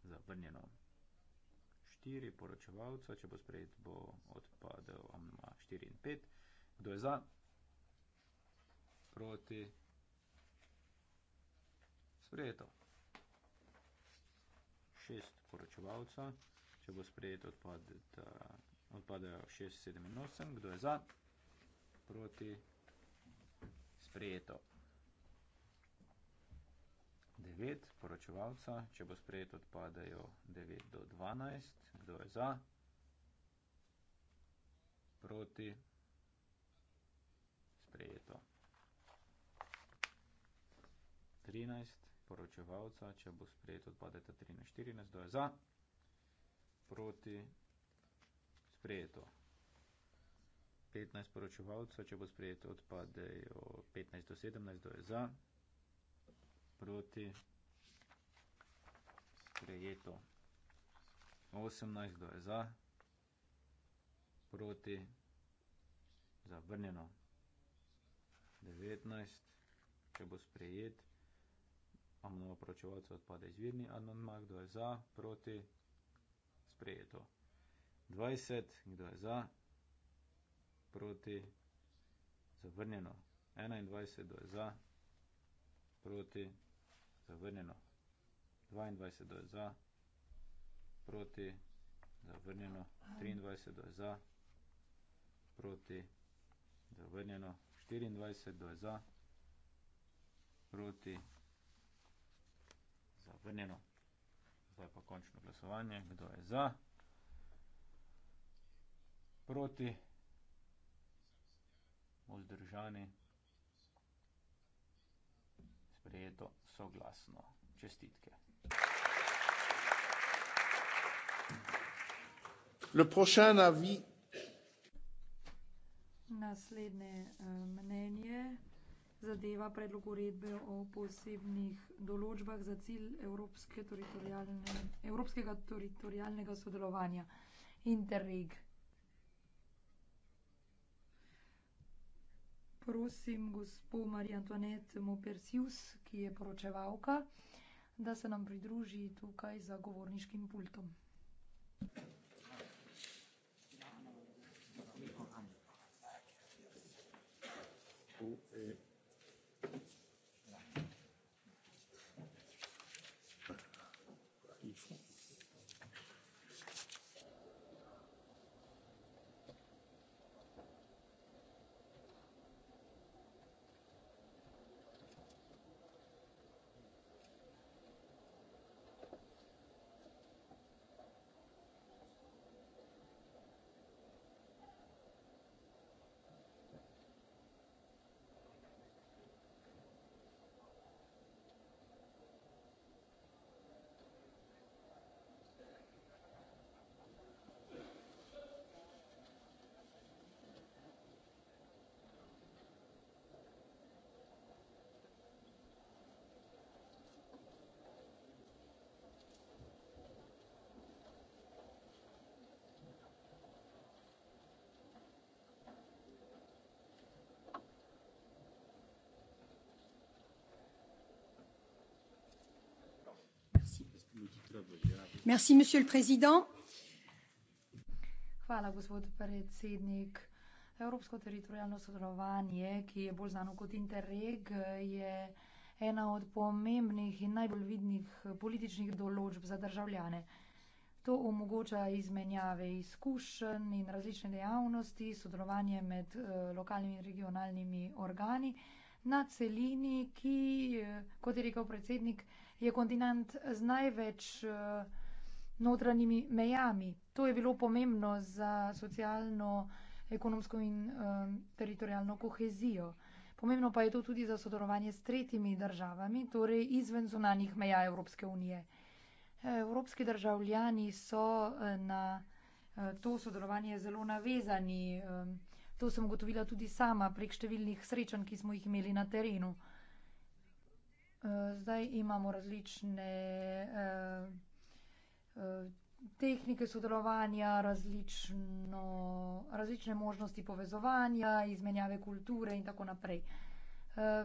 Zavrnjeno. 4 poročevalca, če bo sprejet, bo odpadel amma 4 in 5. Kdo je za? Proti? Sprejeto. 6 poročevalca, če bo sprejet, odpadejo 6, 7 in 8. Kdo je za? Proti? Sprejeto. 9 poročevalca, če bo sprejet, odpadejo 9 do 12. Kdo je za? Proti? Sprejeto. 13 poročevalca, če bo sprejet, odpadejo 13. 14. Kdo je za? Proti? Sprejeto. 15 poročevalca, če bo sprejet, odpadejo 15 do 17. Kdo je za? Sprejeto proti sprejeto. 18 do je za, proti zavrnjeno. 19, če bo sprejet, imamo novo pročevalce odpade izvirni, anonima, kdo je za, proti sprejeto. 20, kdo je za, proti zavrnjeno. 21, kdo je za, proti sprejeto zavrnjeno. 22 do je za, proti, zavrnjeno. 23 do je za, proti, zavrnjeno. 24 do je za, proti, zavrnjeno. Zdaj pa končno glasovanje, kdo je za, proti, vzdržani, sprejeto soglasno. Čestitke. Naslednje eh, mnenje zadeva predlog uredbe o posebnih določbah za cilj evropske teritorijalne, evropskega teritorijalnega sodelovanja Interreg. prosim gospo Marijo Antoinette Mopersius, ki je poročevalka, da se nam pridruži tukaj za govorniškim pultom. Uh, eh. Hvala, gospod predsednik. Evropsko teritorialno sodelovanje, ki je bolj znano kot Interreg, je ena od pomembnih in najbolj vidnih političnih določb za državljane. To omogoča izmenjave izkušenj in različne dejavnosti, sodelovanje med eh, lokalnimi in regionalnimi organi na celini, ki, eh, kot je rekel predsednik, je kontinent z največ eh, notranjimi mejami. To je bilo pomembno za socialno, ekonomsko in eh, teritorijalno kohezijo. Pomembno pa je to tudi za sodelovanje s tretjimi državami, torej izven zunanjih meja Evropske unije. Eh, evropski državljani so na to sodelovanje zelo navezani. To sem ugotovila tudi sama prek številnih srečanj, ki smo jih imeli na terenu. Eh, zdaj imamo različne eh, eh, tehnike sodelovanja, različno, različne možnosti povezovanja, izmenjave kulture in tako naprej.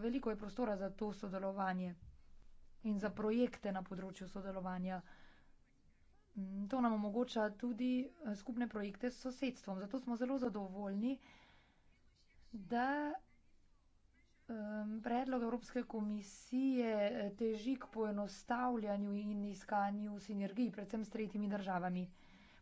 Veliko je prostora za to sodelovanje in za projekte na področju sodelovanja. Mm, to nam omogoča tudi skupne projekte s sosedstvom, zato smo zelo zadovoljni, da Predlog Evropske komisije eh, teži k poenostavljanju in iskanju sinergij, predvsem s tretjimi državami.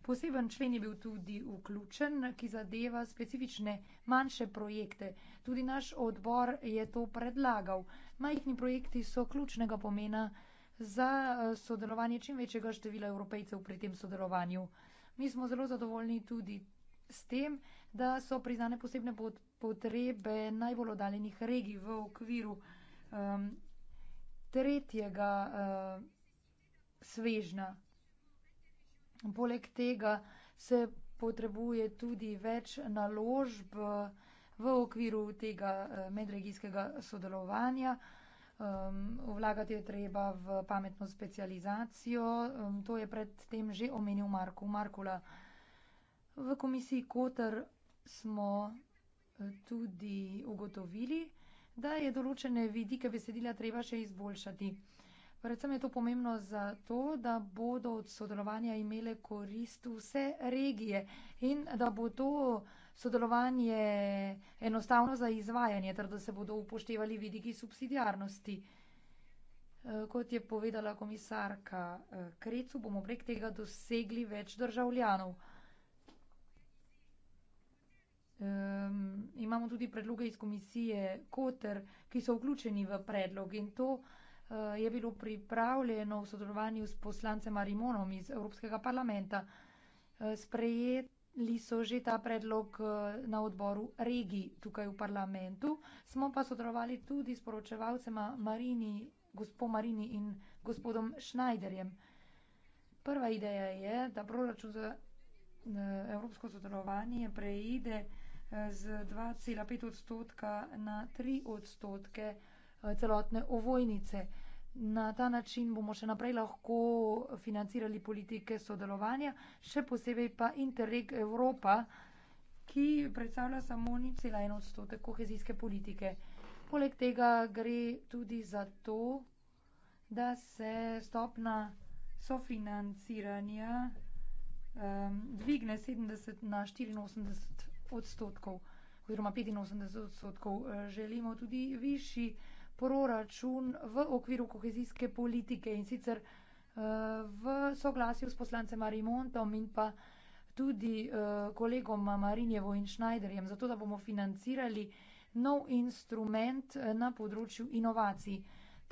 Poseben člen je bil tudi vključen, ki zadeva specifične manjše projekte. Tudi naš odbor je to predlagal. Majhni projekti so ključnega pomena za eh, sodelovanje čim večjega števila evropejcev pri tem sodelovanju. Mi smo zelo zadovoljni tudi s tem, da so priznane posebne potrebe najbolj odaljenih regij v okviru um, tretjega uh, svežna. Poleg tega se potrebuje tudi več naložb v okviru tega uh, medregijskega sodelovanja. Um, vlagati je treba v pametno specializacijo. Um, to je predtem že omenil Marko Markula. V komisiji Kotr smo eh, tudi ugotovili, da je določene vidike besedila treba še izboljšati. Predvsem je to pomembno zato, da bodo od sodelovanja imele korist vse regije in da bo to sodelovanje enostavno za izvajanje, ter da se bodo upoštevali vidiki subsidijarnosti. Eh, kot je povedala komisarka eh, Krecu, bomo prek tega dosegli več državljanov. Um, imamo tudi predloge iz komisije Koter, ki so vključeni v predlog in to uh, je bilo pripravljeno v sodelovanju s poslancem Arimonom iz Evropskega parlamenta. Uh, sprejeli so že ta predlog uh, na odboru regij tukaj v parlamentu, smo pa sodelovali tudi s poročevalcema Marini, gospod Marini in gospodom Schneiderjem. Prva ideja je, da proračun za uh, evropsko sodelovanje preide z 2,5 odstotka na 3 odstotke eh, celotne ovojnice. Na ta način bomo še naprej lahko financirali politike sodelovanja, še posebej pa Interreg Evropa, ki predstavlja samo 0,1 odstotek kohezijske politike. Poleg tega gre tudi za to, da se stopna sofinanciranja um, dvigne 70 na 84 odstotkov oziroma 85 odstotkov. Eh, želimo tudi višji proračun v okviru kohezijske politike in sicer eh, v soglasju s poslancem Marimontom in pa tudi eh, kolegom Marinjevo in Schneiderjem, zato da bomo financirali nov instrument na področju inovacij.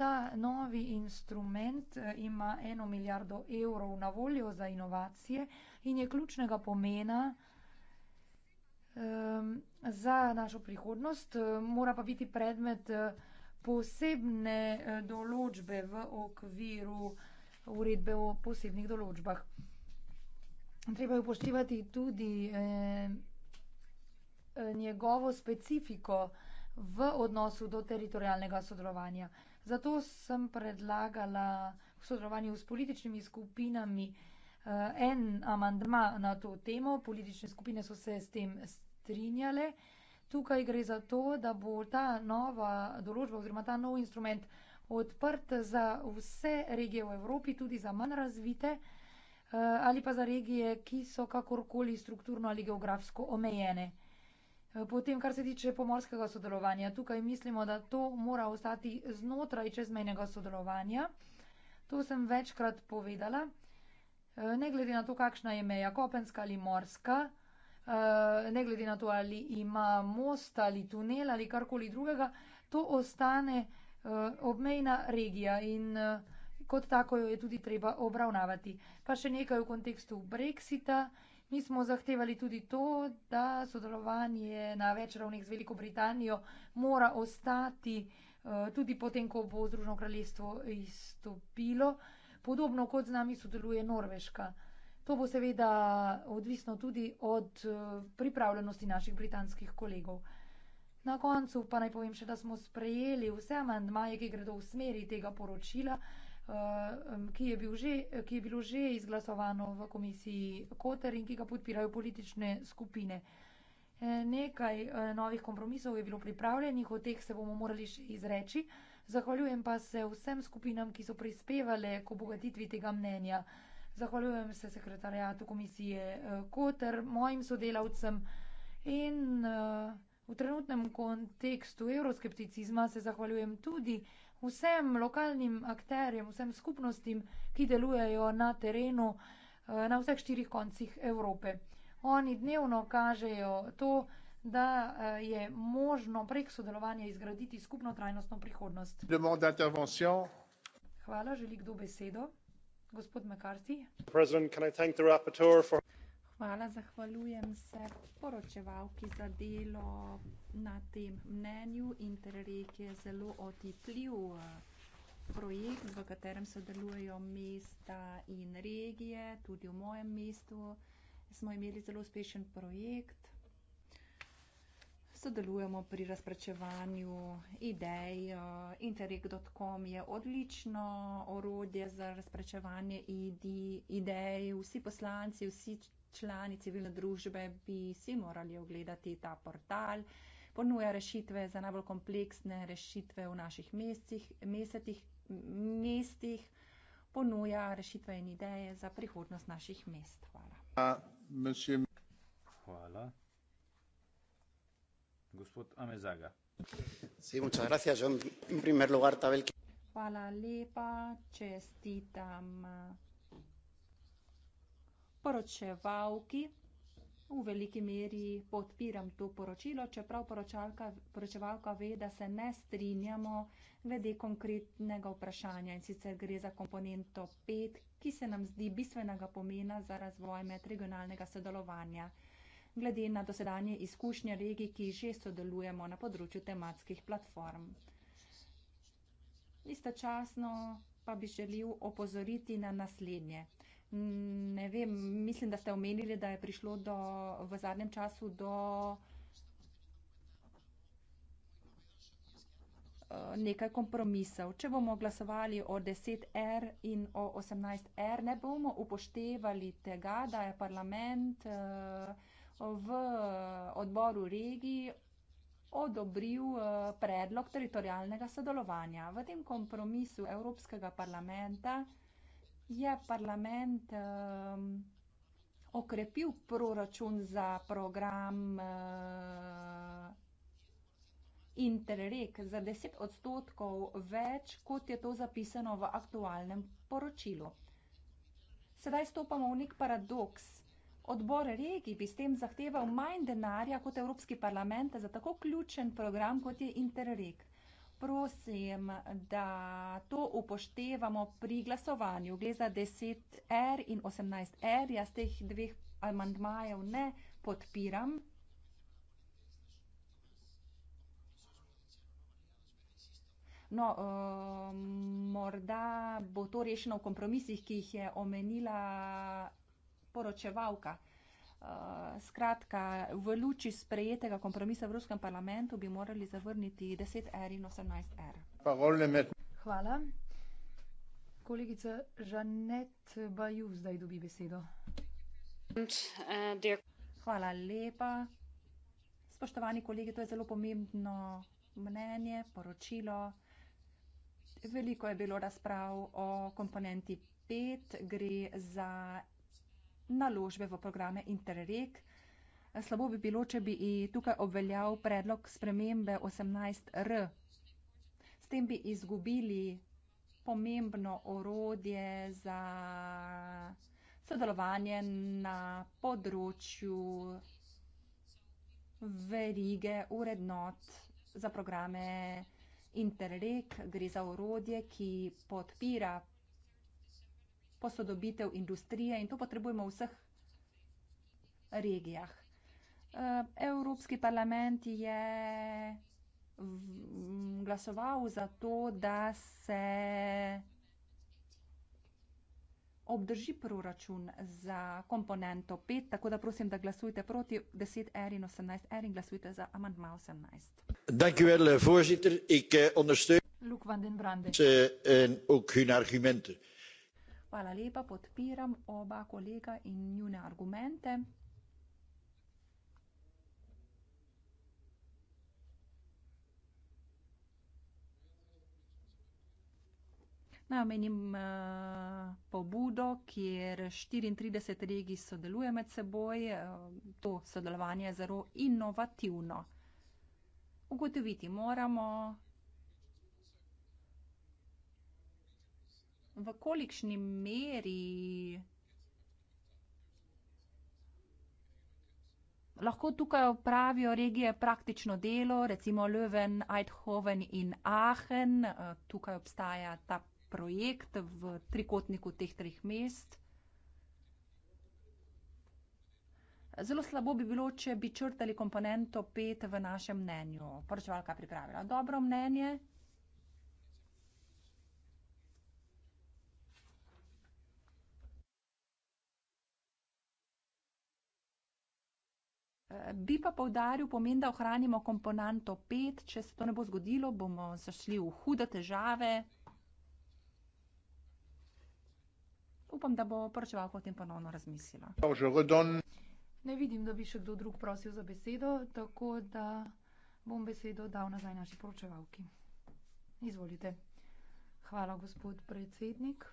Ta novi instrument ima eno milijardo evrov na voljo za inovacije in je ključnega pomena, um, za našo prihodnost, eh, mora pa biti predmet eh, posebne eh, določbe v okviru uredbe o posebnih določbah. Treba je upoštevati tudi eh, njegovo specifiko v odnosu do teritorijalnega sodelovanja. Zato sem predlagala v sodelovanju s političnimi skupinami eh, Eh, en amandma na to temo, politične skupine so se s tem strinjale. Tukaj gre za to, da bo ta nova določba oziroma ta nov instrument odprt za vse regije v Evropi, tudi za manj razvite eh, ali pa za regije, ki so kakorkoli strukturno ali geografsko omejene. Eh, potem, kar se tiče pomorskega sodelovanja, tukaj mislimo, da to mora ostati znotraj čezmejnega sodelovanja. To sem večkrat povedala. Eh, ne glede na to, kakšna je meja, kopenska ali morska, eh, ne glede na to, ali ima most ali tunel ali karkoli drugega, to ostane eh, obmejna regija in kot tako jo je tudi treba obravnavati. Pa še nekaj v kontekstu Brexita. Mi smo zahtevali tudi to, da sodelovanje na več ravneh z Veliko Britanijo mora ostati tudi potem, ko bo Združeno kraljestvo izstopilo podobno kot z nami sodeluje Norveška. To bo seveda odvisno tudi od eh, pripravljenosti naših britanskih kolegov. Na koncu pa naj povem še, da smo sprejeli vse amandmaje, ki gredo v smeri tega poročila, eh, ki je, bil že, ki je bilo že izglasovano v komisiji Koter in ki ga podpirajo politične skupine. Eh, nekaj novih kompromisov je bilo pripravljenih, o teh se bomo morali še izreči. Zahvaljujem pa se vsem skupinam, ki so prispevale k obogatitvi tega mnenja. Zahvaljujem se sekretarjatu komisije eh, Kotr, mojim sodelavcem in eh, v trenutnem kontekstu euroskepticizma se zahvaljujem tudi vsem lokalnim akterjem, vsem skupnostim, ki delujejo na terenu eh, na vseh štirih koncih Evrope. Oni dnevno kažejo to, da eh, je možno prek sodelovanja izgraditi skupno trajnostno prihodnost. Hvala, želi kdo besedo? Gospod McCarthy. Hvala, zahvaljujem se poročevalki za delo na tem mnenju. Interreg je zelo otipljiv eh, projekt, v katerem sodelujejo mesta in regije. Tudi v mojem mestu smo imeli zelo uspešen projekt sodelujemo pri razprečevanju idej. Eh, Interreg.com je odlično orodje za razprečevanje idej. Vsi poslanci, vsi člani civilne družbe bi si morali ogledati ta portal. Ponuja rešitve za najbolj kompleksne rešitve v naših mestih, mesetih, mestih. Ponuja rešitve in ideje za prihodnost naših mest. Hvala. Hvala. Hvala lepa, čestitam eh, poročevalki. V veliki meri podpiram to poročilo, čeprav poročalka, poročevalka ve, da se ne strinjamo glede konkretnega vprašanja, in sicer gre za komponento pet, ki se nam zdi bistvenega pomena za razvoj medregionalnega sodelovanja glede na dosedanje izkušnje regij, ki že sodelujemo na področju tematskih platform. Istočasno pa bi želel opozoriti na naslednje. Ne vem, mislim, da ste omenili, da je prišlo do, v zadnjem času do eh, nekaj kompromisov. Če bomo glasovali o 10R in o 18R, ne bomo upoštevali tega, da je parlament uh, v eh, odboru regiji odobril eh, predlog teritorijalnega sodelovanja. V tem kompromisu Evropskega parlamenta je parlament um, okrepil proračun za program uh, Interreg za 10 odstotkov več, kot je to zapisano v aktualnem poročilu. Sedaj stopamo v nek paradoks. Odbor regij bi s tem zahteval manj denarja kot Evropski parlament za tako ključen program, kot je Interreg. Prosim, da to upoštevamo pri glasovanju. Gre za 10R in 18R. Jaz teh dveh amandmajev ne podpiram. No, um, morda bo to rešeno v kompromisih, ki jih je omenila poročevalka. Uh, skratka, v luči sprejetega kompromisa v Ruskem parlamentu bi morali zavrniti 10R in 18R. Hvala. Kolegica Žanet Baju zdaj dobi besedo. Hvala lepa. Spoštovani kolegi, to je zelo pomembno mnenje, poročilo. Veliko je bilo razprav o komponenti 5. Gre za naložbe v programe Interreg. Slabo bi bilo, če bi tukaj obveljal predlog spremembe 18R. S tem bi izgubili pomembno orodje za sodelovanje na področju verige urednot za programe Interreg. Gre za orodje, ki podpira posodobitev industrije in to potrebujemo v vseh regijah. E, Evropski parlament je glasoval za to, da se obdrži proračun za komponento 5, tako da prosim, da glasujte proti 10R in 18R in glasujte za amantma 18. Dankjewel, well, eh, voorzitter. Ik eh, ondersteun... Luke van den Branden. ...en eh, ook hun argumenten. Hvala lepa, podpiram oba kolega in njune argumente. Namenim eh, pobudo, kjer 34 regij sodeluje med seboj. Eh, to sodelovanje je zelo inovativno. Ugotoviti moramo, v kolikšni meri lahko tukaj opravijo regije praktično delo, recimo Löwen, Eidhoven in Aachen. Eh, tukaj obstaja ta projekt v trikotniku teh treh mest. Zelo slabo bi bilo, če bi črtali komponento 5 v našem mnenju. Poročevalka pripravila dobro mnenje. Bi pa povdaril pomen, da ohranimo komponento 5. Če se to ne bo zgodilo, bomo zašli v hude težave. Upam, da bo poročevalko o tem ponovno razmislila. Ne vidim, da bi še kdo drug prosil za besedo, tako da bom besedo dal nazaj naši poročevalki. Izvolite. Hvala, gospod predsednik.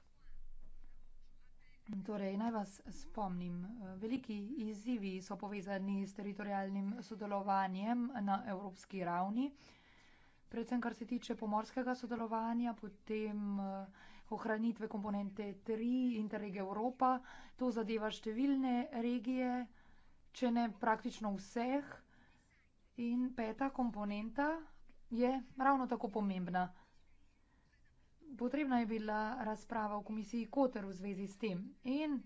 Torej, naj vas spomnim, veliki izzivi so povezani s teritorijalnim sodelovanjem na evropski ravni, predvsem kar se tiče pomorskega sodelovanja, potem eh, ohranitve komponente 3 Interreg Evropa. To zadeva številne regije, če ne praktično vseh. In peta komponenta je ravno tako pomembna potrebna je bila razprava v komisiji Koter v zvezi s tem. In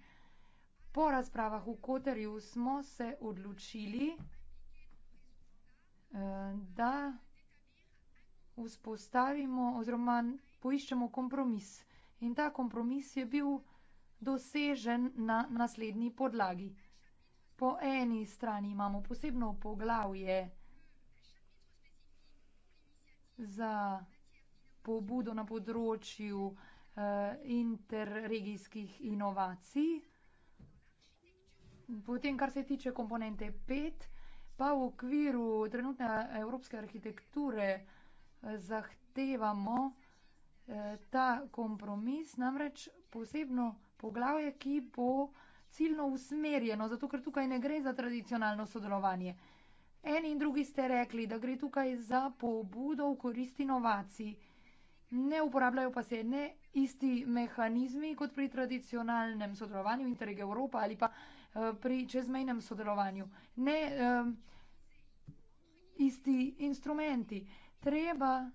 po razpravah v Koterju smo se odločili, eh, da vzpostavimo oziroma poiščemo kompromis. In ta kompromis je bil dosežen na naslednji podlagi. Po eni strani imamo posebno poglavje za pobudo na področju eh, interregijskih inovacij. Potem, kar se tiče komponente 5, pa v okviru trenutne evropske arhitekture eh, zahtevamo eh, ta kompromis, namreč posebno poglavje, ki bo ciljno usmerjeno, zato ker tukaj ne gre za tradicionalno sodelovanje. Eni in drugi ste rekli, da gre tukaj za pobudo v korist inovacij. Ne uporabljajo pa se ne isti mehanizmi kot pri tradicionalnem sodelovanju Interreg Evropa ali pa eh, pri čezmejnem sodelovanju. Ne eh, isti instrumenti. Treba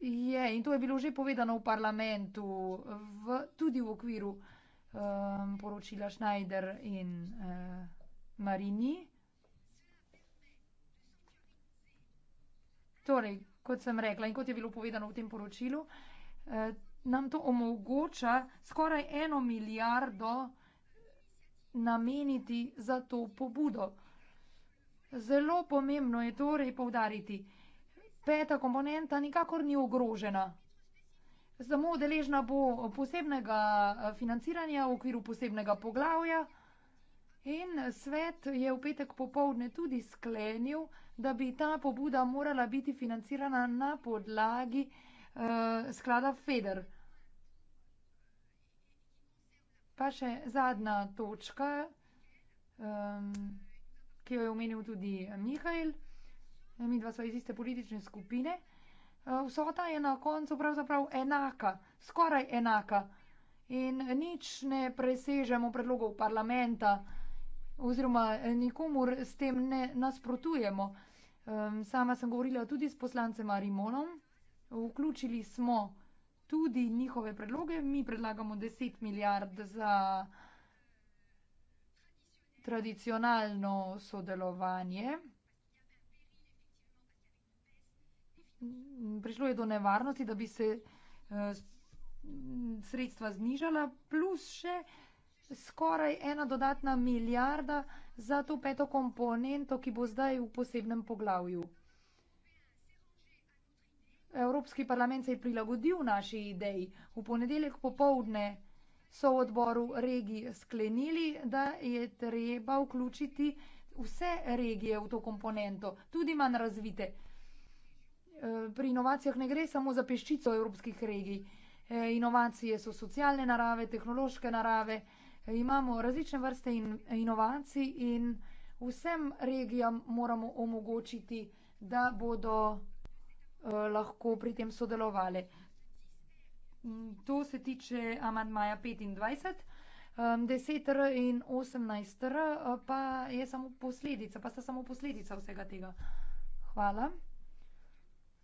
je, in to je bilo že povedano v parlamentu, tudi v okviru eh, poročila Schneider in Marini. Torej, kot sem rekla in kot je bilo povedano v tem poročilu, eh, nam to omogoča skoraj eno milijardo nameniti za to pobudo. Zelo pomembno je torej povdariti, peta komponenta nikakor ni ogrožena. Samo deležna bo posebnega eh, financiranja v okviru posebnega poglavja in svet je v petek popovdne tudi sklenil, da bi ta pobuda morala biti financirana na podlagi uh, sklada FEDER. Pa še zadnja točka, um, ki jo je omenil tudi eh, Mihajl, eh, mi dva sva iz iste politične skupine. Vsota je na koncu pravzaprav enaka, skoraj enaka in nič ne presežemo predlogov parlamenta oziroma nikomu s tem ne nasprotujemo sama sem govorila tudi s poslancem Arimonom. Vključili smo tudi njihove predloge. Mi predlagamo 10 milijard za tradicionalno sodelovanje. Prišlo je do nevarnosti, da bi se eh, sredstva znižala, plus še skoraj ena dodatna milijarda za to peto komponento, ki bo zdaj v posebnem poglavju. Evropski parlament se je prilagodil naši ideji. V ponedeljek popovdne so v odboru regij sklenili, da je treba vključiti vse regije v to komponento, tudi manj razvite. Eh, pri inovacijah ne gre samo za peščico evropskih regij. Eh, inovacije so socialne narave, tehnološke narave imamo različne vrste in, inovacij in vsem regijam moramo omogočiti, da bodo eh, lahko pri tem sodelovali. Mm, to se tiče amandmaja petindvajset. Ehm, deset r in osemnajst r eh, pa je samo posledica, pa sta samo posledica vsega tega. Hvala.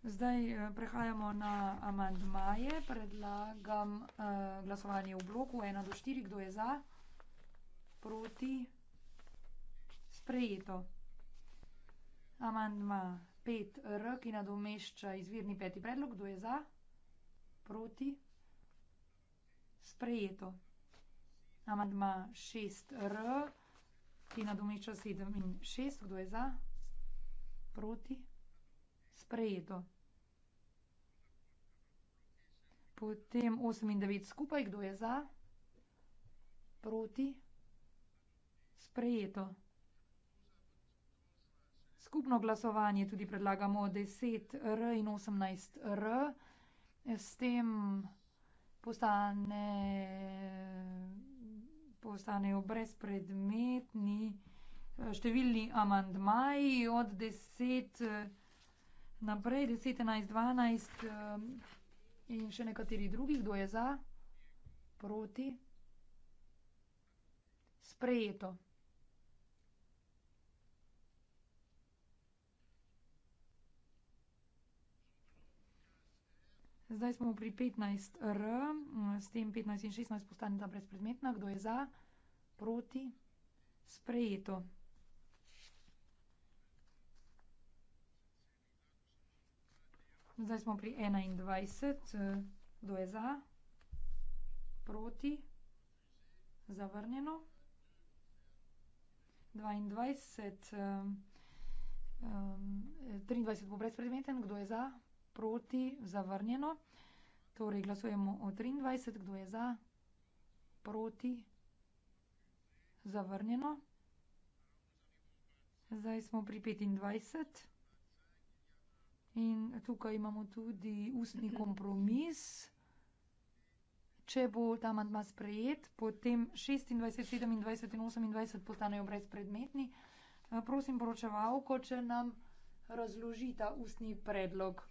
Zdaj eh, prehajamo na amandmaje. Predlagam uh, glasovanje v bloku 1 do 4. Kdo je za? Proti? Sprejeto. Amandma 5R, ki nadomešča izvirni peti predlog. Kdo je za? Proti? Sprejeto. Amandma 6R, ki nadomešča 7 in 6. Kdo je za? Proti? Sprejeto. Potem osem in devet skupaj, kdo je za? Proti? Sprejeto. Skupno glasovanje tudi predlagamo deset R in osemnajst R. S tem postane, postanejo brezpredmetni eh, številni amandmaji od deset eh, naprej, deset, enajst, dvanajst. Eh, In še nekateri drugi, kdo je za, proti, sprejeto. Zdaj smo pri 15R, s tem 15 in 16 postane ta brezpredmetna. Kdo je za, proti, sprejeto. Zdaj smo pri enaindvajset, eh, kdo je za? Proti? Zavrnjeno. Dvaindvajset, eh, eh, triindvajset bo brezpredmeten, kdo je za? Proti? Zavrnjeno. Torej glasujemo o triindvajset, kdo je za? Proti? Zavrnjeno. Zdaj smo pri petindvajset. In tukaj imamo tudi ustni kompromis. Če bo ta mandma sprejet, potem 26, 27 in 28 postanejo brezpredmetni. Eh, prosim, poročevalko, če nam razloži ta ustni predlog.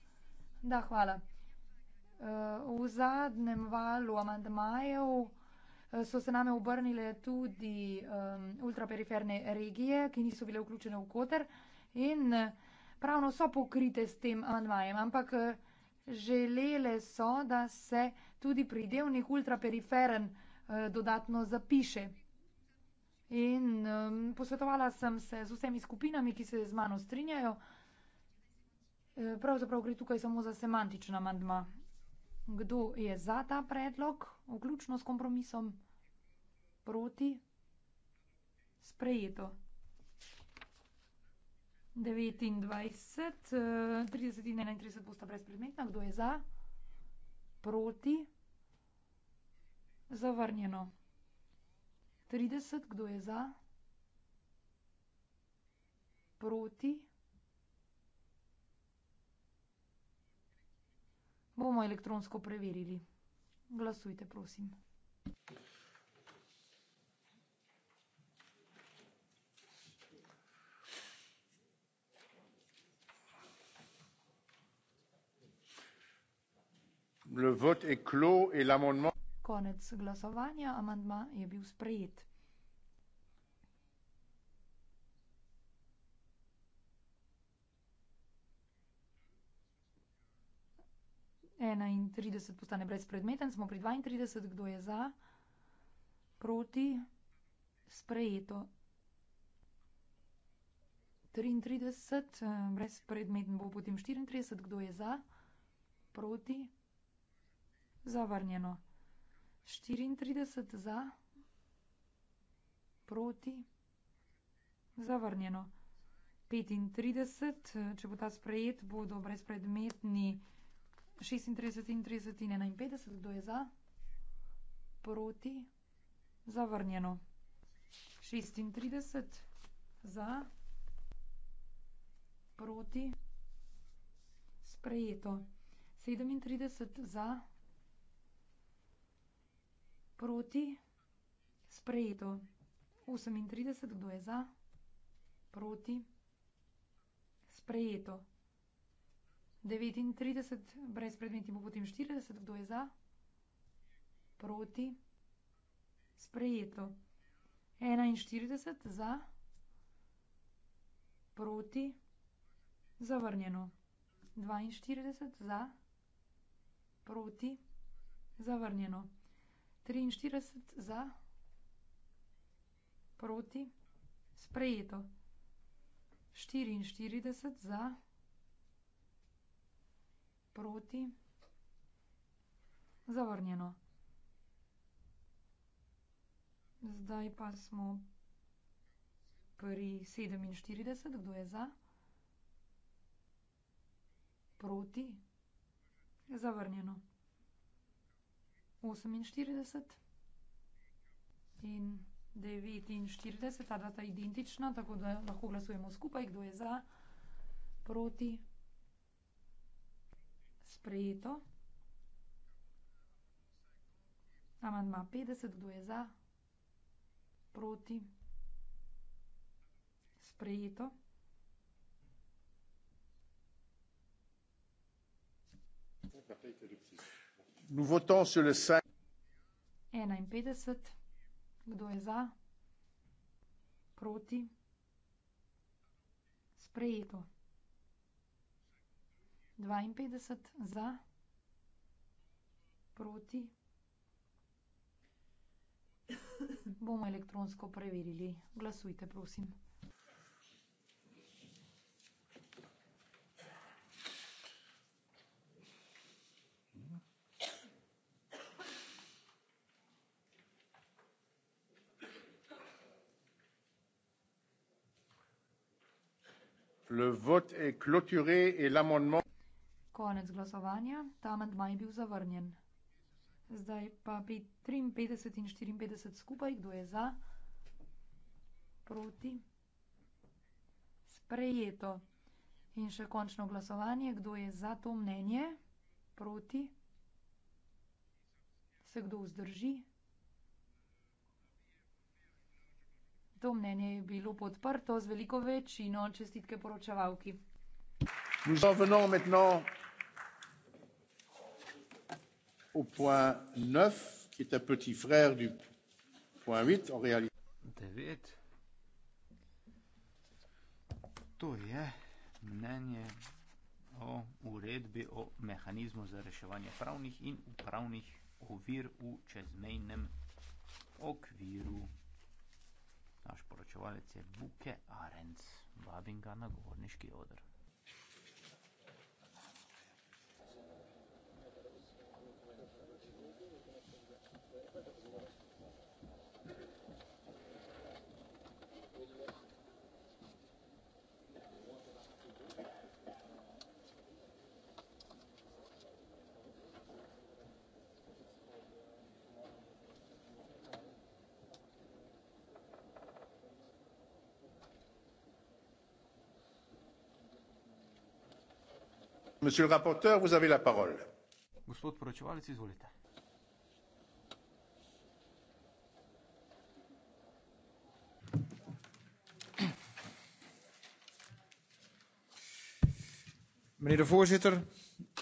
Da, hvala. Eh, v zadnjem valu amandmajev eh, so se name obrnile tudi ultraperiferne regije, ki niso bile vključene v koter in pravno so pokrite s tem anvajem, ampak eh, želele so, da se tudi pridevnih ultraperiferen eh, dodatno zapiše. In um, posvetovala sem se z vsemi skupinami, ki se z mano strinjajo. Eh, pravzaprav gre tukaj samo za semantična mandma. Kdo je za ta predlog, vključno s kompromisom, proti, sprejeto. 29, 30 eh, in 31 bosta brezpredmetna. Kdo je za? Proti? Zavrnjeno. 30, kdo je za? Proti? Bomo elektronsko preverili. Glasujte, prosim. Hvala. Konec glasovanja, amandma je bil sprejet. Enaintrideset postane brezpredmeten, smo pri dvaintrideset, kdo je za? Proti? Sprejeto. Triintrideset, eh, brezpredmeten bo potem štiriintrideset, kdo je za? Proti? Zavrnjeno. 34 za. Proti. Zavrnjeno. 35, če bo ta sprejet, bodo brezpredmetni 36, 33 in 51. Kdo je za? Proti. Zavrnjeno. 36 za. Proti. Sprejeto. 37 za. Proti. Sprejeto. 38, kdo je za? Proti. Sprejeto. 39, brez predmeti bo potem 40, kdo je za? Proti. Sprejeto. 41 za, proti, zavrnjeno. 42 za, proti, zavrnjeno. 43 za, proti, sprejeto. 44 za, proti, zavrnjeno. Zdaj pa smo pri 47, kdo je za, proti, zavrnjeno oseminštirideset in devetinštirideset, ta dva sta identična, tako da lahko glasujemo skupaj, kdo je za, proti. Sprejeto. Amandma petdeset, kdo je za? Proti. Sprejeto. Nous votons sur le 5. 51. Kdo je za? Proti? Sprejeto. 52 za? Proti? Bomo elektronsko preverili. Glasujte, prosim. Le vote est clôturé et l'amendement. Konec glasovanja, ta amendma je bil zavrnjen. Zdaj pa pri 53 in 54 skupaj, kdo je za, proti, sprejeto. In še končno glasovanje, kdo je za to mnenje, proti, se kdo vzdrži. To mnenje je bilo podprto z veliko večino. Čestitke poročevalki. Nous en venons maintenant au point 9, qui est un petit frère du point 8 en réalité. 9. To je mnenje o uredbi o mehanizmu za reševanje pravnih in upravnih ovir v čezmejnem okviru. Naš poročevalec je Buke Arens, vabim ga na govorniški odr. Gospod poročevalec, izvolite. Mijnheer de voorzitter,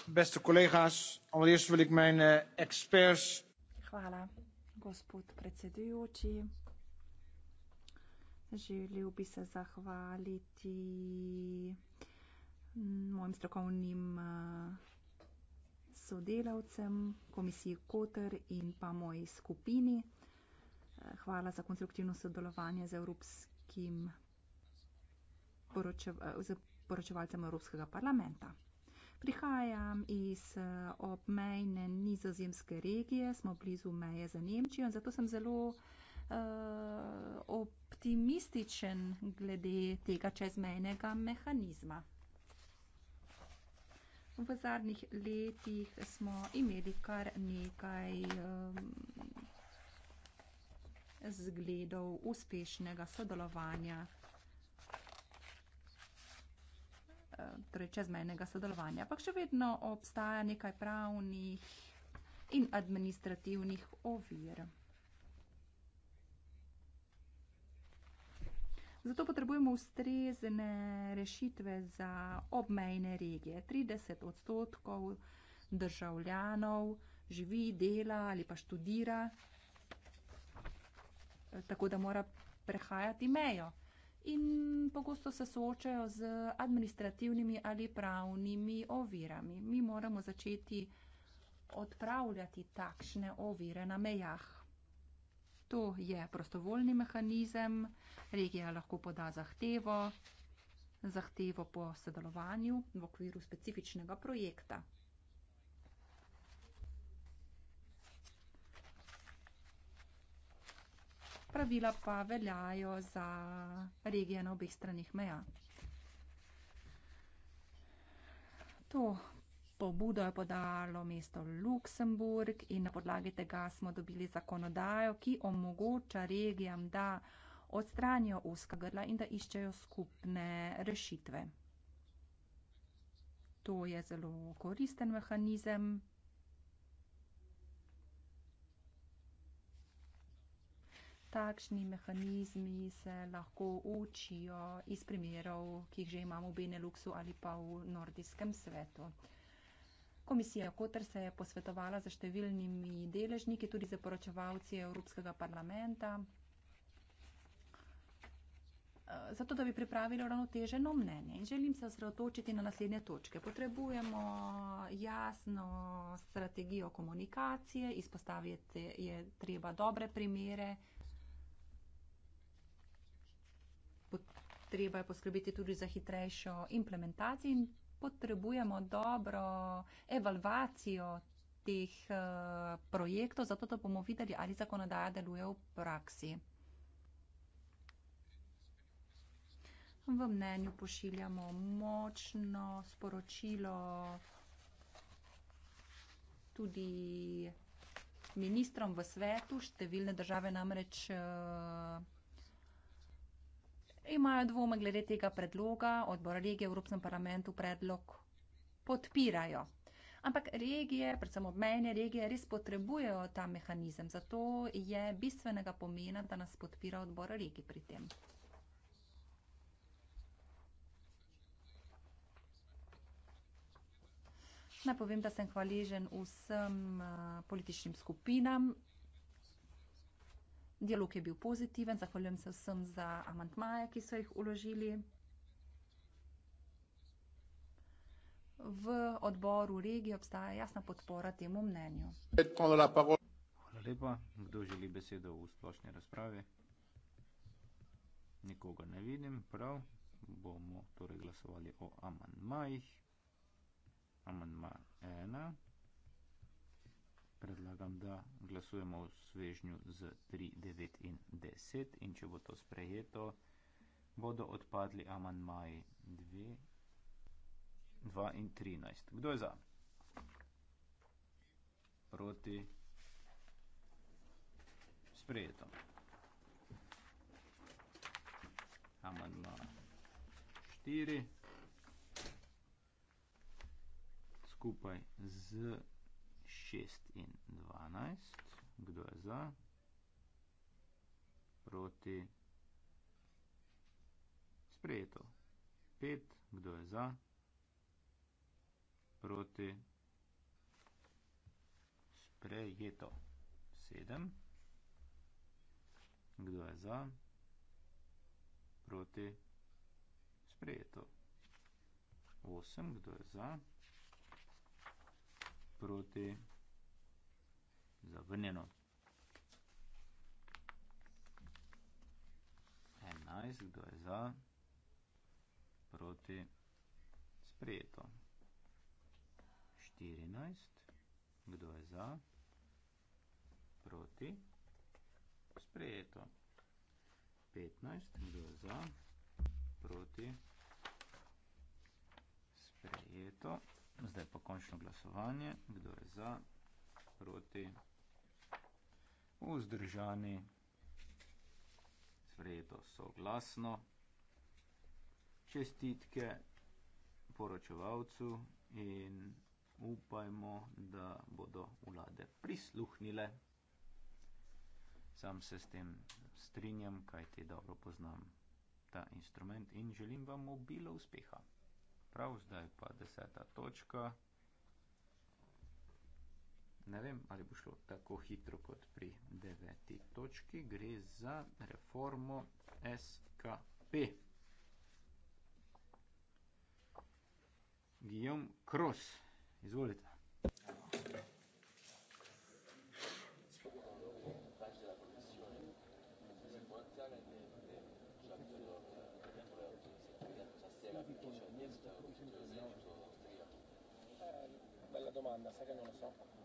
beste collega's, allereerst wil ik mijn eh, experts. Hvala, gospod predsedujoči. Želel bi se zahvaliti mojim strokovnim eh, sodelavcem, komisiji Koter in pa moji skupini. Eh, hvala za konstruktivno sodelovanje z evropskim poročev, z eh, poročevalcem Evropskega parlamenta. Prihajam iz obmejne nizozemske regije, smo blizu meje za Nemčijo in zato sem zelo uh, optimističen glede tega čezmejnega mehanizma. V zadnjih letih smo imeli kar nekaj um, zgledov uspešnega sodelovanja, um, torej čezmejnega sodelovanja, ampak še vedno obstaja nekaj pravnih in administrativnih ovir. Zato potrebujemo ustrezne rešitve za obmejne regije. 30 odstotkov državljanov živi, dela ali pa študira, eh, tako da mora prehajati mejo. In pogosto se soočajo z administrativnimi ali pravnimi ovirami. Mi moramo začeti odpravljati takšne ovire na mejah. To je prostovoljni mehanizem, regija lahko poda zahtevo, zahtevo po sodelovanju v okviru specifičnega projekta. Pravila pa veljajo za regije na obeh stranih meja. To Pobudo je podalo mesto Luksemburg in na podlagi tega smo dobili zakonodajo, ki omogoča regijam, da odstranijo uska grla in da iščejo skupne rešitve. To je zelo koristen mehanizem. Takšni mehanizmi se lahko učijo iz primerov, ki jih že imamo v Beneluxu ali pa v nordijskem svetu. Komisija Kotr se je posvetovala za številnimi deležniki, tudi za poročevalci Evropskega parlamenta, eh, zato da bi pripravili ravnoteženo mnenje. In želim se osredotočiti na naslednje točke. Potrebujemo jasno strategijo komunikacije, izpostaviti je treba dobre primere, treba je poskrbeti tudi za hitrejšo implementacijo in potrebujemo dobro evalvacijo teh eh, projektov, zato da bomo videli, ali zakonodaja deluje v praksi. V mnenju pošiljamo močno sporočilo tudi ministrom v svetu, številne države namreč. Eh, imajo dvome glede tega predloga, odbor regije v Evropskem parlamentu predlog podpirajo. Ampak regije, predvsem obmejne regije, res potrebujejo ta mehanizem, zato je bistvenega pomena, da nas podpira odbor regij pri tem. Naj povem, da sem hvaležen vsem uh, političnim skupinam, Dialog je bil pozitiven, zahvaljujem se vsem za amantmaje, ki so jih uložili. V odboru regije obstaja jasna podpora temu mnenju. Hvala lepa. Kdo želi besedo v splošni razpravi? Nikoga ne vidim, prav. Bomo torej glasovali o amantmajih. Amantma ena predlagam, da glasujemo v svežnju z 3, 9 in 10 in če bo to sprejeto, bodo odpadli amanmaji 2, 2 in 13. Kdo je za? Proti. Sprejeto. Amanma 4. Skupaj z 6 in 12. Kdo je za? Proti. Sprejeto. 5. Kdo je za? Proti. Sprejeto. 7. Kdo je za? Proti. Sprejeto. 8. Kdo je za? Proti. Sprejeto zavrnjeno. Enajst, kdo je za, proti, sprejeto. Štirinajst, kdo je za, proti, sprejeto. Petnajst, kdo je za, proti, sprejeto. Zdaj pa končno glasovanje, kdo je za, proti, sprejeto vzdržani, sprejeto soglasno. Čestitke poročevalcu in upajmo, da bodo vlade prisluhnile. Sam se s tem strinjam, kajti dobro poznam ta instrument in želim vam obilo uspeha. Prav zdaj pa deseta točka ne vem, ali bo šlo tako hitro kot pri deveti točki, gre za reformo SKP. Guillaume Cross, izvolite. Bella domanda, sai che non lo so.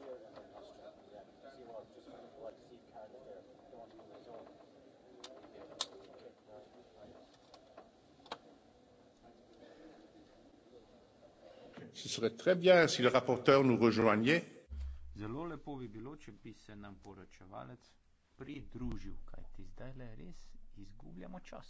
ce serait très bien si le rapporteur nous rejoignait. Zelo lepo bi bilo, če bi se nam poročevalec pridružil, kajti zdaj le res izgubljamo čas.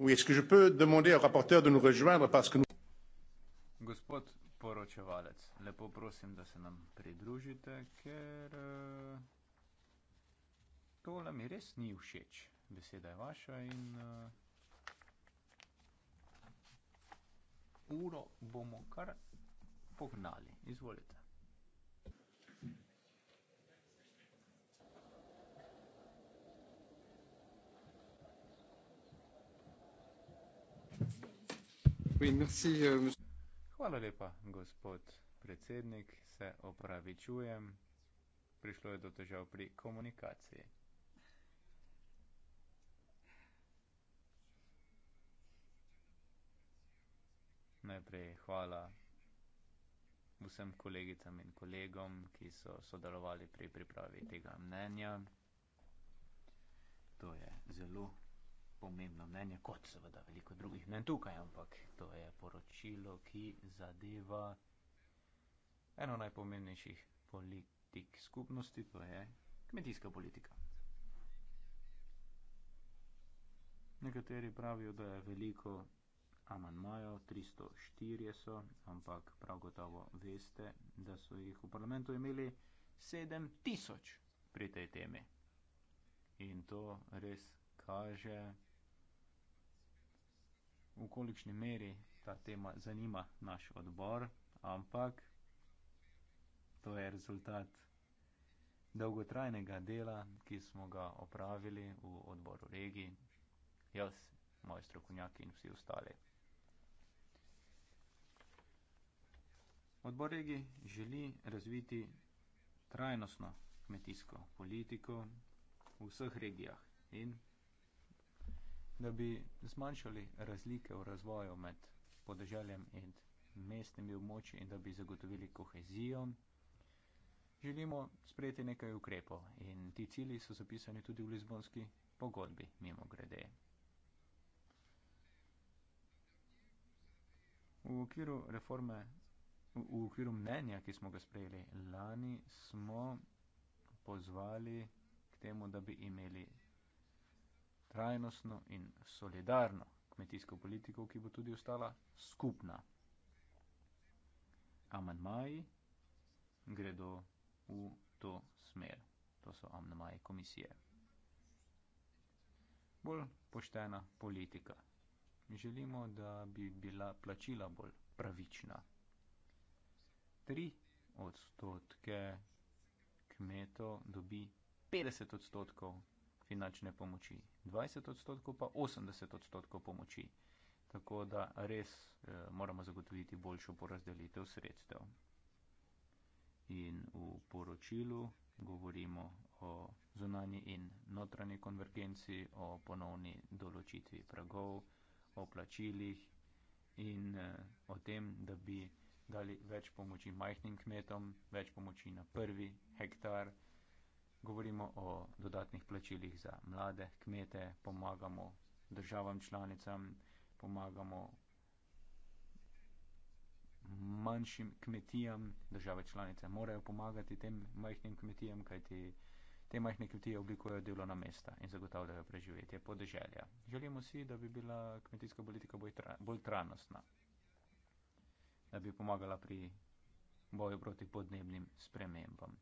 Oui, est-ce que je peux demander au rapporteur de nous rejoindre parce que nous... Gospod poročevalec, lepo prosim, da se nam pridružite, ker uh, tole mi res ni všeč. Beseda je vaša in uh, eh, uro bomo kar pognali. Izvolite. Euh, hvala lepa, gospod predsednik. Se opravičujem. Prišlo je do težav pri komunikaciji. Najprej hvala vsem kolegicam in kolegom, ki so sodelovali pri pripravi tega mnenja. To je zelo pomembno mnenje, kot seveda veliko drugih mnen tukaj, ampak to je poročilo, ki zadeva eno najpomembnejših politik skupnosti, to je kmetijska politika. Nekateri pravijo, da je veliko amanmajo, 304 so, ampak prav gotovo veste, da so jih v parlamentu imeli 7000 pri tej temi. In to res kaže v kolikšni meri ta tema zanima naš odbor, ampak to je rezultat dolgotrajnega dela, ki smo ga opravili v odboru regiji, jaz, moji strokovnjaki in vsi ostali. Odbor regiji želi razviti trajnostno kmetijsko politiko v vseh regijah in da bi zmanjšali razlike v razvoju med podeželjem in mestnimi območji in da bi zagotovili kohezijo, želimo sprejeti nekaj ukrepov in ti cilji so zapisani tudi v Lizbonski pogodbi mimo grede. V okviru reforme, v okviru mnenja, ki smo ga sprejeli lani, smo pozvali k temu, da bi imeli trajnostno in solidarno kmetijsko politiko, ki bo tudi ostala skupna. Amandmaji gredo v to smer. To so amandmaji komisije. Bolj poštena politika. Želimo, da bi bila plačila bolj pravična. Tri odstotke kmetov dobi 50 odstotkov finančne pomoči, 20 odstotkov pa 80 odstotkov pomoči. Tako da res eh, moramo zagotoviti boljšo porazdelitev sredstev. In v poročilu govorimo o zunanji in notranji konvergenci, o ponovni določitvi pragov, o plačilih in eh, o tem, da bi dali več pomoči majhnim kmetom, več pomoči na prvi hektar. Govorimo o dodatnih plačilih za mlade, kmete, pomagamo državam članicam, pomagamo manjšim kmetijam, države članice morajo pomagati tem majhnim kmetijam, kajti te majhne kmetije oblikujejo delovna mesta in zagotavljajo preživetje podeželja. Želimo si, da bi bila kmetijska politika bolj, tra, bolj trajnostna, da bi pomagala pri boju proti podnebnim spremembam.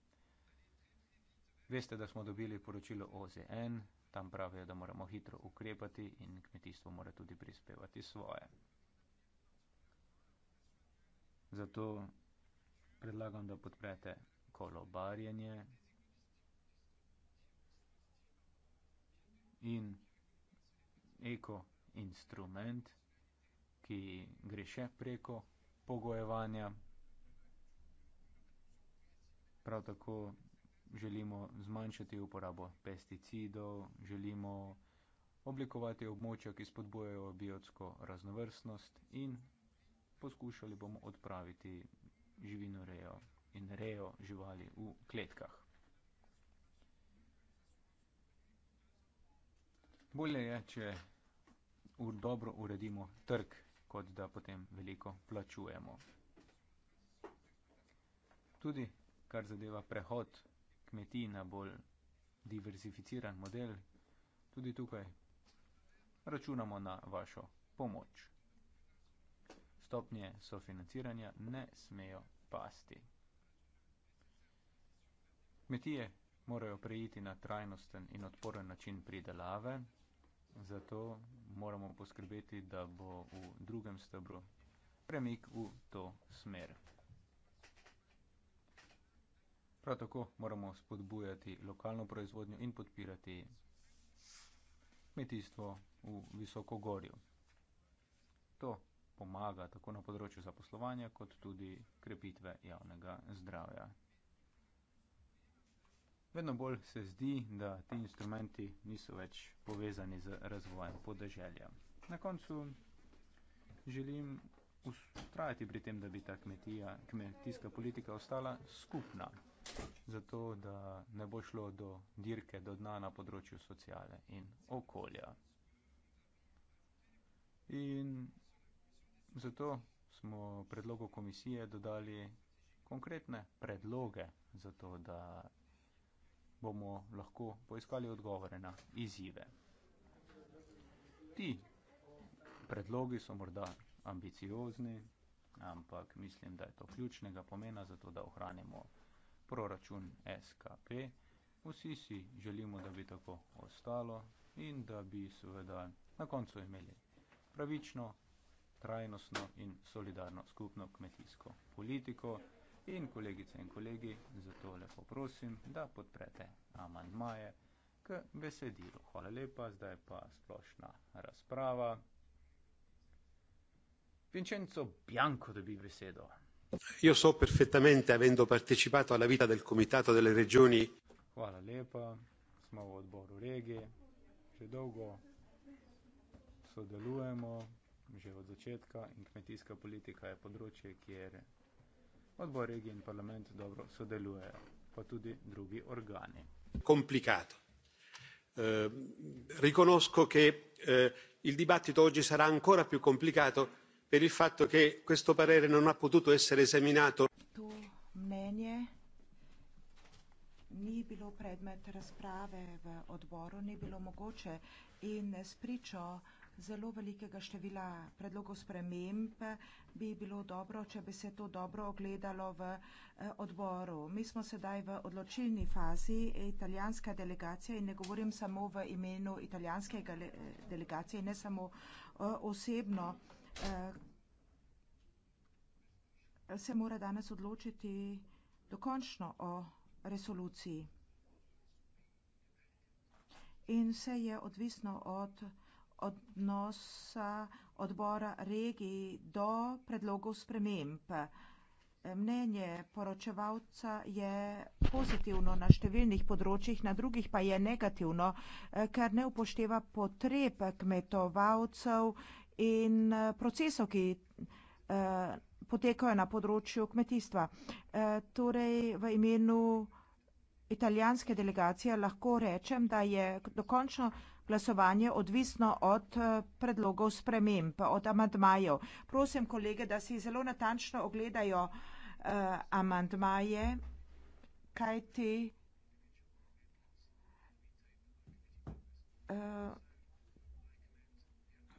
Veste, da smo dobili poročilo OZN, tam pravijo, da moramo hitro ukrepati in kmetijstvo mora tudi prispevati svoje. Zato predlagam, da podprete kolobarjenje in eko instrument, ki gre še preko pogojevanja. Prav tako želimo zmanjšati uporabo pesticidov, želimo oblikovati območja, ki spodbujajo biotsko raznovrstnost in poskušali bomo odpraviti živino rejo in rejo živali v kletkah. Bolje je, če dobro uredimo trg, kot da potem veliko plačujemo. Tudi, kar zadeva prehod kmetij na bolj diverzificiran model, tudi tukaj računamo na vašo pomoč. Stopnje sofinanciranja ne smejo pasti. Kmetije morajo prejiti na trajnosten in odporen način pridelave, zato moramo poskrbeti, da bo v drugem stebru premik v to smer. Prav tako moramo spodbujati lokalno proizvodnjo in podpirati kmetijstvo v visoko gorju. To pomaga tako na področju zaposlovanja, kot tudi krepitve javnega zdravja. Vedno bolj se zdi, da ti instrumenti niso več povezani z razvojem podeželja. Na koncu želim ustrajati pri tem, da bi ta kmetija, kmetijska politika ostala skupna zato da ne bo šlo do dirke do dna na področju sociale in okolja. In zato smo predlogu komisije dodali konkretne predloge, zato da bomo lahko poiskali odgovore na izzive. Ti predlogi so morda ambiciozni, ampak mislim, da je to ključnega pomena, zato da ohranimo proračun SKP. Vsi si želimo, da bi tako ostalo in da bi seveda na koncu imeli pravično, trajnostno in solidarno skupno kmetijsko politiko. In kolegice in kolegi, zato lepo prosim, da podprete amandmaje k besedilu. Hvala lepa, zdaj pa splošna razprava. Vincenzo Bianco dobi besedo io so perfettamente avendo partecipato alla vita del comitato delle regioni Hvala lepa, smo v odboru regije, že dolgo sodelujemo, že od začetka in kmetijska politika je področje, kjer odbor regije in parlament dobro sodelujejo, pa tudi drugi organi. Komplikato. Uh, eh, riconosco che uh, il dibattito oggi sarà ancora più complicato per il fatto che questo parere non ha potuto essere esaminato. To mnenje ni bilo predmet razprave v odboru, ni bilo mogoče in spričo zelo velikega števila predlogov sprememb bi bilo dobro, če bi se to dobro ogledalo v eh, odboru. Mi smo sedaj v odločilni fazi eh, italijanska delegacija in ne govorim samo v imenu italijanske eh, delegacije in ne samo osebno. Eh, se mora danes odločiti dokončno o resoluciji. In vse je odvisno od odnosa odbora regij do predlogov sprememb. Eh, mnenje poročevalca je pozitivno na številnih področjih, na drugih pa je negativno, eh, ker ne upošteva potreb kmetovalcev, in eh, procesov, ki eh, potekajo na področju kmetijstva. Eh, torej v imenu italijanske delegacije lahko rečem, da je dokončno glasovanje odvisno od predlogov sprememb, od amandmajev. Prosim kolege, da si zelo natančno ogledajo amandmaje, kaj ti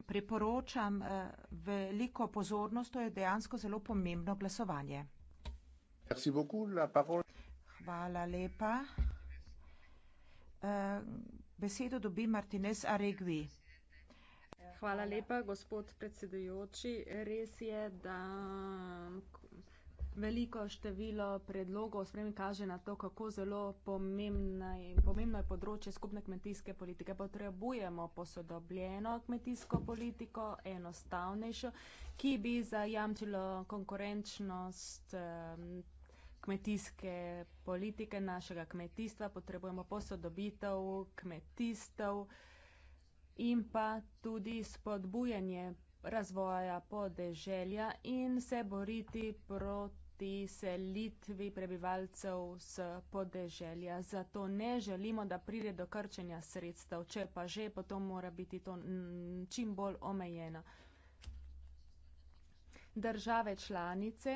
priporočam eh, veliko pozornost, to je dejansko zelo pomembno glasovanje. Hvala lepa. Eh, besedo dobi Martinez Aregvi. Hvala lepa, gospod predsedujoči. Res je, da veliko število predlogov spremi kaže na to, kako zelo pomembno je področje skupne kmetijske politike. Potrebujemo posodobljeno kmetijsko politiko, enostavnejšo, ki bi zajamčilo konkurenčnost kmetijske politike našega kmetijstva, potrebujemo posodobitev kmetijstev in pa tudi spodbujanje razvoja podeželja in se boriti proti ti selitvi prebivalcev s podeželja. Zato ne želimo, da pride do krčenja sredstev. Če pa že, potem mora biti to čim bolj omejeno. Države članice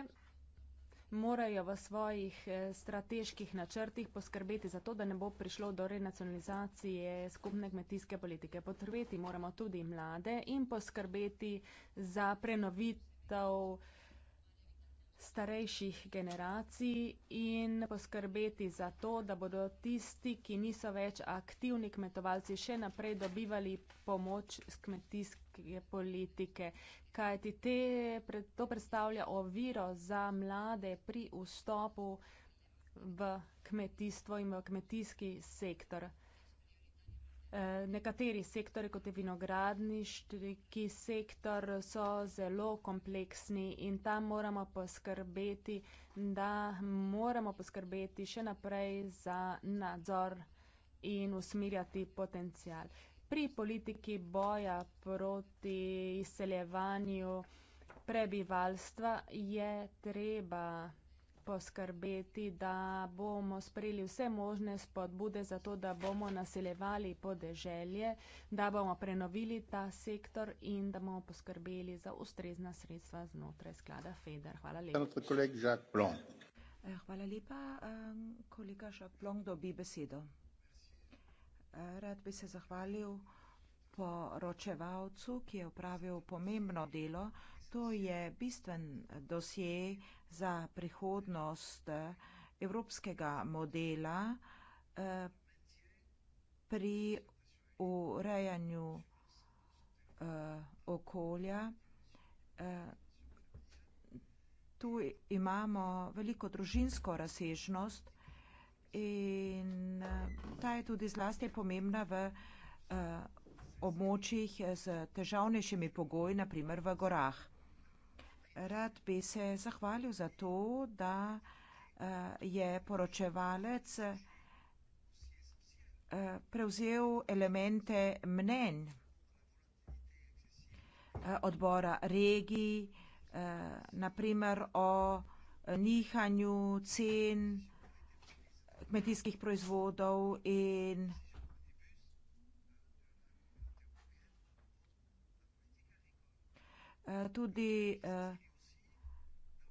morajo v svojih eh, strateških načrtih poskrbeti za to, da ne bo prišlo do renacionalizacije skupne kmetijske politike. Potrebiti moramo tudi mlade in poskrbeti za prenovitev starejših generacij in poskrbeti za to, da bodo tisti, ki niso več aktivni kmetovalci, še naprej dobivali pomoč z kmetijske politike. Kaj ti te, to predstavlja oviro za mlade pri vstopu v kmetijstvo in v kmetijski sektor. Eh, nekateri sektori, kot je vinogradniški sektor, so zelo kompleksni in tam moramo poskrbeti, da moramo poskrbeti še naprej za nadzor in usmirjati potencial. Pri politiki boja proti izseljevanju prebivalstva je treba poskrbeti, da bomo sprejeli vse možne spodbude za to, da bomo naseljevali podeželje, da bomo prenovili ta sektor in da bomo poskrbeli za ustrezna sredstva znotraj sklada FEDER. Hvala lepa. Hvala eh, lepa. Kolega Žaklong dobi besedo. Eh, rad bi se zahvalil poročevalcu, ki je upravil pomembno delo to je bistven dosje za prihodnost eh, evropskega modela eh, pri urejanju eh, okolja. Tu imamo veliko družinsko razsežnost in ta je tudi zlasti pomembna v območjih z težavnejšimi pogoji, na primer v gorah. Rad bi se zahvalil za to, da eh, je poročevalec eh, prevzel elemente mnenj eh, odbora regij, naprimer o nihanju cen kmetijskih proizvodov in Eh, tudi eh,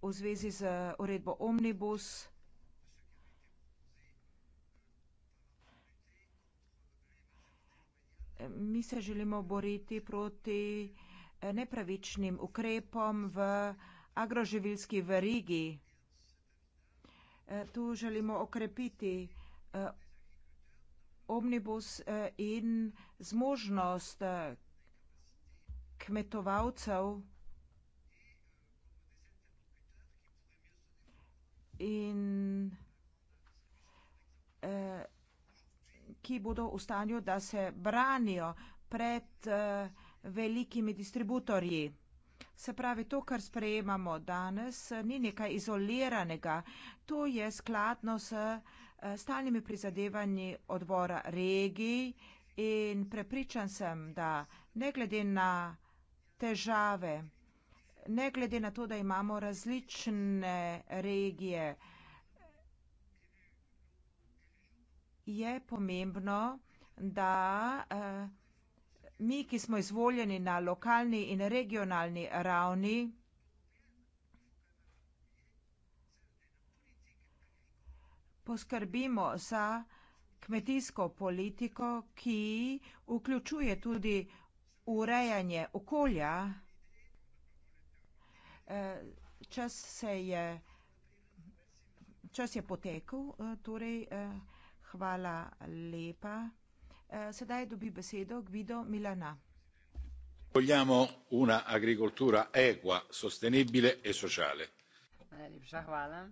v zvezi z uredbo Omnibus. Eh, mi se želimo boriti proti nepravičnim ukrepom v agroživilski verigi. Tu želimo okrepiti omnibus in zmožnost kmetovalcev in eh, ki bodo v stanju, da se branijo pred eh, velikimi distributorji. Se pravi, to, kar sprejemamo danes, ni nekaj izoliranega, to je skladno s eh, stalnimi prizadevanji odbora regij in prepričan sem, da ne glede na težave, ne glede na to, da imamo različne regije, je pomembno, da eh, mi, ki smo izvoljeni na lokalni in regionalni ravni, poskrbimo za kmetijsko politiko, ki vključuje tudi urejanje okolja. Eh, čas se je, čas je potekel, eh, torej eh, hvala lepa. Sedaj dobi besedo Guido Milana. E Najlepša hvala.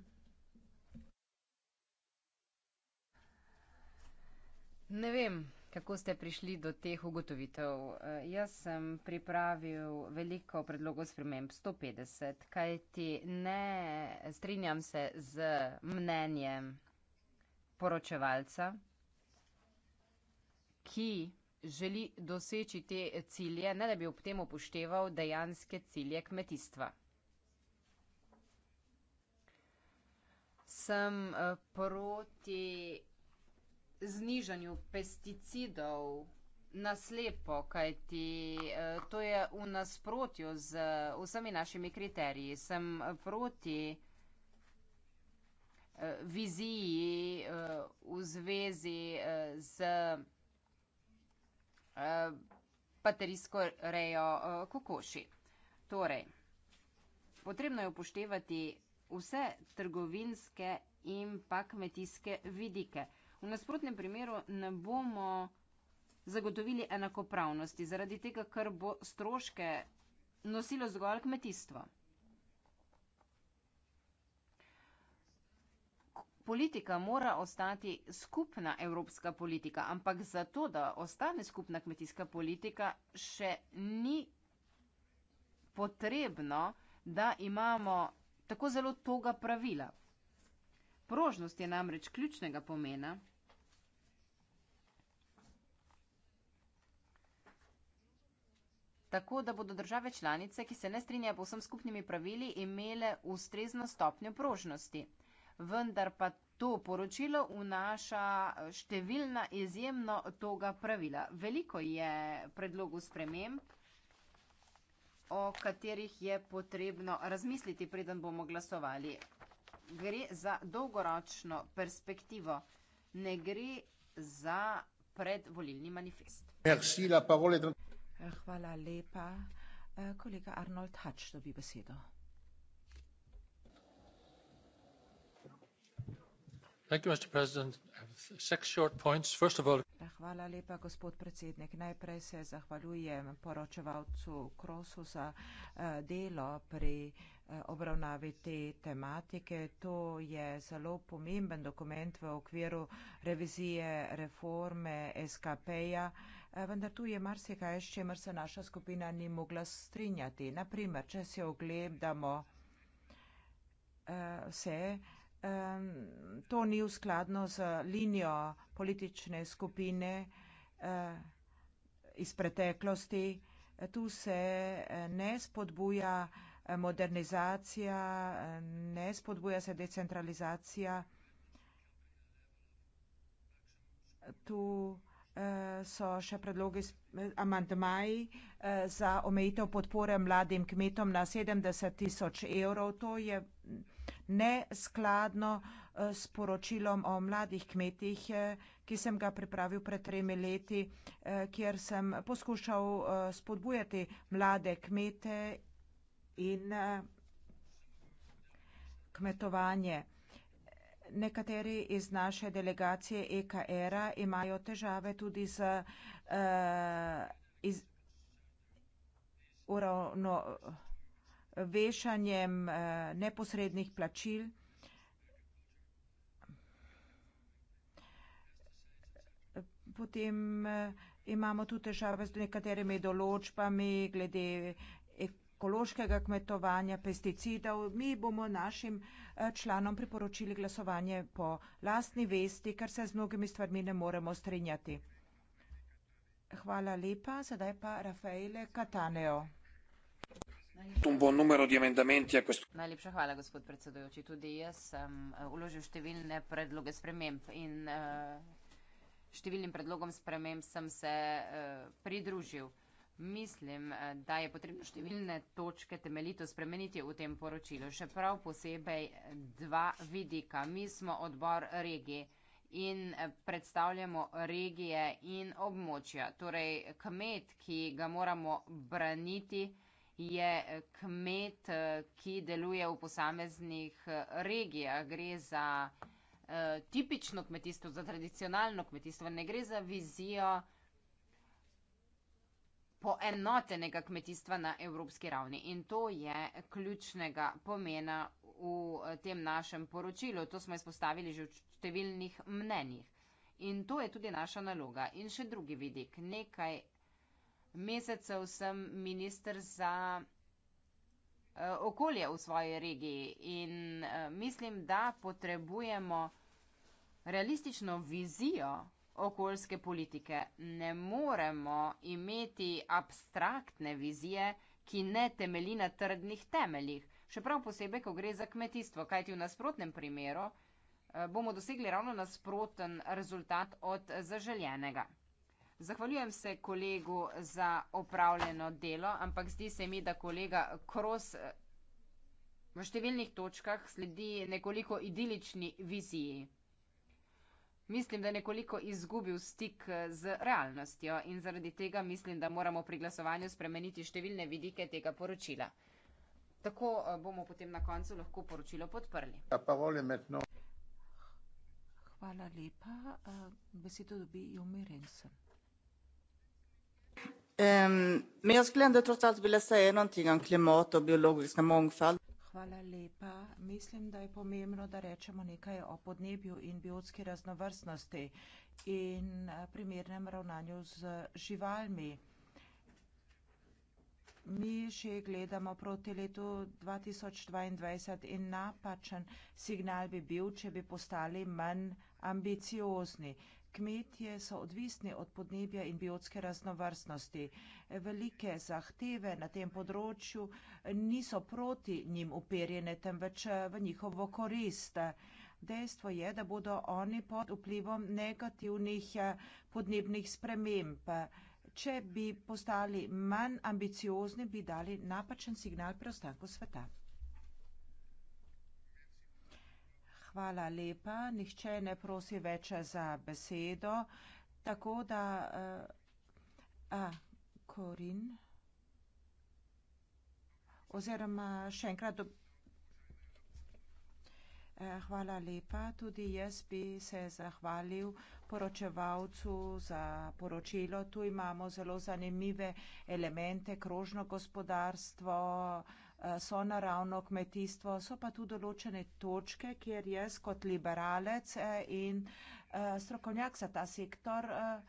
Ne vem, Kako ste prišli do teh ugotovitev? Eh, jaz sem pripravil veliko predlogov sprememb, 150, kajti ne strinjam se z mnenjem poročevalca, ki želi doseči te cilje, ne da bi ob tem upošteval dejanske cilje kmetijstva. Sem eh, proti znižanju pesticidov na slepo, kajti eh, to je v nasprotju z vsemi našimi kriteriji. Sem eh, proti eh, viziji v zvezi z paterijsko rejo kokoši. Torej, potrebno je upoštevati vse trgovinske in pa kmetijske vidike. V nasprotnem primeru ne bomo zagotovili enakopravnosti, zaradi tega, ker bo stroške nosilo zgolj kmetijstvo. Politika mora ostati skupna evropska politika, ampak zato, da ostane skupna kmetijska politika, še ni potrebno, da imamo tako zelo toga pravila. Prožnost je namreč ključnega pomena. tako da bodo države članice, ki se ne strinjajo povsem skupnimi pravili, imele ustrezno stopnjo prožnosti. Vendar pa to poročilo vnaša številna izjemno toga pravila. Veliko je predlogu sprememb, o katerih je potrebno razmisliti, preden bomo glasovali. Gre za dolgoročno perspektivo, ne gre za predvolilni manifest. Merci, Hvala lepa. Eh, kolega Arnold Hač dobi besedo. Thank you, Mr. President. Six short points. First of all... Eh, hvala lepa, gospod predsednik. Najprej se zahvaljujem poročevalcu Krosu za eh, delo pri obravnavi te tematike. To je zelo pomemben dokument v okviru revizije reforme SKP-ja. Eh, vendar tu je marsikaj, s čemer se naša skupina ni mogla strinjati. Naprimer, če se ogledamo eh, vse, to ni v skladno z linijo politične skupine eh, iz preteklosti. Tu se ne spodbuja modernizacija, ne spodbuja se decentralizacija. Tu so še predlogi amantmaji eh, za omejitev podpore mladim kmetom na 70 tisoč evrov. To je neskladno eh, s poročilom o mladih kmetih, eh, ki sem ga pripravil pred tremi leti, kjer sem poskušal spodbujati mlade kmete in kmetovanje. Nekateri iz naše delegacije EKR-a imajo težave tudi z eh, uravnovešanjem eh, neposrednih plačil. Potem eh, imamo tudi težave z nekaterimi določbami glede ekološkega kmetovanja, pesticidov. Mi bomo našim eh, članom priporočili glasovanje po lastni vesti, ker se z mnogimi stvarmi ne moremo strinjati. Hvala lepa, sedaj pa Rafaele Cataneo. Najlepša hvala, gospod predsedujoči. Tudi jaz sem uložil eh, številne predloge sprememb in eh, številnim predlogom sprememb sem se pridružil. Mislim, eh, da je potrebno številne točke temeljito spremeniti v tem poročilu, še prav posebej dva vidika. Mi smo odbor regij in eh, predstavljamo regije in območja. Torej, kmet, ki ga moramo braniti, je eh, kmet, ki deluje v posameznih regijah. Gre za uh, tipično kmetijstvo, za tradicionalno kmetijstvo, ne gre za vizijo poenotenega kmetijstva na evropski ravni. In to je ključnega pomena v eh, tem našem poročilu. To smo izpostavili že v številnih mnenjih. In to je tudi naša naloga. In še drugi vidik. Nekaj mesecev sem minister za eh, okolje v svoji regiji in eh, mislim, da potrebujemo realistično vizijo okoljske politike. Ne moremo imeti abstraktne vizije, ki ne temeli na trdnih temeljih. Še prav posebej, ko gre za kmetijstvo, kajti v nasprotnem primeru eh, bomo dosegli ravno nasproten rezultat od zaželjenega. Zahvaljujem se kolegu za opravljeno delo, ampak zdi se mi, da kolega Kros eh, v številnih točkah sledi nekoliko idilični viziji mislim, da je nekoliko izgubil stik eh, z realnostjo in zaradi tega mislim, da moramo pri glasovanju spremeniti številne vidike tega poročila. Tako eh, bomo potem na koncu lahko poročilo podprli. Hvala lepa. Eh, besedo dobi Jomir Ensen. Um, ehm, men jaz sklen, da trots alt vil jeg si noe om klimat og biologisk mangfald. Hvala lepa. Mislim, da je pomembno, da rečemo nekaj o podnebju in biotski raznovrstnosti in eh, primernem ravnanju z živalmi. Mi že gledamo proti letu 2022 in napačen signal bi bil, če bi postali manj ambiciozni. Kmetje so odvisni od podnebja in biotske raznovrstnosti. Velike zahteve na tem področju niso proti njim uperjene, temveč v njihovo korist. Dejstvo je, da bodo oni pod vplivom negativnih podnebnih sprememb. Če bi postali manj ambiciozni, bi dali napačen signal preostanku sveta. Hvala lepa. Nihče ne prosi več za besedo. Tako da, uh, a, Korin. Oziroma, še enkrat. Do... Eh, hvala lepa. Tudi jaz bi se zahvalil poročevalcu za poročilo. Tu imamo zelo zanimive elemente, krožno gospodarstvo. Eh, so naravno kmetijstvo, so pa tu določene točke, kjer jaz kot liberalec eh, in eh, strokovnjak za ta sektor eh,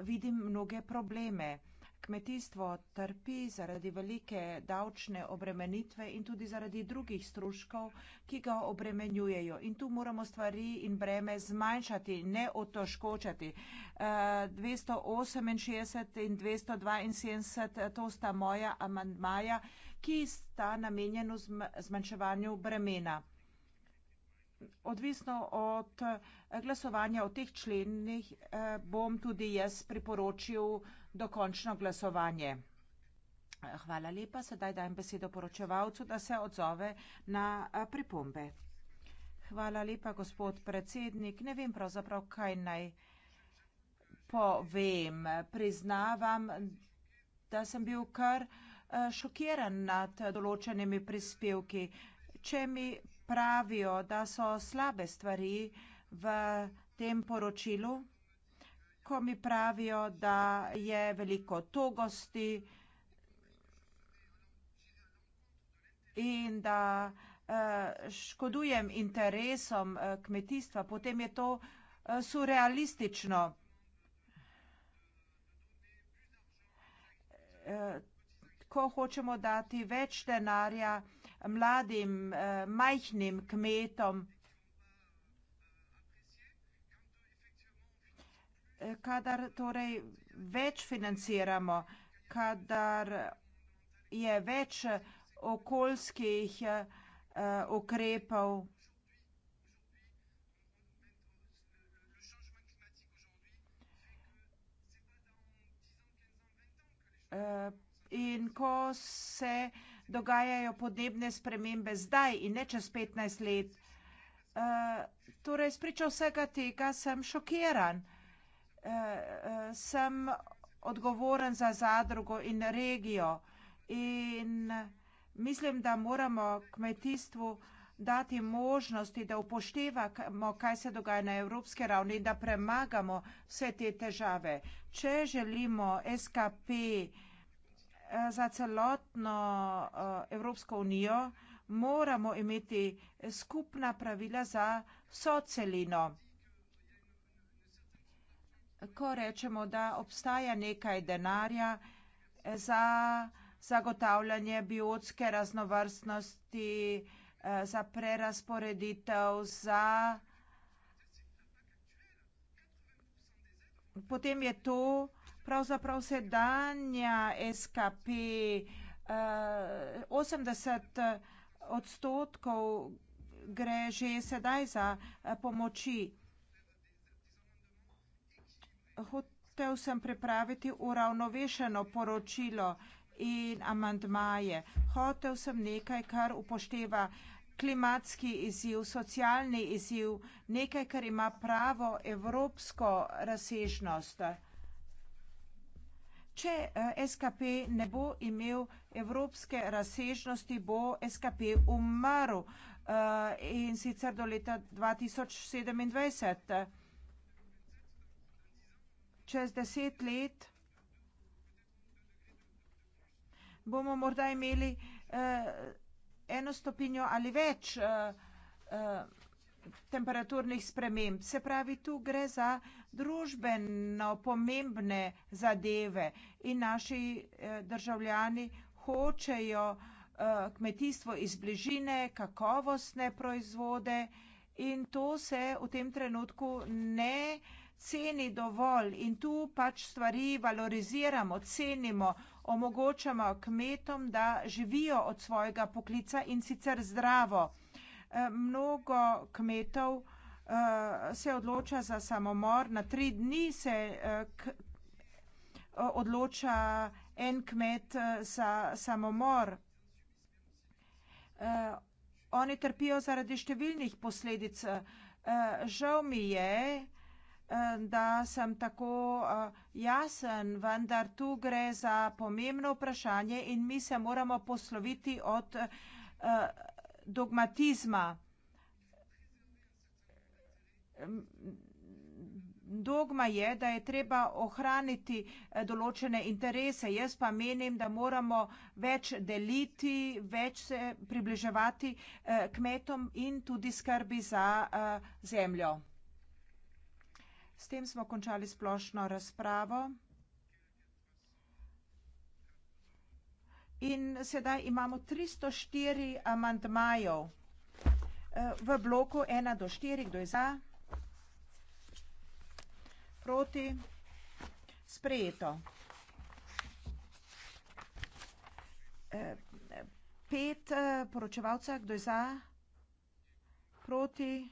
vidim mnoge probleme. Kmetijstvo trpi zaradi velike davčne obremenitve in tudi zaradi drugih stroškov, ki ga obremenjujejo. In tu moramo stvari in breme zmanjšati, ne otoškočati. 268 in 272, to sta moja amandmaja ki sta namenjeno zmanjševanju bremena. Odvisno od glasovanja o teh členih eh, bom tudi jaz priporočil dokončno glasovanje. Hvala lepa, sedaj dajem besedo poročevalcu, da se odzove na eh, pripombe. Hvala lepa, gospod predsednik. Ne vem pravzaprav, kaj naj povem. Priznavam, da sem bil kar uh, Eh, šokiran nad določenimi prispevki. Če mi pravijo, da so slabe stvari v tem poročilu, ko mi pravijo, da je veliko togosti in da eh, škodujem interesom eh, kmetijstva, potem je to surrealistično ko hočemo dati več denarja mladim, eh, majhnim kmetom. Eh, kadar torej več financiramo, kadar je več okoljskih eh, ukrepov, In ko se dogajajo podnebne spremembe zdaj in ne čez 15 let, eh, torej spričo vsega tega sem šokiran. Eh, eh, sem odgovoren za zadrugo in regijo in mislim, da moramo kmetijstvu dati možnosti, da upoštevamo, kaj se dogaja na evropske ravni in da premagamo vse te težave. Če želimo SKP, za celotno eh, Evropsko unijo moramo imeti skupna pravila za vso celino. Ko rečemo, da obstaja nekaj denarja eh, za zagotavljanje biotske raznovrstnosti, eh, za prerasporeditev, za potem je to pravzaprav sedanja SKP uh, 80 odstotkov gre že sedaj za eh, pomoči. Hotev sem pripraviti uravnovešeno poročilo in amandmaje. Hotev sem nekaj, kar upošteva klimatski izziv, socialni izziv, nekaj, kar ima pravo evropsko razsežnost. Če eh, SKP ne bo imel evropske razsežnosti, bo SKP umrl eh, in sicer do leta 2027. Čez deset let bomo morda imeli eh, eno stopinjo ali več temperaturnih sprememb. Se pravi, tu gre za družbeno pomembne zadeve in naši eh, državljani hočejo eh, kmetijstvo iz bližine, kakovostne proizvode in to se v tem trenutku ne ceni dovolj in tu pač stvari valoriziramo, cenimo, omogočamo kmetom, da živijo od svojega poklica in sicer zdravo mnogo kmetov eh, se odloča za samomor, na tri dni se eh, eh, odloča en kmet za samomor. Oni trpijo zaradi številnih posledic. Žal mi je, da sem tako jasen, vendar tu gre za pomembno vprašanje in mi se moramo posloviti od dogmatizma. Dogma je, da je treba ohraniti eh, določene interese. Jaz pa menim, da moramo več deliti, več se približevati eh, kmetom in tudi skrbi za eh, zemljo. S tem smo končali splošno razpravo. In sedaj imamo 304 amantmajev eh, v bloku 1 do 4, kdo je za, proti, sprejeto. Eh, pet eh, poročevalca, kdo je za, proti,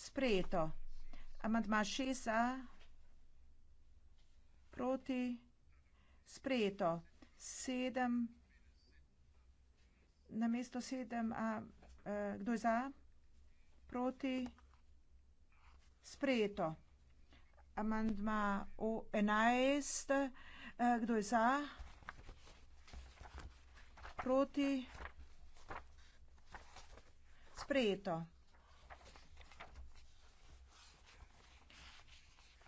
sprejeto. Amantma 6 za, proti, sprejeto. Sprejeto sedem, na mesto sedem, a, e, kdo je za? Proti? Sprejeto. Amandma o enajst, e, kdo je za? Proti? Sprejeto.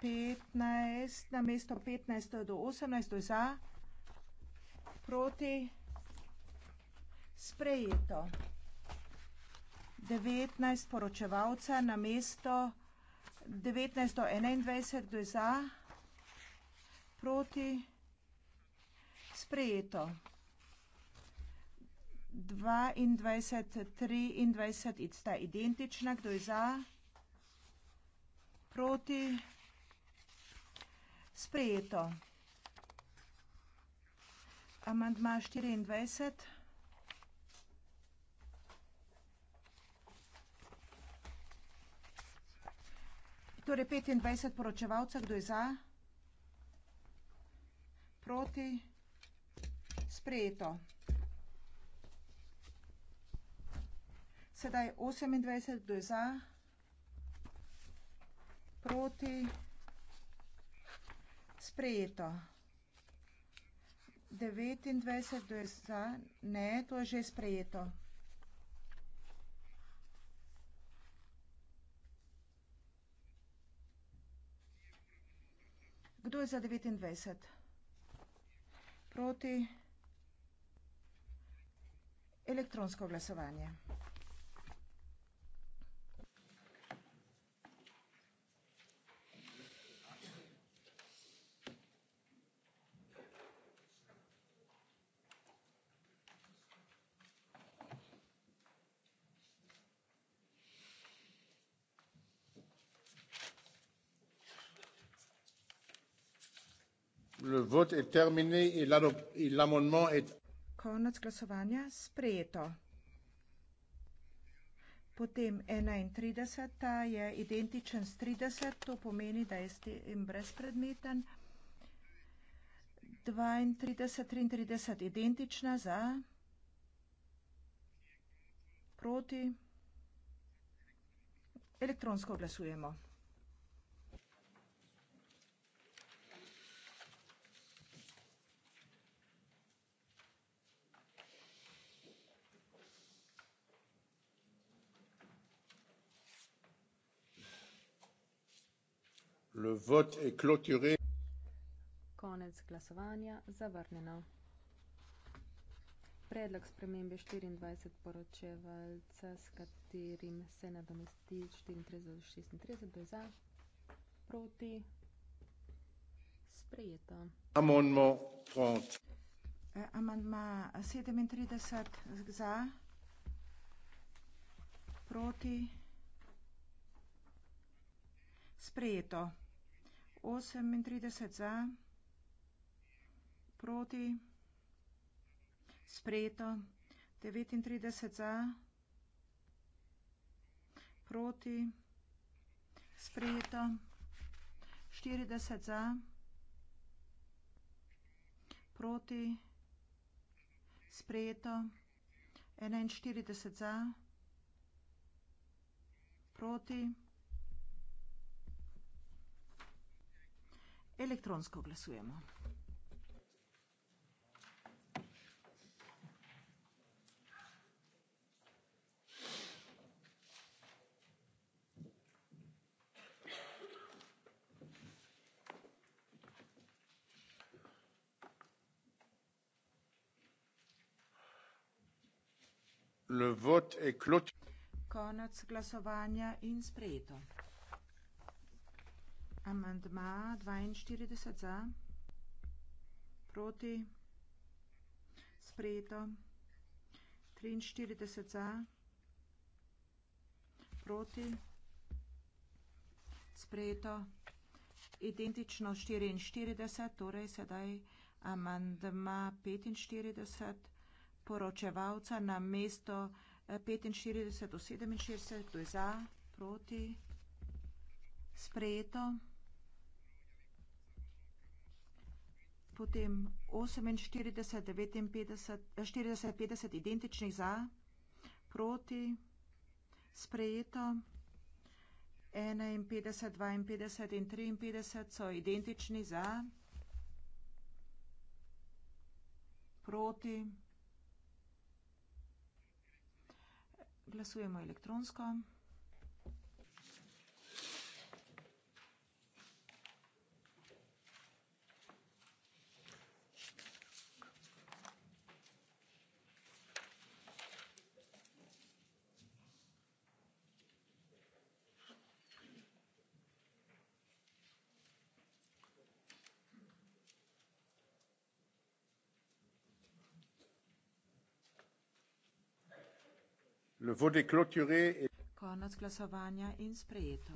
Petnajst, namesto petnajst do osemnajst, kdo je za? proti. Sprejeto. 19 poročevalca na mesto 19 do 21, kdo je za, proti, sprejeto. 22, 23, it sta identična, kdo je za, proti, sprejeto. Amandma 24. Torej 25 poročevalcev, kdo je za? Proti? Sprejeto. Sedaj 28, kdo je za? Proti? Sprejeto. Sprejeto. 29 do SA, ne, to je že sprejeto. Kdo je za 29? Proti elektronsko glasovanje. Vote est terminé et l'amendement est. Konec glasovanja sprejeto. Potem 31. je identičen s 30, to pomeni, da je s tem brezpredmeten. 32, 33 identična za, proti. Elektronsko glasujemo. Le vote est clôturé. Konec glasovanja zavrnjeno. Predlog spremembe 24 poročevalca, s katerim se nadomesti 34 do 36, bo za, proti, sprejeto. Amendment 30. Amandma 37 za, proti, sprejeto. 38 za, proti, sprejeto, 39 za, proti, sprejeto, 40 za, proti, sprejeto, 41 za, proti, sprejeto, 41 za, proti, Elektronsko glasujemo. Konec glasovanja in sprejeto amandma 42 za, proti, sprejeto, 43 za, proti, sprejeto, identično 44, torej sedaj amandma 45 poročevalca na mesto 45 do 47, to je za, proti, sprejeto. potem oseminštirideset, devetinpetdeset, štirideset, petdeset identičnih za, proti, sprejeto, enainpetdeset, dvainpetdeset in triinpetdeset so identični za, proti. Glasujemo elektronsko. Wurde Clôturé. Konec glasovanja in sprejeto.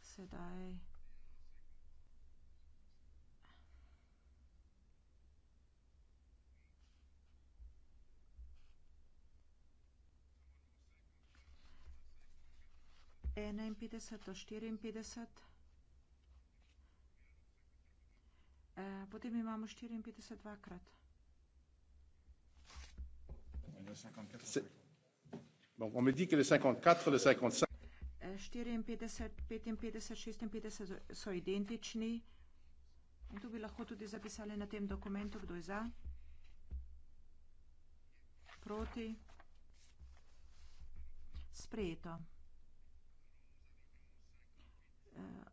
Sedaj. Enainpäťdeset, to štyriinpäťdeset. Eh, potem imamo 54 dvakrat. Bon, on me dit que le 54, le 55. 54, 55, 56 so identični. In tu bi lahko tudi zapisali na tem dokumentu, kdo je za, proti, sprejeto.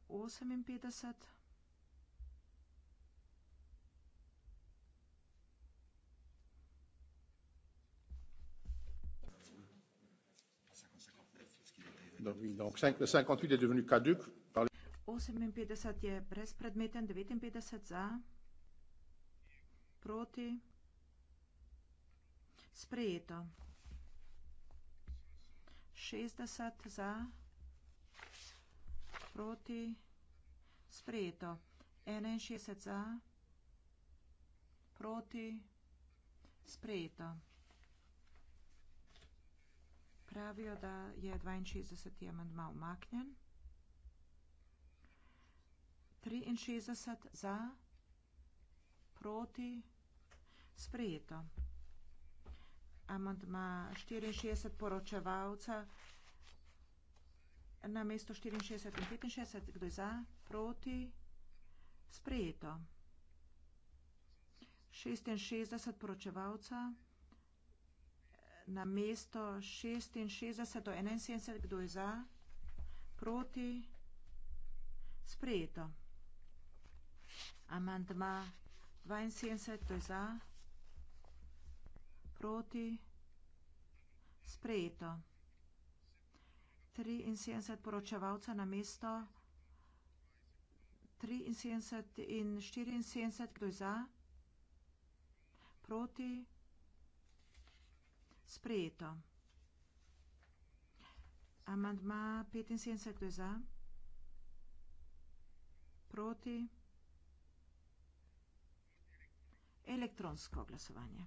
58. Eh, Donc le 58 est devenu caduc. Par les... 58 je brezpredmeten, 59 za, proti, sprejeto. 60 za, proti, sprejeto. 61 za, proti, sprejeto pravijo, da je 62. amendma umaknjen. 63 za, proti, sprejeto. Amandma 64 poročevalca na mesto 64 in 65, kdo je za, proti, sprejeto. 66 poročevalca na mesto šestinšestdeset do enainsedemdeset, kdo je za? Proti? Sprejeto. Amandma dvainsedemdeset, kdo je za? Proti? Sprejeto. Triinsedemdeset poročevalca na mesto triinsedemdeset in štiriinsedemdeset, kdo je za? Proti? sprejeto. Amandma petinsedemdeset, kdo je za? Proti? Elektronsko glasovanje.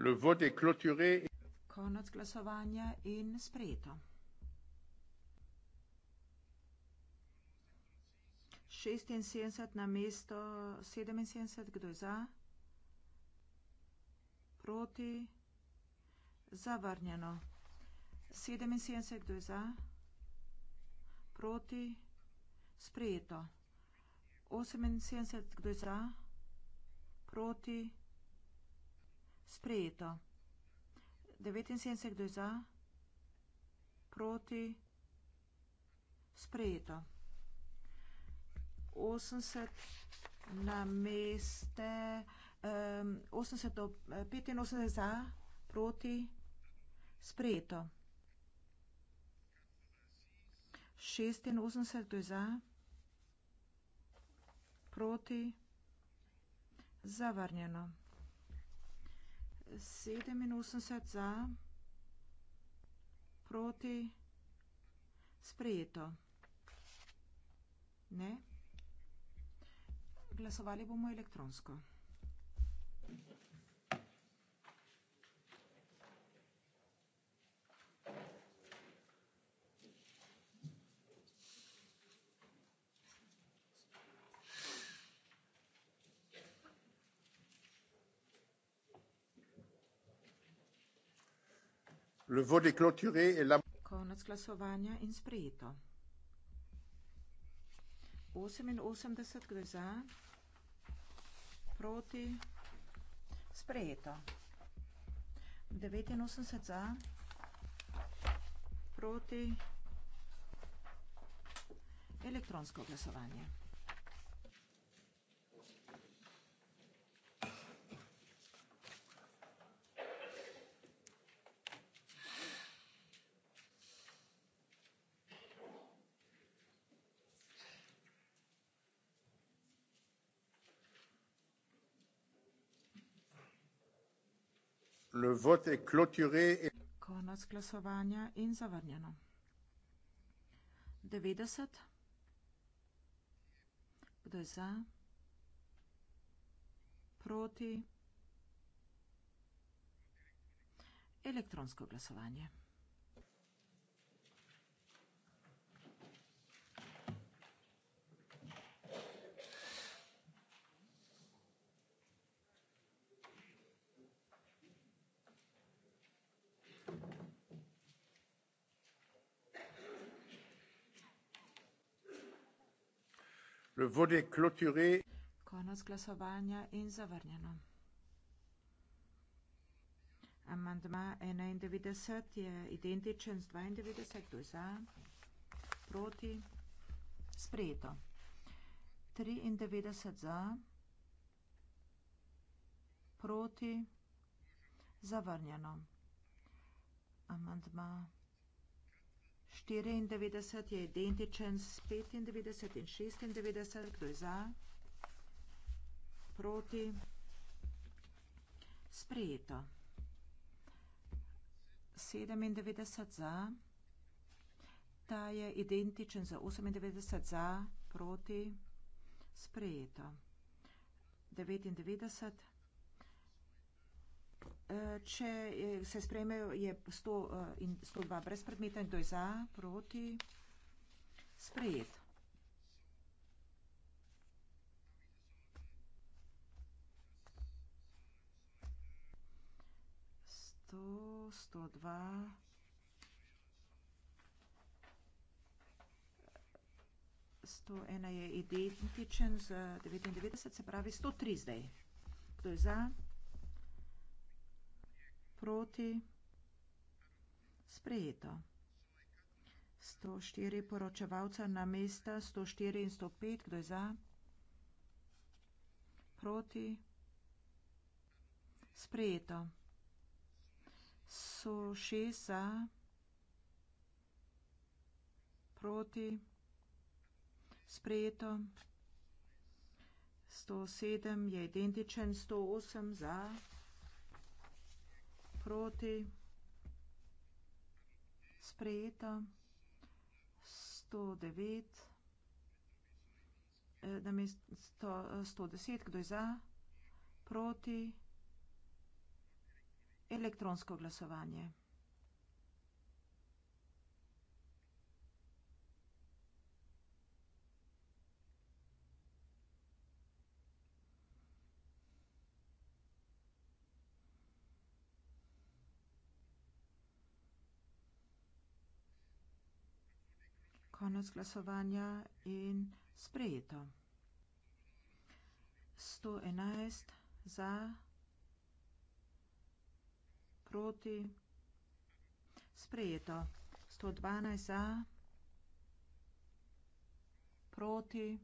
Le vote est clôturé. Konec glasovanja in sprejeto. 76 na mesto 77, kdo je za? Proti? Zavrnjeno. 77, kdo je za? Proti? Sprejeto. 78, kdo je za? Proti? sprejeto. 79 kdo je za? Proti? Sprejeto. 80 na meste, 80 do 85 za, proti, sprejeto. 86 kdo je za, proti, zavrnjeno. 87 za, proti, sprejeto. Ne? Glasovali bomo elektronsko. Le vote est clôturé et la... Konec glasovanja in sprejeto. 88 gre za, proti, sprejeto. 89 za, proti, elektronsko glasovanje. Le vote est clôturé. Et... Konec glasovanja in zavrnjeno. 90. Kdo je za? Proti? Elektronsko glasovanje. Konec glasovanja in zavrnjeno. Amandma 91 je identičen z 92, kdo je za, proti, sprejeto. 93 za, proti, zavrnjeno. Amandma 92 štiriindevetdeset je identičen s petindevetdeset in šestindevetdeset. Kdo je za? Proti? Sprejeto. Sedemindevetdeset za. Ta je identičen z osemindevetdeset za, proti? Sprejeto. Devetindevetdeset če se spremejo, je 100 eh, in 102 brez predmeta in to je za, proti, sprejet. Sto, sto dva. Sto ena je identičen z devetindevetdeset, se pravi sto tri zdaj. Kdo je za? proti. Sprejeto. 104 poročevalca na mesta, 104 in 105, kdo je za? Proti. Sprejeto. 106 za. Proti. Sprejeto. 107 je identičen, 108 za proti, sprejeta 109, eh, na mesto 110, kdo je za, proti, elektronsko glasovanje. konec glasovanja in sprejeto. 111 za, proti, sprejeto. 112 za, proti,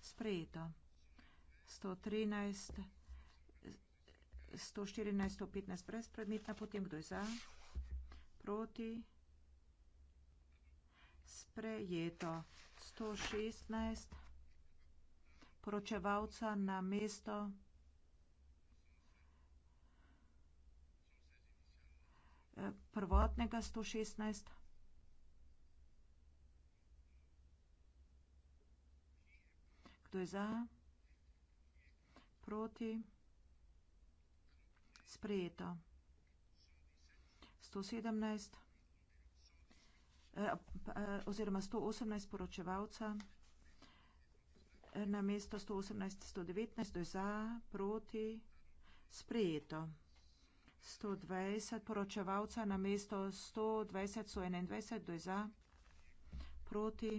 sprejeto. 113, 114, 115 brezpredmetna, potem kdo je za, proti, sprejeto sprejeto. Sto šestnajst poročevalca na mesto prvotnega sto šestnajst. Kdo je za? Proti? Sprejeto. Sto sedemnajst oziroma 118 poročevalca na mesto 118, 119, to je za, proti, sprejeto. 120 poročevalca na mesto 120, 121, to je za, proti,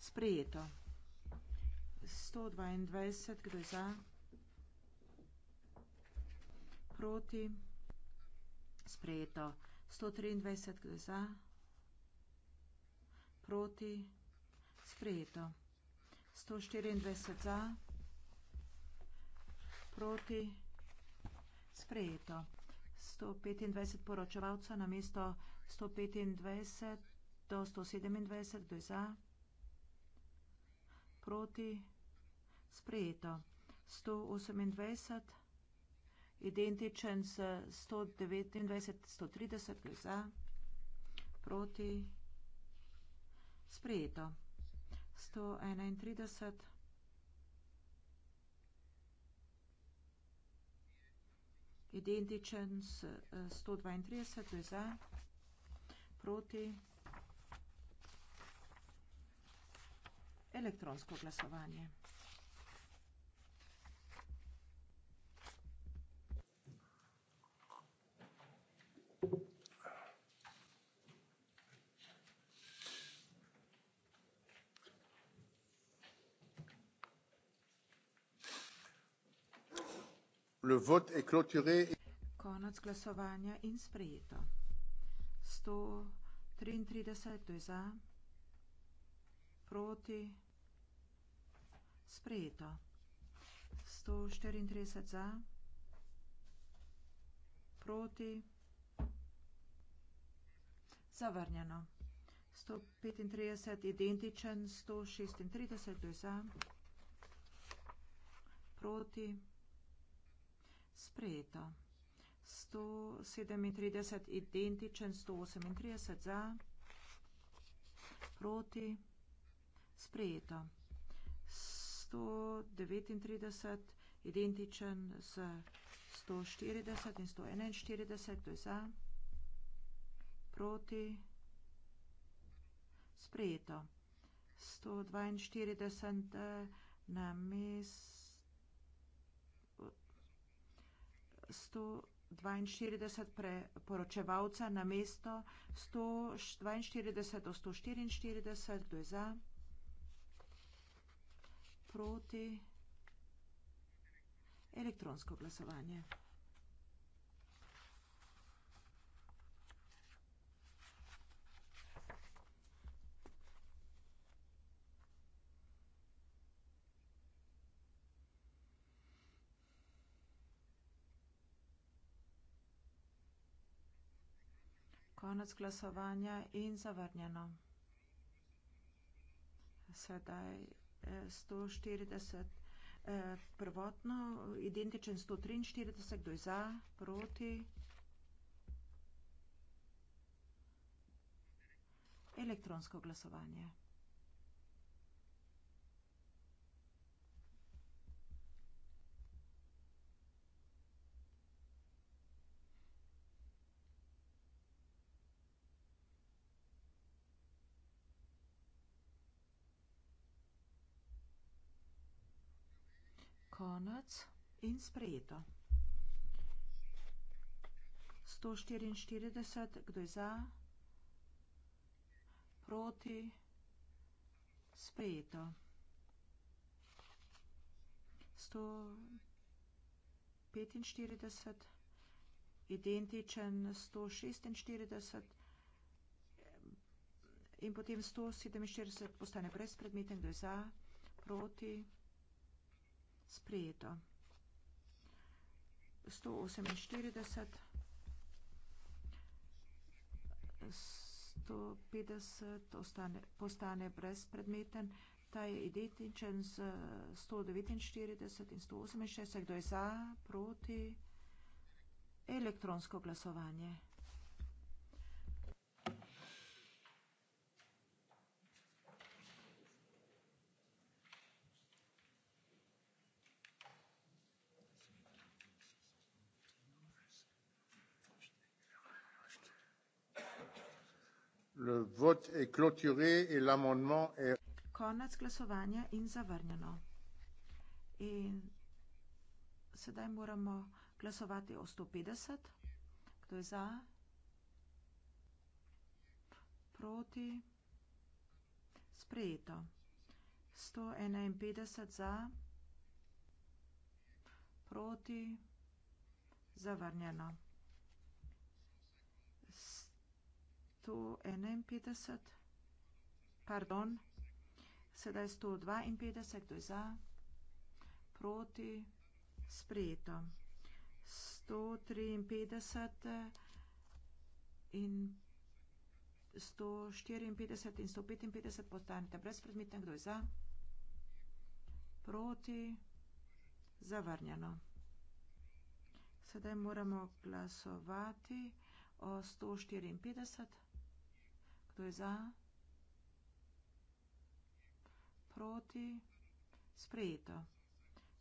sprejeto. 122, kdo je za, proti, sprejeto. 123, kdo je za, proti, sprejeto proti, sprejeto. 124 za, proti, sprejeto. 125 poročevalca na mesto 125 do 127, kdo je za, proti, sprejeto. 128, identičen z 129, 130, kdo je za, proti, sprejeto. Sprejeto. 131. Identičen s 132, eh, to je za, proti. Elektronsko glasovanje. Le vote est clôturé. Konec glasovanja in sprejeto. 133 je za, proti, sprejeto. 134 za, proti, zavrnjeno. 135 identičen, 136 je za, proti, zavrnjeno sprejeta. 137 identičen, 138 za, proti, sprejeta. 139 identičen z 140 in 141, to je za, proti, sprejeta. 142 na mest. 142 poročevalca na mesto 142 do 144, kdo je za, proti elektronsko glasovanje. konec glasovanja in zavrnjeno. Sedaj 140 eh, eh, prvotno, identičen 143, kdo je za, proti. Elektronsko glasovanje. konec in sprejeto. 144, kdo je za? Proti? Sprejeto. 145, identičen 146 in potem 147 postane brezpredmeten, kdo je za? Proti? Sprejeto sprejeto. 148, 150 ostane, postane brezpredmeten, ta je identičen z 149 in 168, kdo je za, proti, elektronsko glasovanje. vote est clôturé et l'amendement est konec glasovanja in zavrnjeno. In sedaj moramo glasovati o 150. Kdo je za? Proti? Sprejeto. 151 za. Proti? Zavrnjeno. 151. Pardon, sedaj 152. Kdo je za? Proti? Sprejeto. 153 in 154 in 155 postanete brezpredmetni. Kdo je za? Proti? Zavrnjeno. Sedaj moramo glasovati o 154. Kdo je za? Proti? Sprejeto.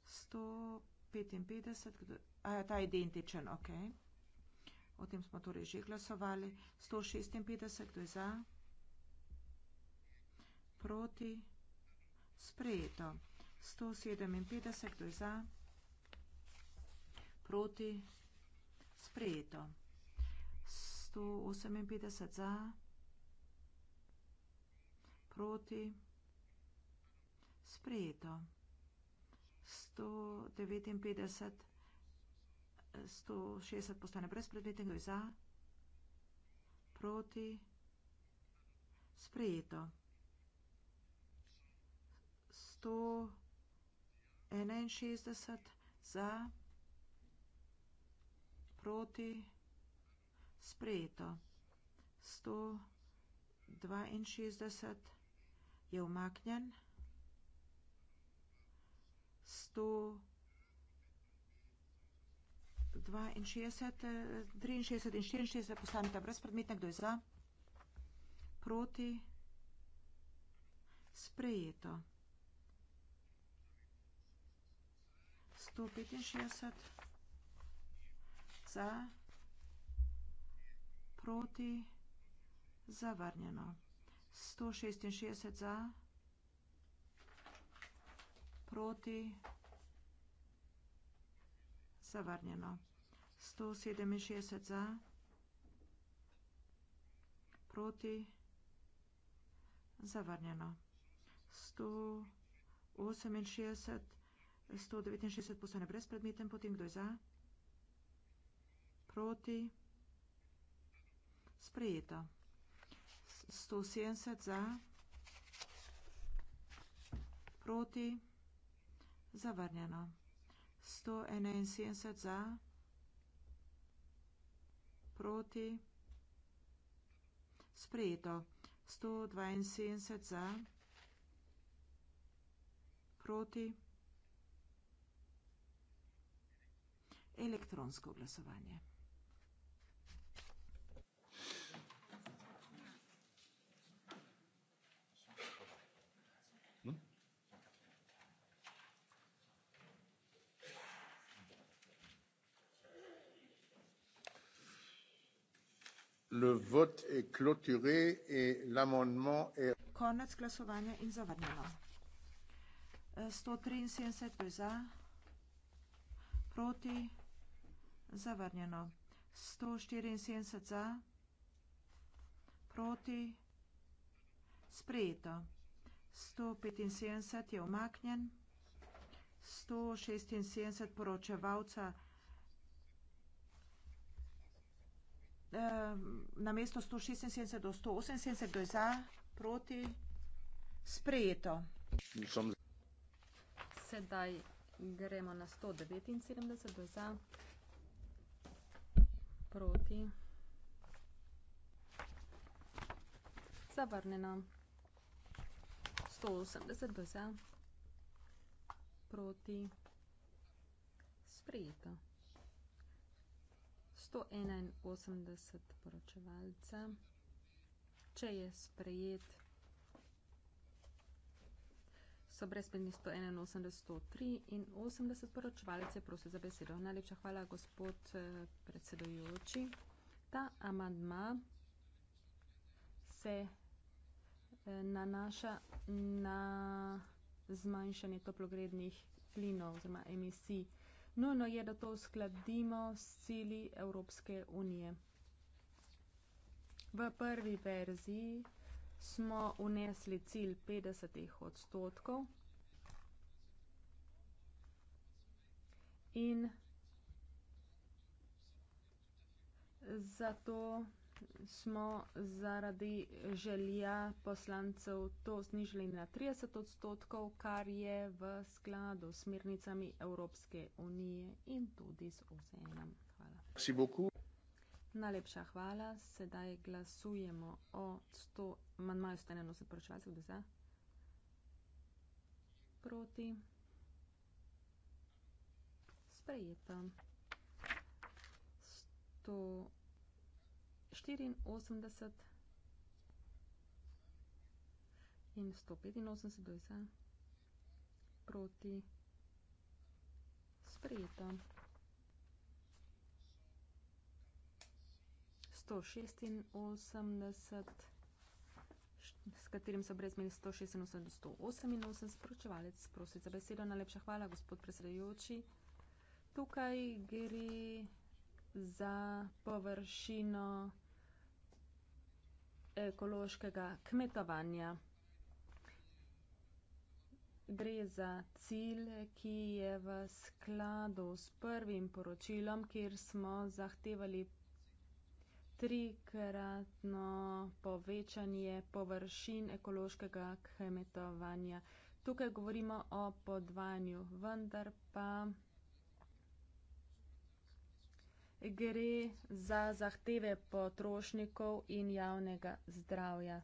155, kdo, a je ta identičen, ok. O tem smo torej že glasovali. 156, kdo je za? Proti? Sprejeto. 157, kdo je za? Proti? Sprejeto. 158 za proti. Sprejeto. 159, 160 postane brezpredmeten, kdo je za, proti, sprejeto. 161 za, proti, sprejeto. 162 za je umaknjen. Sto dvainšestdeset, triinšestdeset in štiriinšestdeset poslanika brezpredmetne, kdo je za? Proti? Sprejeto. Sto petinšestdeset za, proti, zavrnjeno. 166 za, proti, zavrnjeno. 167 za, proti, zavrnjeno. 168, 169 postane brezpredmeten, potem kdo je za, proti, sprejeto. 170 za, proti, zavrnjeno. 171 za, proti, sprejeto. 172 za, proti, elektronsko glasovanje. Le vote est clôturé et l'amendement est. Konec glasovanja in zavrnjeno. 173 je za, proti zavrnjeno. 174 za, proti sprejeto. 175 je omaknjen. 176 poročevalca. Ehm, na mesto sto šestinsedemdeset do sto oseminsedemdeset, kdo je za? Proti? Sprejeto. Sedaj gremo na sto devetinsedemdeset, kdo je za? Proti? Zavrnjeno. Sto osemdeset, kdo je za? Proti? Sprejeto. 181 poročevalca, če je sprejet, so brezpredni 181, 103 in 80 poročevalce, prosim za besedo. Najlepša hvala, gospod eh, predsedojoči. Ta amadma se eh, nanaša na zmanjšanje toplogrednih plinov oziroma emisij. Nujno no, je, da to uskladimo s cili Evropske unije. V prvi verziji smo unesli cilj 50 odstotkov in zato smo zaradi želja poslancev to znižali na 30 odstotkov, kar je v skladu s smernicami Evropske unije in tudi z OZN-om. Hvala. Najlepša hvala. Sedaj glasujemo o 100, manjmaju stane 80 poročevalcev, da za. Proti. Sprejeta. 100. 84 in 185 dojsa proti sprejeta 186 s katerim so brez meni 186 188 sporočevalec prosit za besedo najlepša hvala gospod predsedujoči tukaj gre za površino ekološkega kmetovanja. Gre za cilj, ki je v skladu s prvim poročilom, kjer smo zahtevali trikratno povečanje površin ekološkega kmetovanja. Tukaj govorimo o podvajanju, vendar pa gre za zahteve potrošnikov in javnega zdravja.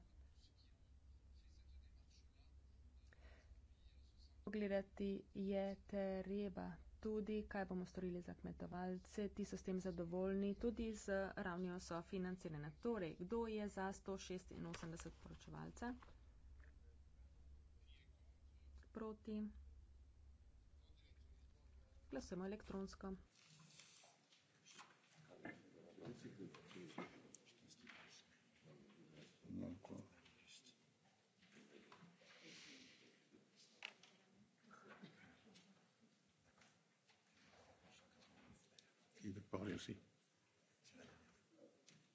Pogledati je treba tudi, kaj bomo storili za kmetovalce. Ti so s tem zadovoljni, tudi z ravnjo sofinanciranja. Torej, kdo je za 186 poročevalca? Proti. Glasujemo elektronsko. Il veut parler aussi.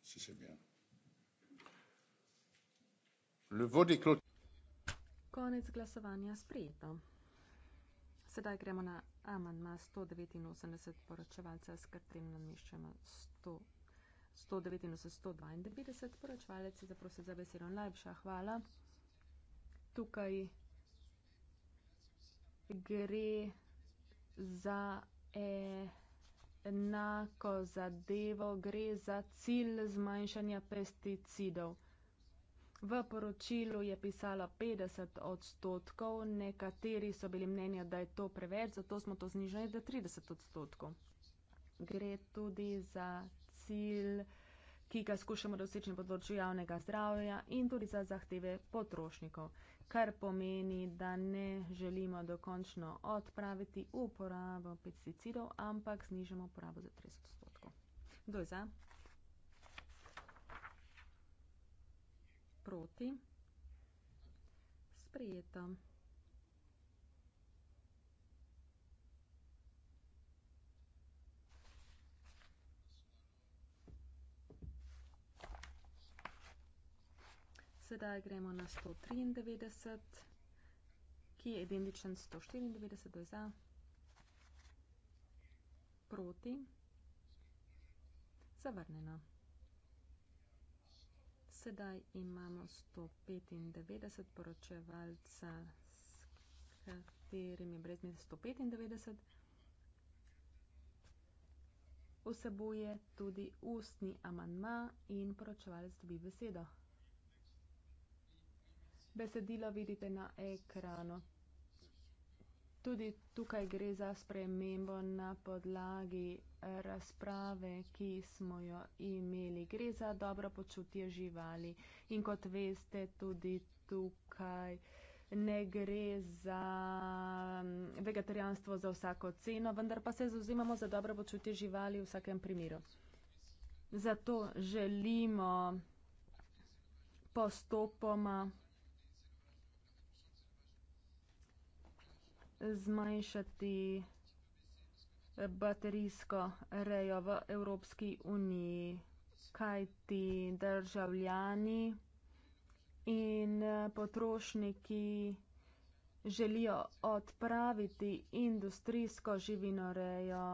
Si c'est bien. Le vote est clos. Konec glasovanja sprejeto. Sedaj gremo na amandma 189 poročevalca, s katerim namiščamo 100. 192, poročvalec je zaprosil za besedo. Najlepša hvala. Tukaj gre za enako zadevo, gre za cilj zmanjšanja pesticidov. V poročilu je pisalo 50 odstotkov, nekateri so bili mnenja, da je to preveč, zato smo to znižali za 30 odstotkov. Gre tudi za cilj, ki ga skušamo doseči na področju javnega zdravja in tudi za zahteve potrošnikov, kar pomeni, da ne želimo dokončno odpraviti uporabo pesticidov, ampak znižamo uporabo za 30 odstotkov. Kdo je za? Proti. Sprijeto. Sedaj gremo na 193, ki je identičen 194, to je za, proti, zavrnjeno. Sedaj imamo 195 poročevalca, s katerim je brezmet 195. Vsebuje tudi ustni amanma in poročevalec dobi besedo. Besedilo vidite na ekranu. Tudi tukaj gre za spremembo na podlagi eh, razprave, ki smo jo imeli. Gre za dobro počutje živali in kot veste, tudi tukaj ne gre za mm, vegetarijanstvo za vsako ceno, vendar pa se zauzemamo za dobro počutje živali v vsakem primeru. Zato želimo postopoma zmanjšati eh, baterijsko rejo v Evropski uniji, kajti državljani in eh, potrošniki želijo odpraviti industrijsko živinorejo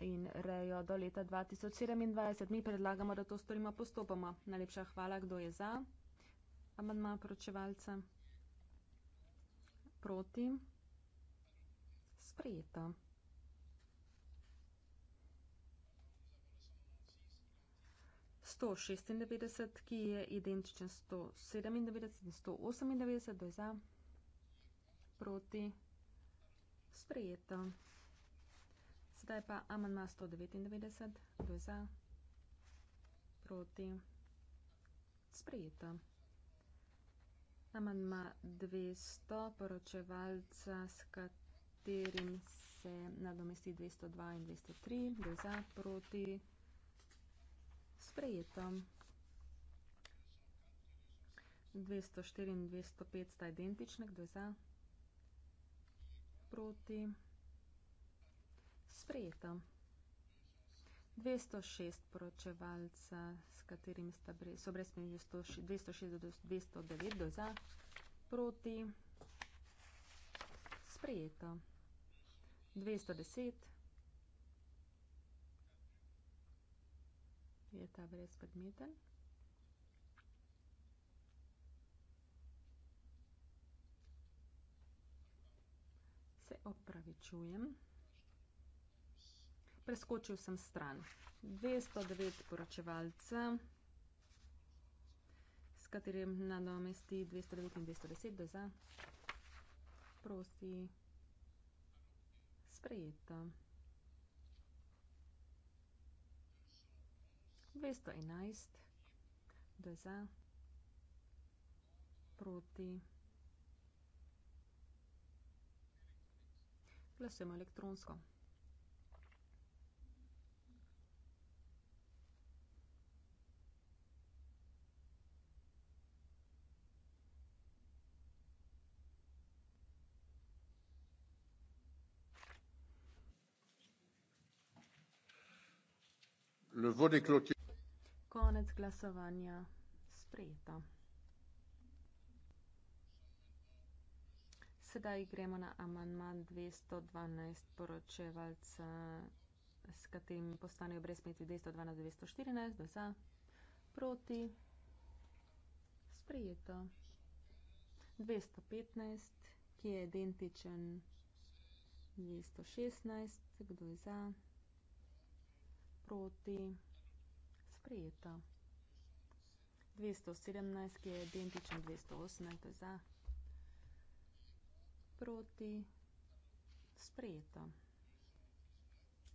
in rejo do leta 2027. Mi predlagamo, da to storimo postopoma. Najlepša hvala, kdo je za. Amandma poročevalca. Proti sprejeta. Sto šestindevetdeset, ki je identičen sto sedemindevetdeset in sto osemindevetdeset, da je za, proti, sprejeta. Sedaj pa amandma sto devetindevetdeset, da je za, proti, sprejeta. Amandma dvesto poročevalca, s kat katerim se nadomesti 202 in 203, gre za proti sprejetom. 204 in 205 sta identične, gre za proti sprejetom. 206 poročevalca, s katerimi bre, so brezpredni 206 do 209, gre za proti sprejetom. 210. Je ta brezpredmeten? Se opravičujem. Preskočil sem stran. 209 poročevalca, s katerim nadomesti 209 in 210 do za. Prosti sprejeta. 211, kdo je za, proti. Glasujemo elektronsko. 211. Konec glasovanja sprejeta. Sedaj gremo na amandman 212 poročevalca, s katerim postanejo brezpredmeti 212-214, za, proti, sprejeto. 215, ki je identičen 216, kdo je za proti sprejeta. 217, ki je identičen 218, to je za. Proti sprejeta.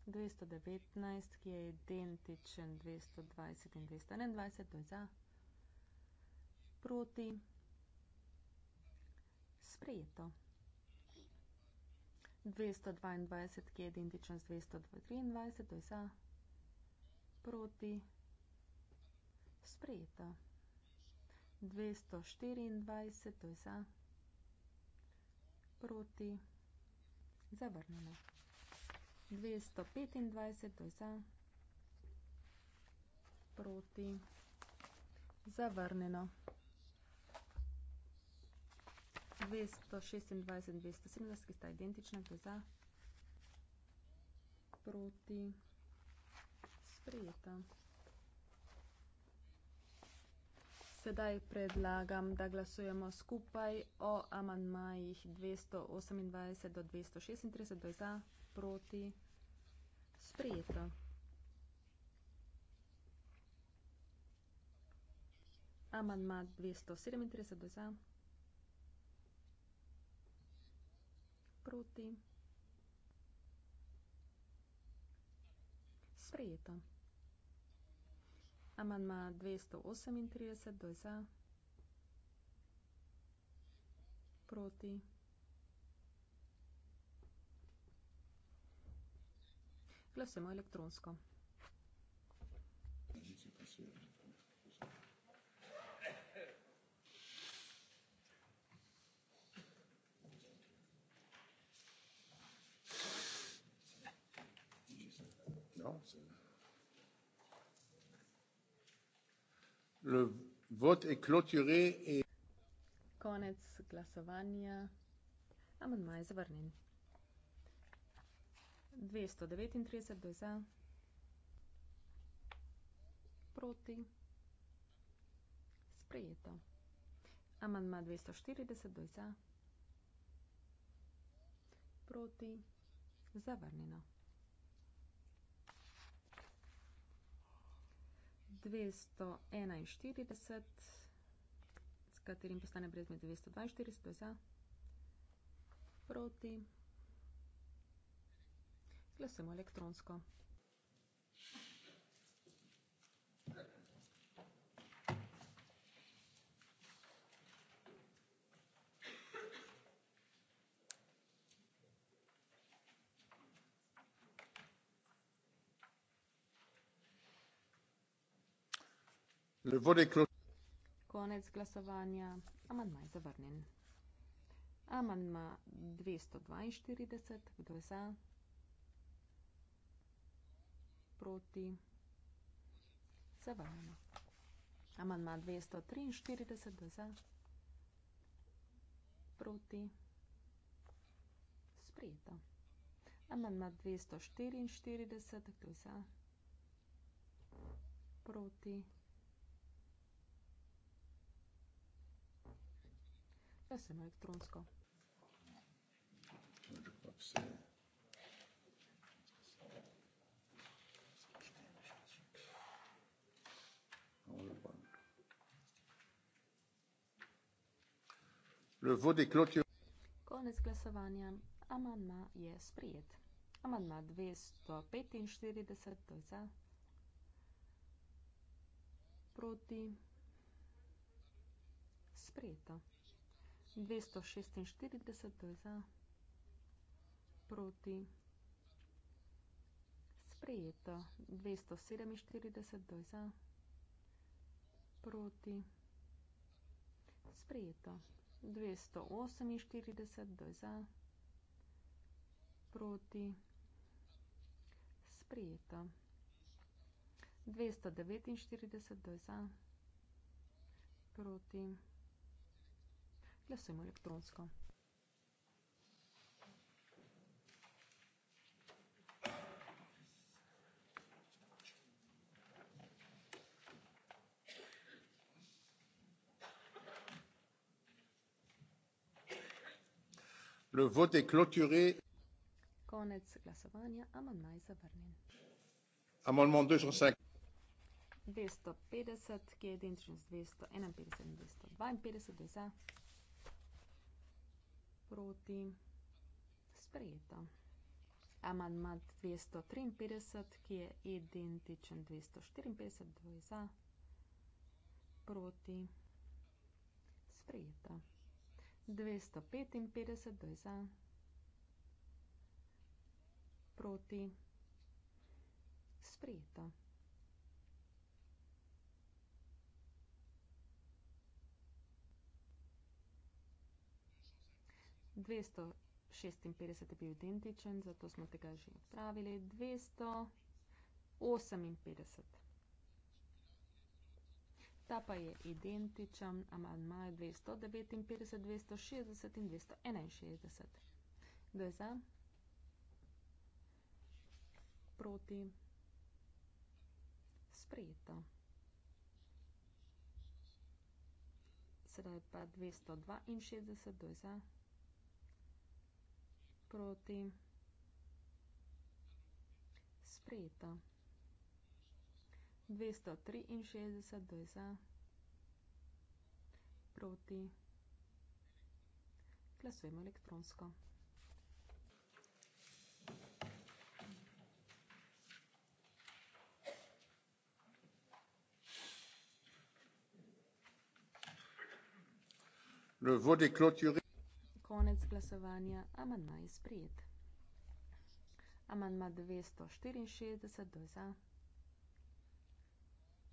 219, ki je identičen 220 in 221, to je za. Proti sprejeta. 222, ki je identičen z 223, to je za proti sprejeta. 224, to je za, proti, zavrnjeno. 225, to je za, proti, zavrnjeno. 226, 217, ki sta identična, to je za, proti, zavrnjeno sprejeta. Sedaj predlagam, da glasujemo skupaj o amanmajih 228 do 236, da je za, proti, sprejeta. Amanma 237 do za, proti, sprejeta. Amandma 238, kdo je za? Proti. Glasujemo elektronsko. Zdravljenje. Le vote est clôturé et... Konec glasovanja. Amandma je zavrnjen. 239 do za. Proti. Sprejeto. Amandma 240 do za. Proti. Zavrnjeno. 241, s katerim postane brezmet 242, to je za, proti. Glasujemo elektronsko. Lepo rekel. Konec glasovanja, amandma je zavrnjen. Amandma dvesto dvainštirideset, kdo je za? Proti? Zavrnjeno. Amandma dvesto triinštirideset, kdo je za? Proti? Sprejeto. Amandma dvesto štiriinštirideset, kdo je za? Proti? pa samo elektronsko. Konec glasovanja, amandma je sprejet. Amandma dvesto petinštirideset, to je za, proti, sprejeto. 246 proti sprejeto 247 proti sprejeto 248 proti sprejeto 249 proti sprejeto glasujmo elektronsko. Le vote est clôturé. Konec glasovanja, amandma je zavrnjen. Amendement 250. 250, ki je identičen z 251 in 252 za proti sprejeta. Amandma 253, ki je identičen 254, za proti sprejeta. 255, doj za proti sprejeta. 256 je bil identičen, zato smo tega že pravili. 258. Ta pa je identičen, amal ima 259, 260 in 261. Kdo je za? Proti. Sprejeto. Sedaj pa 262, kdo je za? proti spreta. 263 proti glasujemo elektronsko. Le vote est clôturé. Konec glasovanja. Amandma je sprejet. Amandma 264, kdo je za?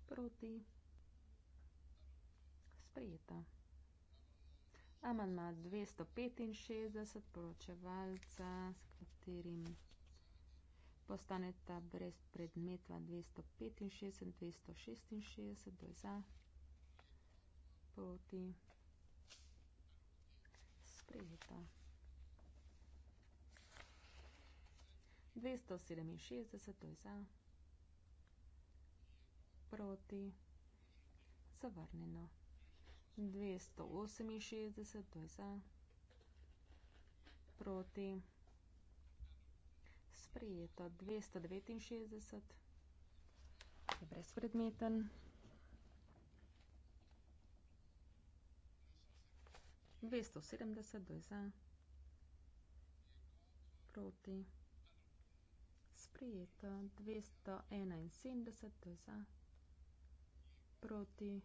Proti. Sprejeta. Amandma 265, poročevalca, s katerim postane ta brez predmetva 265, 266, kdo je za? Proti sprejeta. 267 to je za, proti, zavrnjeno. 268 to je za, proti, sprejeto. 269 je brezpredmeten. 270 за, proti, sprejeto, 271 za, proti,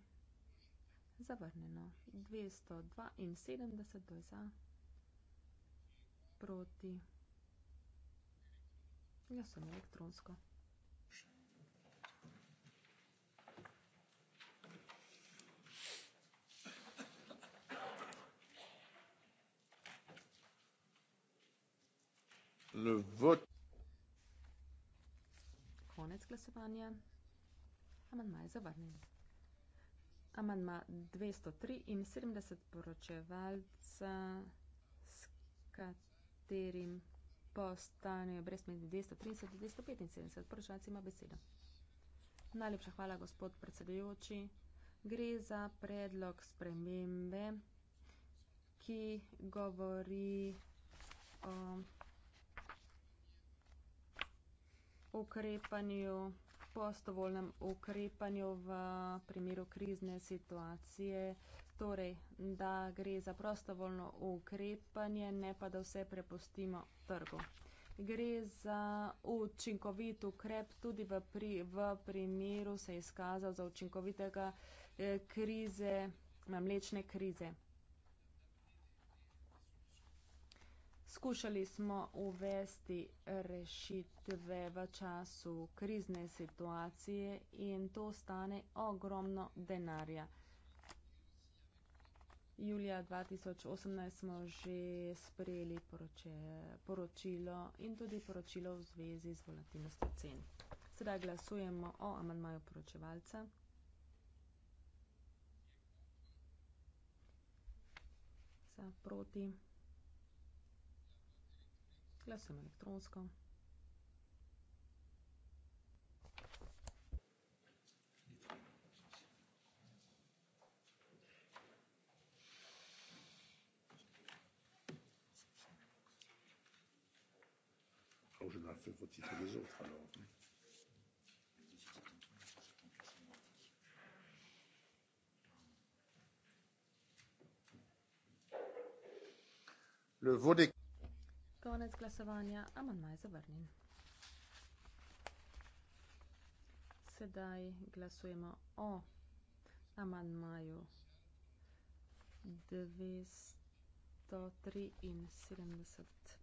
zavrnjeno, 272 za, proti, glasujem elektronsko. Konec glasovanja. Amandma je zavrnjen. Amandma 203 in 70 poročevalca, s katerim postanejo brezmedni 230 in 275 poročevalci, ima besedo. Najlepša hvala, gospod predsedujoči. Gre za predlog spremembe, ki govori o. Um, ukrepanju, prostovoljnem ukrepanju v primeru krizne situacije. Torej, da gre za prostovoljno ukrepanje, ne pa da vse prepustimo trgu. Gre za učinkovit ukrep, tudi v, pri, v primeru se je izkazal za učinkovitega eh, krize, mlečne krize. Skušali smo uvesti rešitve v času krizne situacije in to stane ogromno denarja. Julija 2018 smo že sprejeli poroče, poročilo in tudi poročilo v zvezi z volatilnostjo cen. Sedaj glasujemo o amandmaju poročevalca. Za proti glasujem elektronsko. Le vote est konec glasovanja. Amandma je zavrnjen. Sedaj glasujemo o amandmaju 273,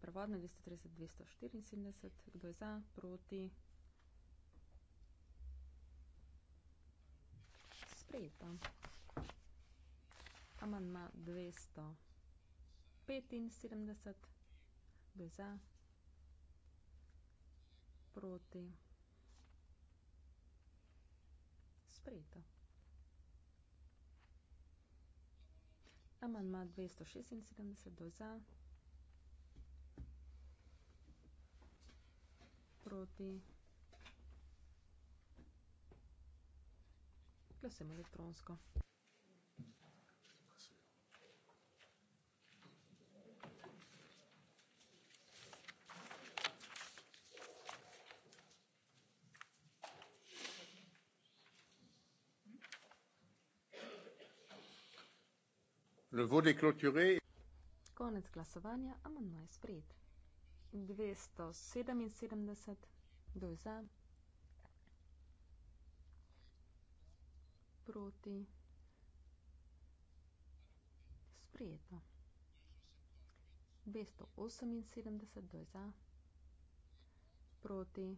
prvotno 230, 274. Kdo je za, proti? Sprejeto. Amandma 275 za, proti, sprejeto. Amandma 276 do za, proti, glasujemo elektronsko. Konec glasovanja, amandma je sprejet. 277, kdo je za? Proti. Sprejeto. 278, kdo je za? Proti.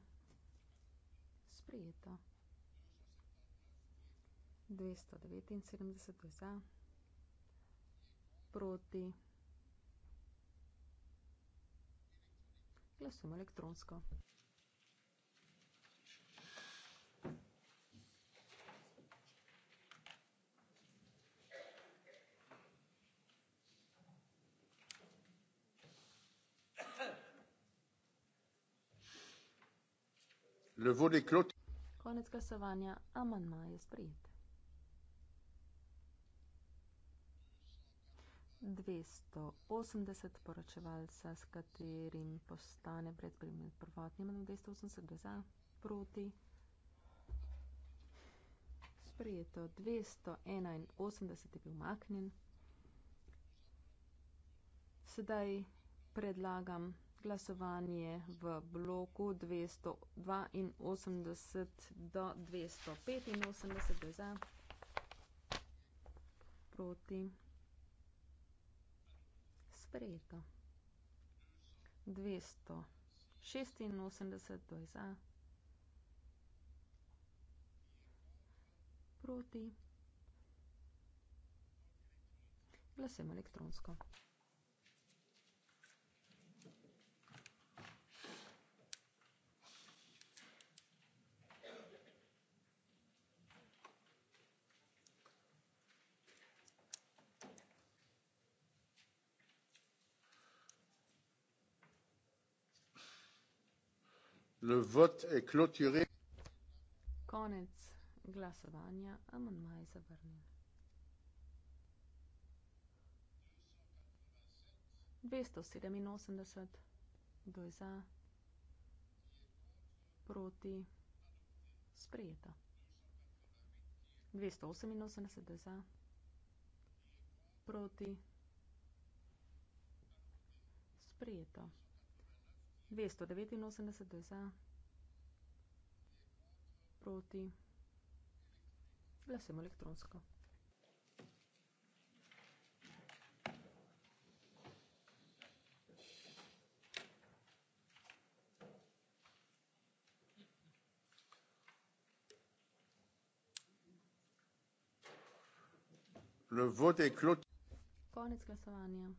Sprejeto. 279, kdo je za? Proti proti. Glasujemo elektronsko. Konec glasovanja, amandma je sprejet. 280 poročevalca, s katerim postane predpredmet prvotnjem, 280 gre za, proti. Sprejeto 281 je bil maknjen. Sedaj predlagam glasovanje v bloku 282 do 285 gre za, proti sprejeto. 286 do za. Proti. Glasujemo elektronsko. Le vote est clôturé. Konec glasovanja. Amandma je zavrnjen. 287. Kdo je za? Proti? Sprejeta. 288. Kdo je za? Proti? Sprejeta. 289 proti. Glasujemo elektronsko. Le vote est clos. Konec glasovanja.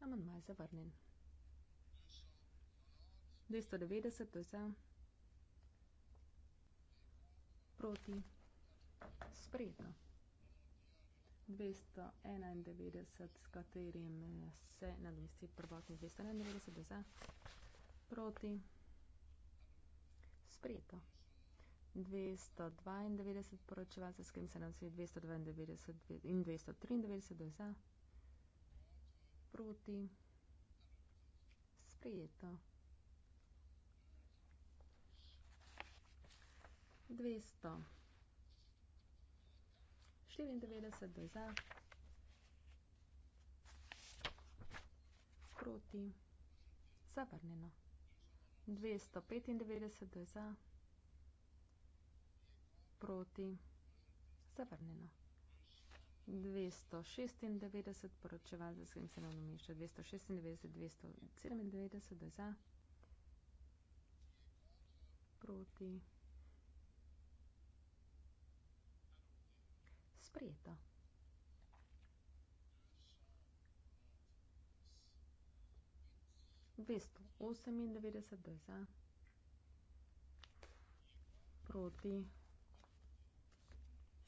Amandma je zavrnjen. 290, to je vse. Proti sprejeto. 291, s katerim se nadomesti prvotni 291, to je vse. Proti sprejeto. 292 poročevalce, s kem se nam se 292 in 293 do za. Proti. Sprejeto. 200. 94 do za, proti, zavrnjeno. 295 do za, proti, zavrnjeno. 296, poročeval, da se jim se namišče, 296, 297 do za, proti, zavrnjeno. sprejeta. Vesto, 98 je za, proti,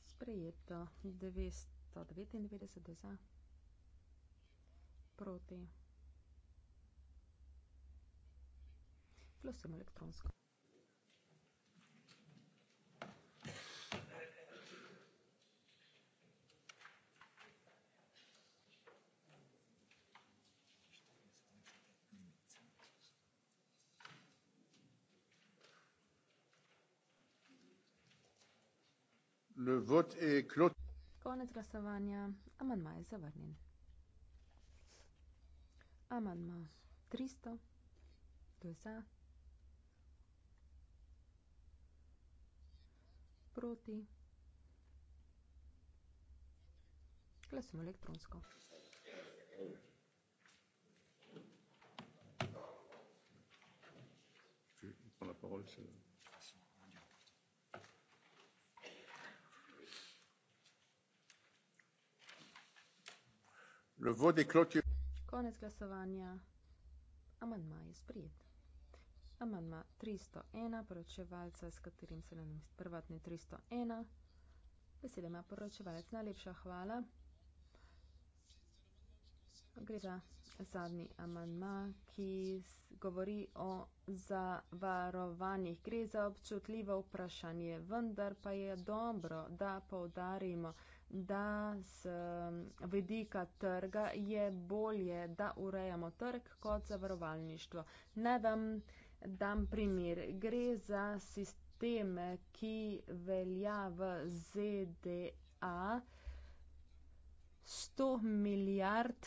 sprejeta, 299 je za, proti. Glasujemo elektronsko. Le vote est clos. Konec glasovanja. Amandma je zavrnjen. Amandma 300. Kdo je za? Proti. Glasujemo elektronsko. Je prends la parole, c'est Konec glasovanja. Amandma je sprijet. Amandma 301, poročevalca, s katerim se nam prvotni 301. Besede ima poročevalec. Najlepša hvala. Gre za zadnji amandma, ki govori o zavarovanjih. Gre za občutljivo vprašanje, vendar pa je dobro, da poudarimo, da z um, vedika trga je bolje, da urejamo trg kot zavarovalništvo. Ne vam dam primer. Gre za sisteme, ki velja v ZDA 100 milijard,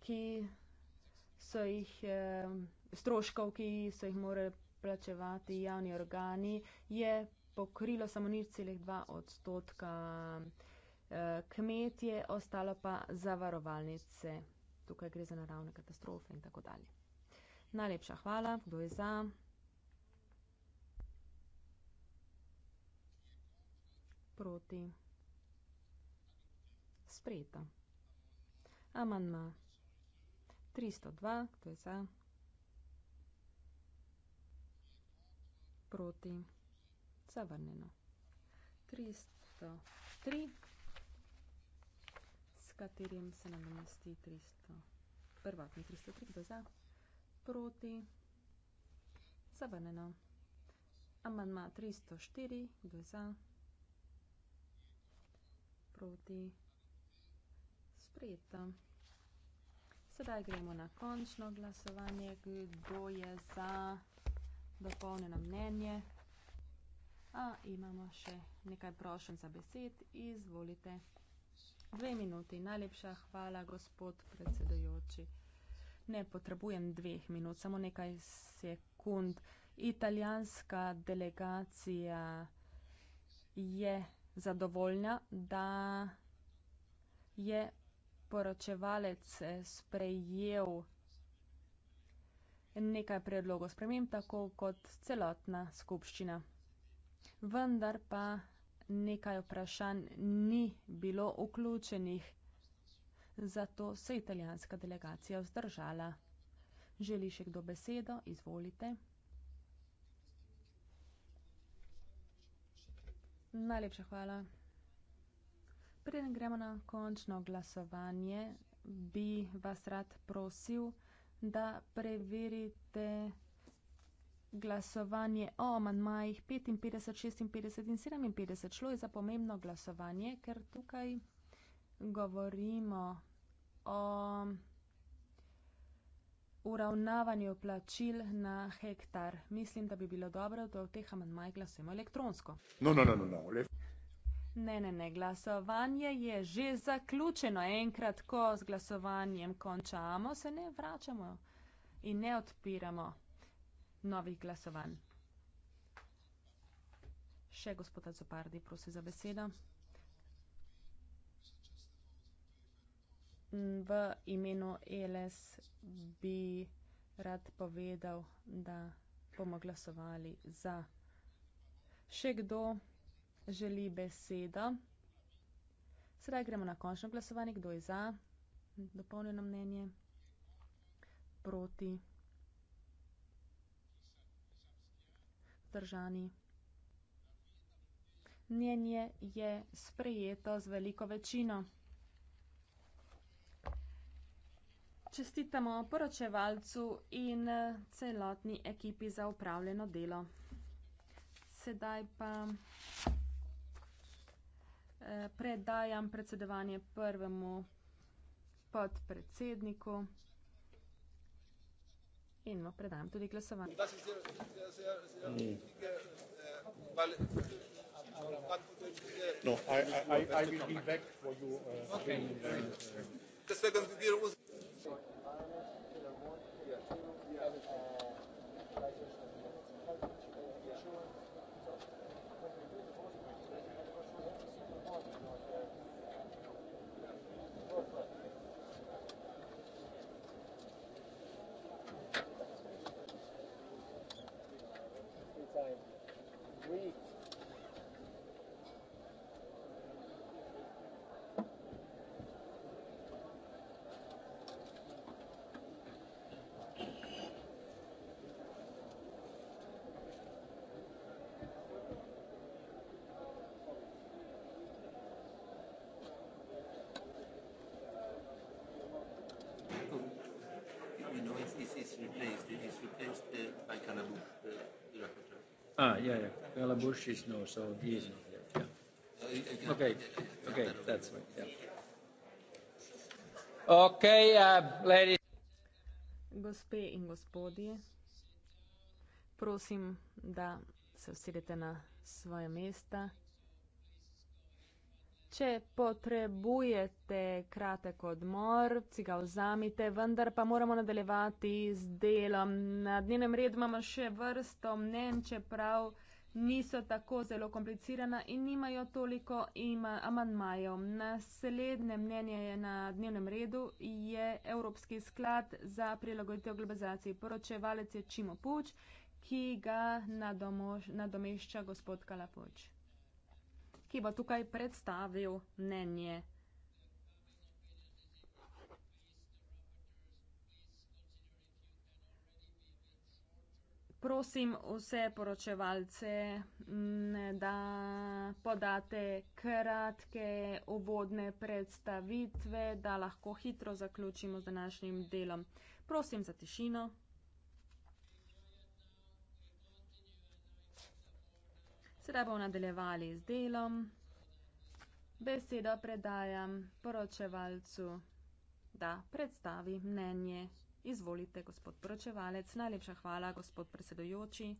ki so jih um, stroškov, ki so jih morali plačevati javni organi, je pokrilo samo 0,2 odstotka eh, kmetije, ostalo pa zavarovalnice. Tukaj gre za naravne katastrofe in tako dalje. Najlepša hvala, kdo je za. Proti. Sprejeta. Amanma. 302, kdo je za. Proti zavrnjeno. 303, s katerim se namesti 300, prvotni 303, kdo za, proti, zavrnjeno. Amandma 304, kdo za, proti, sprejeta. Sedaj gremo na končno glasovanje, kdo je za dopolnjeno mnenje. A imamo še nekaj prošen za besed. Izvolite. Dve minuti. Najlepša hvala, gospod predsedojoči. Ne potrebujem dveh minut, samo nekaj sekund. Italijanska delegacija je zadovoljna, da je poročevalec sprejel nekaj predlogov sprememb, tako kot celotna skupščina vendar pa nekaj vprašanj ni bilo vključenih, zato se je italijanska delegacija vzdržala. Želi še kdo besedo? Izvolite. Najlepša hvala. Preden gremo na končno glasovanje, bi vas rad prosil, da preverite glasovanje o amantmajih 55, 56 in 57. Šlo je za pomembno glasovanje, ker tukaj govorimo o uravnavanju plačil na hektar. Mislim, da bi bilo dobro, da v teh amantmajih glasujemo elektronsko. No, no, no, no, no. Ne, ne, ne, glasovanje je že zaključeno. Enkrat, ko z glasovanjem končamo, se ne vračamo in ne odpiramo novih glasovanj. Še gospod Zopardi, prosi za besedo. Mm, v imenu ELS bi rad povedal, da bomo glasovali za. Še kdo želi besedo? Sedaj gremo na končno glasovanje. Kdo je za dopolnjeno mnenje? Proti? vzdržani. Mnenje je sprejeto z veliko večino. Čestitamo poročevalcu in celotni ekipi za upravljeno delo. Sedaj pa predajam predsedovanje prvemu podpredsedniku in no, predajam tudi glasovanje. No, I, I, I, I will be back for you. Uh, okay. in, uh, Ah, yeah, ja, yeah. Ja. Bella Bush is no, so he's not yet. Yeah. Okay. Okay, that's right. Yeah. Ja. Okay, uh, ladies. Gospe in gospodje, prosim, da se usedete na svoje mesta. Če potrebujete kratek odmor, si ga vzamite, vendar pa moramo nadaljevati z delom. Na dnevnem redu imamo še vrsto mnen, čeprav niso tako zelo komplicirana in nimajo toliko amanmajev. Naslednje mnenje je na dnevnem redu je Evropski sklad za prilagoditev globalizaciji. Poročevalec je Čimo Puč, ki ga nadomeš, nadomešča gospod Kalapoč ki bo tukaj predstavil mnenje. Prosim vse poročevalce, da podate kratke uvodne predstavitve, da lahko hitro zaključimo z današnjim delom. Prosim za tišino. Zdaj bomo nadaljevali z delom. Besedo predajam poročevalcu, da predstavi mnenje. Izvolite, gospod poročevalec. Najlepša hvala, gospod predsedojoči.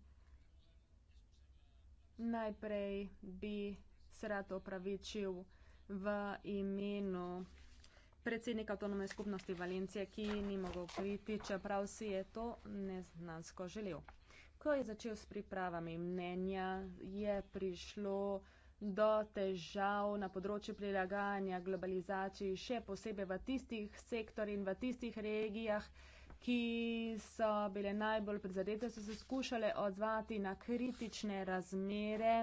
Najprej bi se rad opravičil v imenu predsednika avtonome skupnosti Valencije, ki ni mogel priti, čeprav si je to neznansko želel ko je začel s pripravami mnenja, je prišlo do težav na področju prilagajanja globalizaciji, še posebej v tistih sektorjih in v tistih regijah, ki so bile najbolj prizadete, so se skušale odzvati na kritične razmere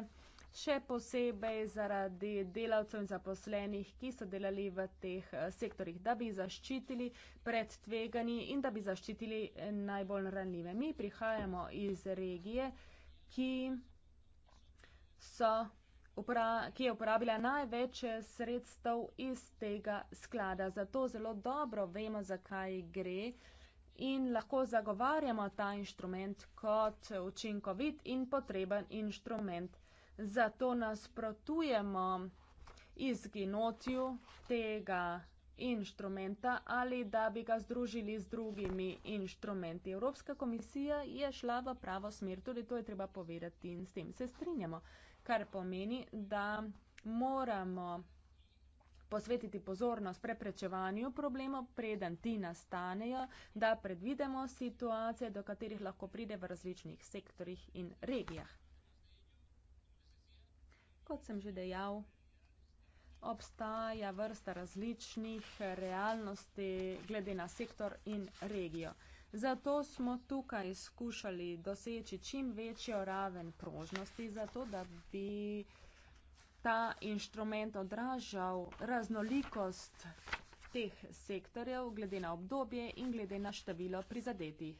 še posebej zaradi delavcev in zaposlenih, ki so delali v teh eh, sektorjih, da bi zaščitili pred tveganji in da bi zaščitili eh, najbolj ranljive. Mi prihajamo iz regije, ki, so, ki je uporabila največ eh, sredstev iz tega sklada. Zato zelo dobro vemo, zakaj gre. In lahko zagovarjamo ta inštrument kot učinkovit in potreben inštrument. Zato nasprotujemo izginotju tega inštrumenta ali da bi ga združili z drugimi inštrumenti. Evropska komisija je šla v pravo smer, tudi to je treba povedati in s tem se strinjamo, kar pomeni, da moramo posvetiti pozornost preprečevanju problemov, preden ti nastanejo, da predvidemo situacije, do katerih lahko pride v različnih sektorjih in regijah kot sem že dejal, obstaja vrsta različnih realnosti glede na sektor in regijo. Zato smo tukaj skušali doseči čim večjo raven prožnosti, zato da bi ta inštrument odražal raznolikost teh sektorjev glede na obdobje in glede na število prizadetih.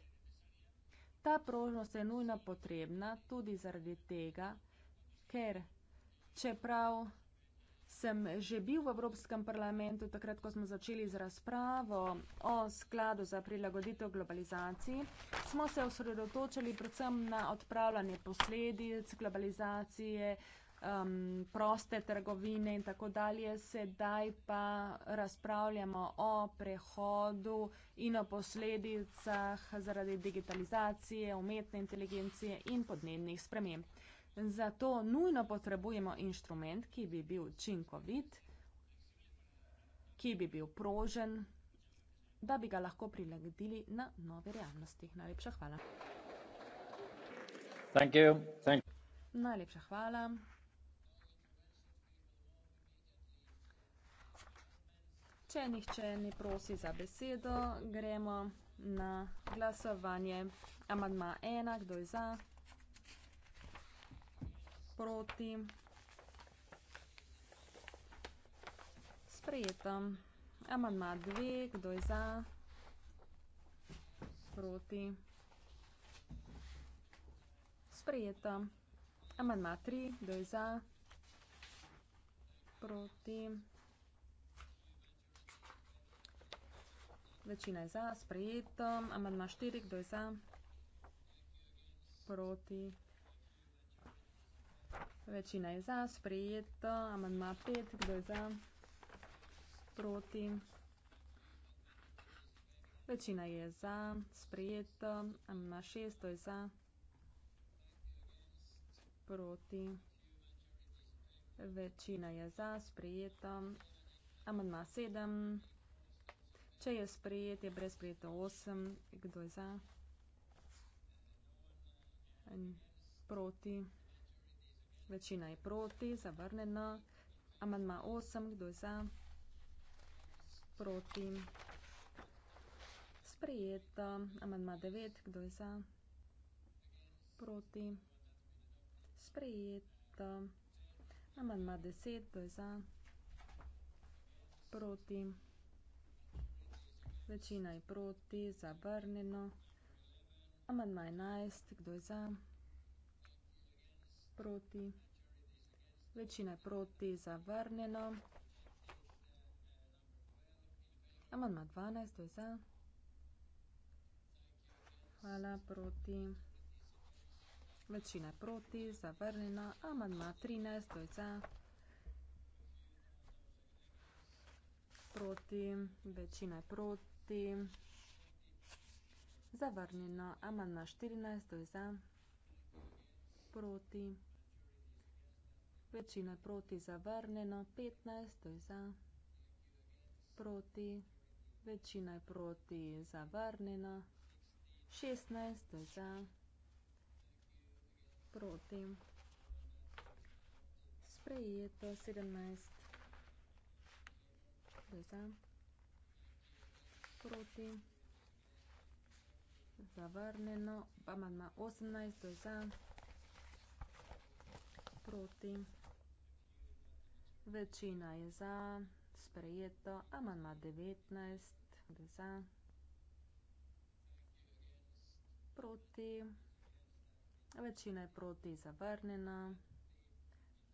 Ta prožnost je nujno potrebna tudi zaradi tega, ker čeprav sem že bil v Evropskem parlamentu takrat, ko smo začeli z razpravo o skladu za prilagoditev globalizaciji, smo se osredotočili predvsem na odpravljanje posledic globalizacije, um, proste trgovine in tako dalje. Sedaj pa razpravljamo o prehodu in o posledicah zaradi digitalizacije, umetne inteligencije in podnebnih sprememb. Zato nujno potrebujemo inštrument, ki bi bil učinkovit, ki bi bil prožen, da bi ga lahko prilagodili na nove realnosti. Najlepša hvala. Thank you. Thank Najlepša hvala. Če nihče ne prosi za besedo, gremo na glasovanje. Amandma ena, kdo je za? proti. Sprejeto. Amandma dve, kdo je za? Proti. Sprejeto. Amandma tri, kdo je za? Proti. Večina je za, sprejeto. Amandma štiri, kdo je za? Proti. Večina je za, sprejeto, amandma pet, kdo je za? Proti. Večina je za, sprejeto, amandma šest, kdo je za? Proti. Večina je za, sprejeto. Amandma sedem, če je sprejet, je brezpredmeten osem, kdo je za? Proti. Večina je proti, zavrnjena. Amandma osem, kdo je za? Proti. Sprejeta. Amandma devet, kdo je za? Proti. Sprejeta. Amandma deset, kdo je za? Proti. Večina je proti, zavrnjeno. Amandma enajst, kdo je za? proti. Večina je proti, zavrnjeno. Amandma dvanajst, to je za. Hvala, proti. Večina je proti, zavrnjeno. Amandma trinajst, to je za. Proti, večina je proti. Zavrnjeno. Amandma štirinajst, to je za. Proti. Večina proti zavrnjeno, 15 je za, proti, večina je proti zavrnjeno, 16 je za, proti, sprejeto, 17 je za, proti, zavrnjeno, pa manj ima 18 je za, proti. Večina je za, sprejeto, amanma 19, gre za, proti, večina je proti, zavrnjena,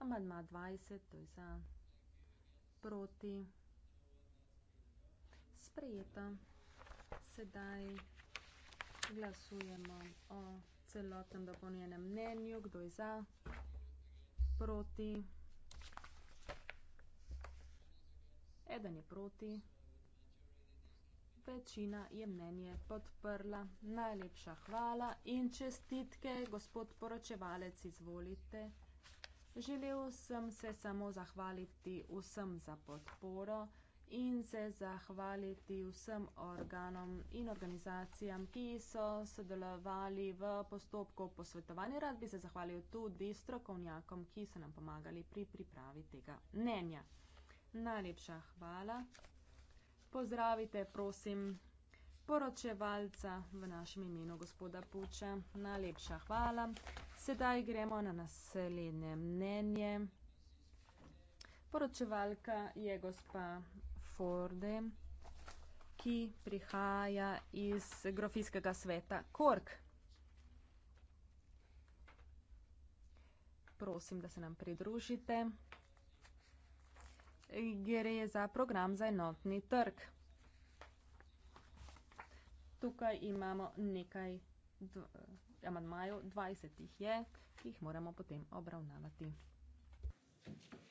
amanma 20, to je za, proti, sprejeto. Sedaj glasujemo o celotnem dopolnjenem mnenju, kdo je za, proti. eden je proti. Večina je mnenje podprla. Najlepša hvala in čestitke, gospod poročevalec, izvolite. Želel sem se samo zahvaliti vsem za podporo in se zahvaliti vsem organom in organizacijam, ki so sodelovali v postopku posvetovanja. Rad bi se zahvalil tudi strokovnjakom, ki so nam pomagali pri pripravi tega mnenja. Najlepša hvala. Pozdravite, prosim, poročevalca v našem imenu, gospoda Puča. Najlepša hvala. Sedaj gremo na naslednje mnenje. Poročevalka je gospa Forde, ki prihaja iz grofijskega sveta Kork. Prosim, da se nam pridružite gre za program za enotni trg. Tukaj imamo nekaj amadmajev, 20 jih je, ki jih moramo potem obravnavati. Thank you.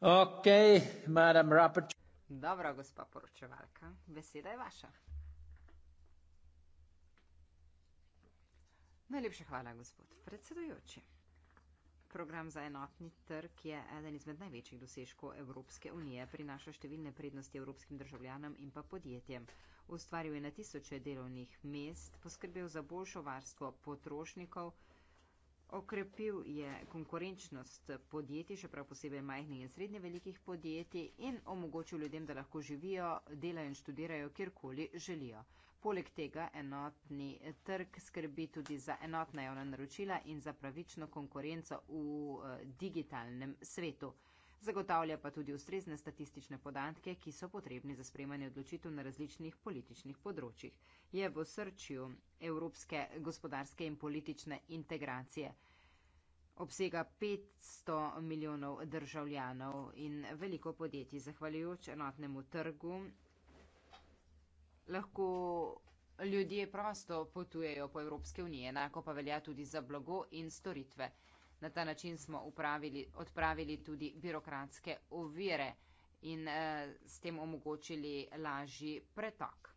Okay, madam Rapoč... Dobro, gospa poročevalka, beseda je vaša. Najlepša hvala, gospod predsedujoči. Program za enotni trg je eden izmed največjih dosežkov Evropske unije, prinaša številne prednosti evropskim državljanom in pa podjetjem. Ustvaril je na tisoče delovnih mest, poskrbel za boljšo varstvo potrošnikov, okrepil je konkurenčnost podjetij, še prav posebej majhnih in srednje velikih podjetij in omogočil ljudem, da lahko živijo, delajo in študirajo kjerkoli želijo. Poleg tega enotni trg skrbi tudi za enotna javna naročila in za pravično konkurenco v eh, digitalnem svetu zagotavlja pa tudi ustrezne statistične podatke, ki so potrebni za spremanje odločitev na različnih političnih področjih. Je v srčju evropske gospodarske in politične integracije. Obsega 500 milijonov državljanov in veliko podjetij, zahvaljujoč enotnemu trgu, lahko ljudje prosto potujejo po Evropske unije, enako pa velja tudi za blago in storitve. Na ta način smo upravili, odpravili tudi birokratske ovire in eh, s tem omogočili lažji pretok.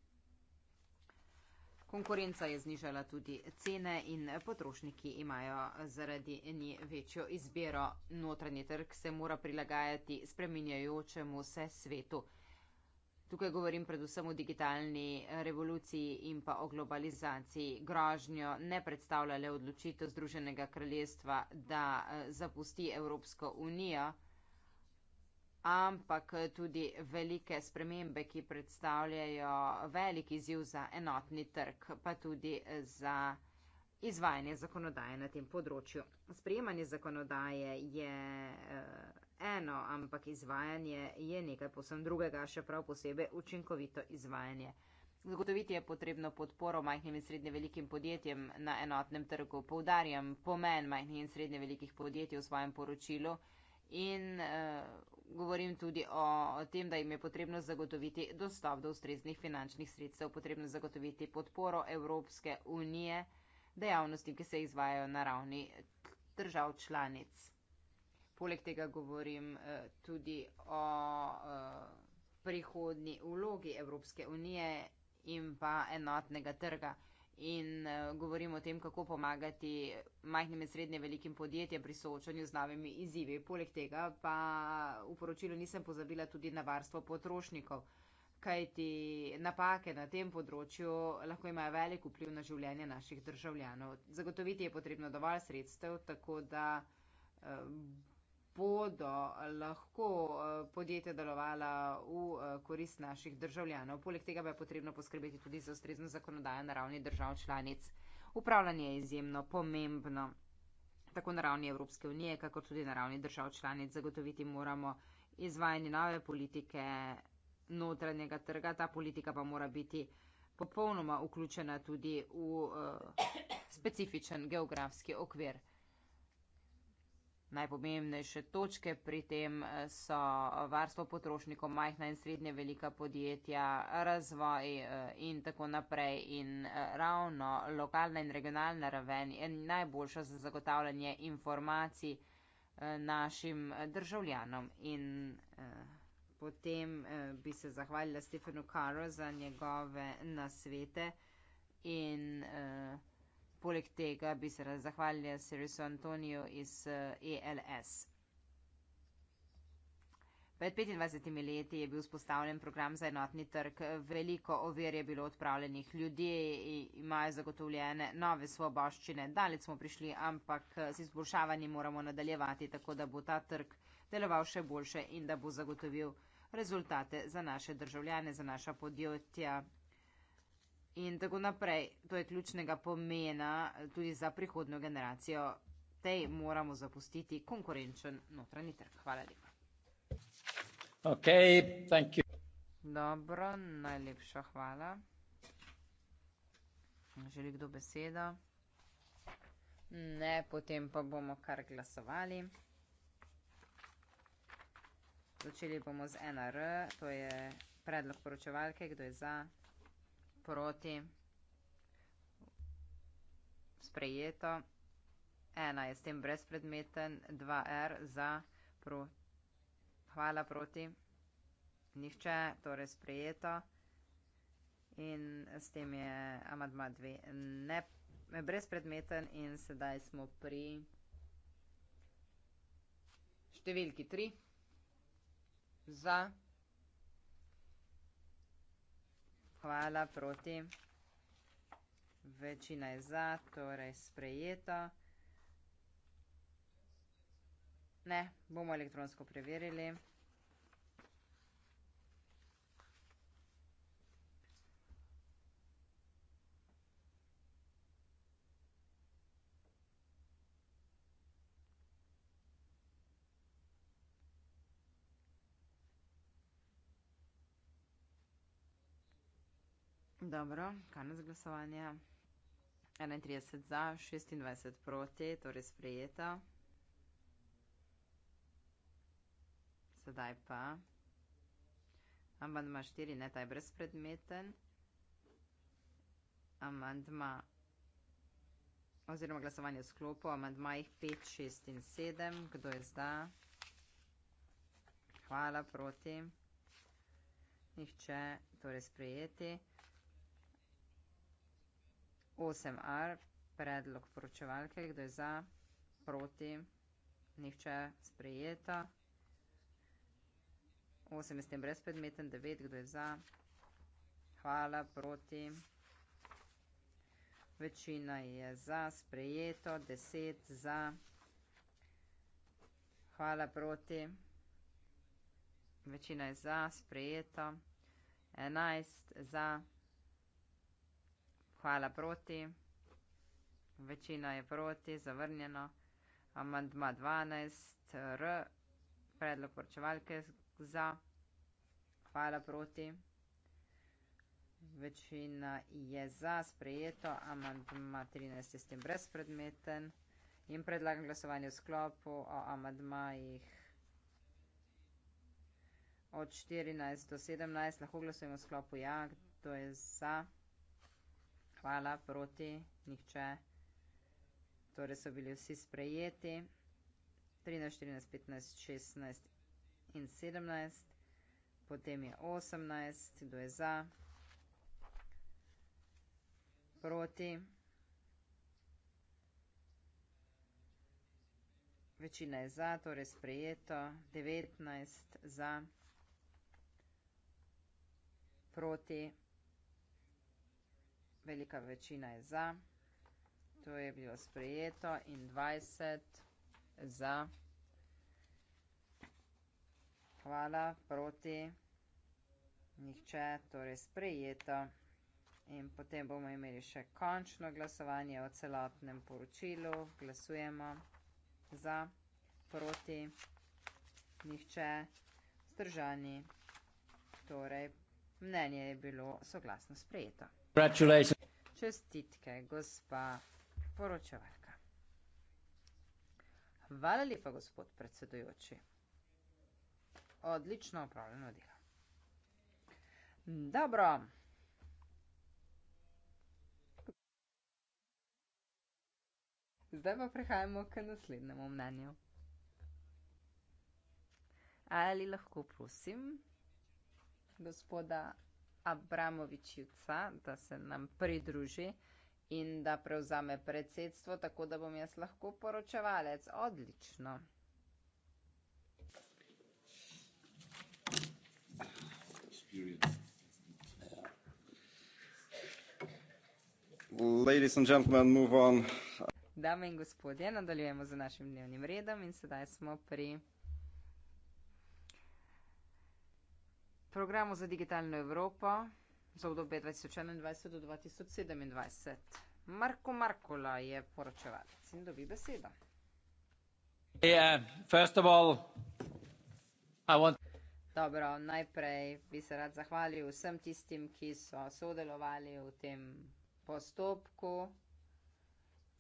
Konkurenca je znižala tudi cene in potrošniki imajo zaradi nje večjo izbiro. Notranji trg se mora prilagajati spreminjajočemu se svetu. Tukaj govorim predvsem o digitalni revoluciji in pa o globalizaciji. Grožnjo ne predstavlja le odločitev Združenega kraljestva, da eh, zapusti Evropsko unijo, ampak tudi velike spremembe, ki predstavljajo veliki ziv za enotni trg, pa tudi eh, za izvajanje zakonodaje na tem področju. Sprejemanje zakonodaje je. Eh, eno, ampak izvajanje je nekaj posebno drugega, še prav posebej učinkovito izvajanje. Zagotoviti je potrebno podporo majhnim in srednje velikim podjetjem na enotnem trgu. Poudarjam pomen majhnih in srednje velikih podjetij v svojem poročilu in uh, govorim tudi o, o tem, da jim je potrebno zagotoviti dostop do ustreznih finančnih sredstev, potrebno zagotoviti podporo Evropske unije dejavnostim, ki se izvajajo na ravni držav članic. Poleg tega govorim eh, tudi o eh, prihodni vlogi Evropske unije in pa enotnega trga. In eh, govorim o tem, kako pomagati majhnim in srednje velikim podjetjem pri soočanju z novimi izzivi. Poleg tega pa v poročilu nisem pozabila tudi na varstvo potrošnikov, kajti napake na tem področju lahko imajo velik vpliv na življenje naših državljanov. Zagotoviti je potrebno dovolj sredstev, tako da bodo lahko eh, podjetja delovala v eh, korist naših državljanov. Poleg tega pa je potrebno poskrbeti tudi za ustrezno zakonodajo na ravni držav članic. Upravljanje je izjemno pomembno. Tako na ravni Evropske unije, kako tudi na ravni držav članic zagotoviti moramo izvajanje nove politike notranjega trga. Ta politika pa mora biti popolnoma vključena tudi v uh, specifičen geografski okvir. Najpomembnejše točke pri tem eh, so eh, varstvo potrošnikov, majhna in srednje velika podjetja, razvoj eh, in tako naprej. In ravno lokalna in regionalna raven je najboljša za zagotavljanje informacij našim državljanom. In potem bi se zahvalila Stefanu Karo za njegove nasvete in Poleg tega bi se rad zahvalila Sirisu Antoniju iz ELS. Eh, e Pred 25 leti je bil spostavljen program za enotni trg. Veliko ovir je bilo odpravljenih. Ljudje imajo zagotovljene nove svoboščine. Daleč smo prišli, ampak eh, z izboljšavanji moramo nadaljevati, tako da bo ta trg deloval še boljše in da bo zagotovil rezultate za naše državljane, za naša podjetja in tako naprej. To je ključnega pomena tudi za prihodno generacijo. Tej moramo zapustiti konkurenčen notranji trg. Hvala lepa. Ok, thank you. Dobro, najlepša hvala. Želi kdo besedo? Ne, potem pa bomo kar glasovali. Začeli bomo z NR, to je predlog poročevalke, kdo je za proti, sprejeto. 1 je s tem brezpredmeten, 2R za, pro, hvala proti, nihče, torej sprejeto. In s tem je amadma 2 ne, brezpredmeten in sedaj smo pri številki 3 za. Hvala, proti. Večina je za, torej sprejeto. Ne, bomo elektronsko preverili. Dobro, konec glasovanja. 31 za, 26 proti, torej sprejeto. Sedaj pa. Amandma 4, ne taj brezpredmeten. Amandma. Oziroma glasovanje v sklopu, amandmajih 5, 6 in 7. Kdo je zda? Hvala, proti. Nihče, torej sprejeti. 8a, predlog poročevalke, kdo je za, proti, nihče sprejeta. 8 je s tem brezpredmeten, 9, kdo je za, hvala, proti. Večina je za, sprejeto, 10 za, hvala, proti. Večina je za, sprejeto, 11 za, hvala proti, večina je proti, zavrnjeno. Amandma 12, R, predlog vrčevalke za, hvala proti, večina je za, sprejeto, amandma 13 je s tem brezpredmeten in predlagam glasovanje v sklopu o amandmajih. Od 14 do 17 lahko glasujemo v sklopu ja, kdo je za hvala, proti, nihče. Torej so bili vsi sprejeti. 13, 14, 15, 16 in 17. Potem je 18, kdo je za. Proti. Večina je za, torej sprejeto. 19 za. Proti velika večina je za. To je bilo sprejeto in 20 za. Hvala, proti, nihče, torej sprejeto. In potem bomo imeli še končno glasovanje o celotnem poročilu. Glasujemo za, proti, nihče, zdržani. Torej, mnenje je bilo soglasno sprejeto. Čestitke, gospa poročevalka. Hvala lepa, gospod predsedujoči. Odlično upravljeno delo. Dobro. Zdaj pa prehajamo k naslednjemu mnenju. Ali lahko prosim gospoda Abramovič Juca, da se nam pridruži in da prevzame predsedstvo, tako da bom jaz lahko poročevalec. Odlično. Dame in gospodje, nadaljujemo z našim dnevnim redom in sedaj smo pri. programu za digitalno Evropo za obdobje 2021 do 2027. Marko Markola je poročevalec in dobi besedo. Uh, dobro, najprej bi se rad zahvalil vsem tistim, ki so sodelovali v tem postopku,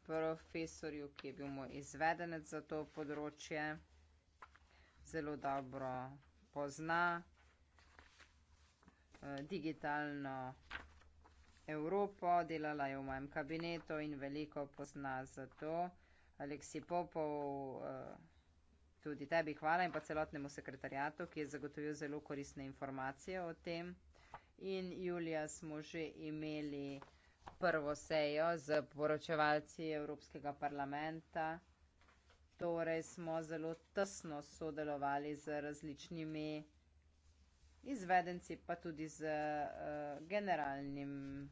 profesorju, ki je bil moj izvedenec za to področje, zelo dobro pozna Eh, digitalno Evropo, delala je v mojem kabinetu in veliko pozna za to. Aleksi Popov, eh, tudi tebi hvala in pa celotnemu sekretarjatu, ki je zagotovil zelo koristne informacije o tem. In julija smo že imeli prvo sejo z poročevalci Evropskega parlamenta. Torej smo zelo tesno sodelovali z različnimi izvedenci, pa tudi z uh, eh, generalnimi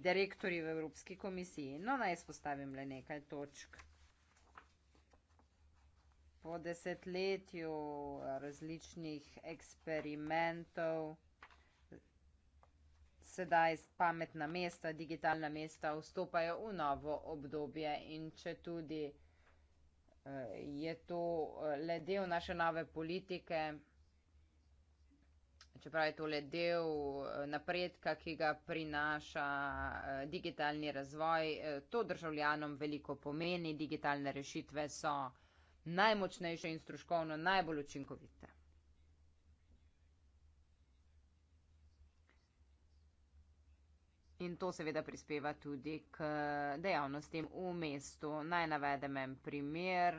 direktorji v Evropski komisiji. No, naj izpostavim le nekaj točk. Po desetletju eh, različnih eksperimentov, sedaj pametna mesta, digitalna mesta vstopajo v novo obdobje in če tudi eh, je to le del naše nove politike, čeprav je tole del eh, napredka, ki ga prinaša eh, digitalni razvoj, eh, to državljanom veliko pomeni, digitalne rešitve so najmočnejše in stroškovno najbolj učinkovite. In to seveda prispeva tudi k dejavnostim v mestu. Naj navedem en primer.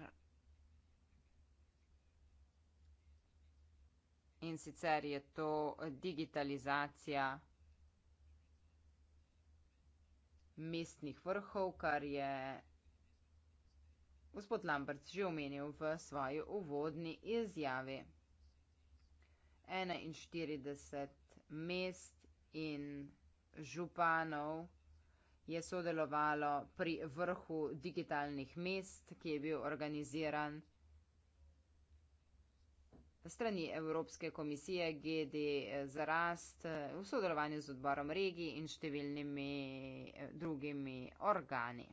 in sicer je to digitalizacija mestnih vrhov, kar je gospod Lambert že omenil v svoji uvodni izjavi. 41 mest in županov je sodelovalo pri vrhu digitalnih mest, ki je bil organiziran strani Evropske komisije GD eh, za rast eh, v sodelovanju z odborom regij in številnimi eh, drugimi organi.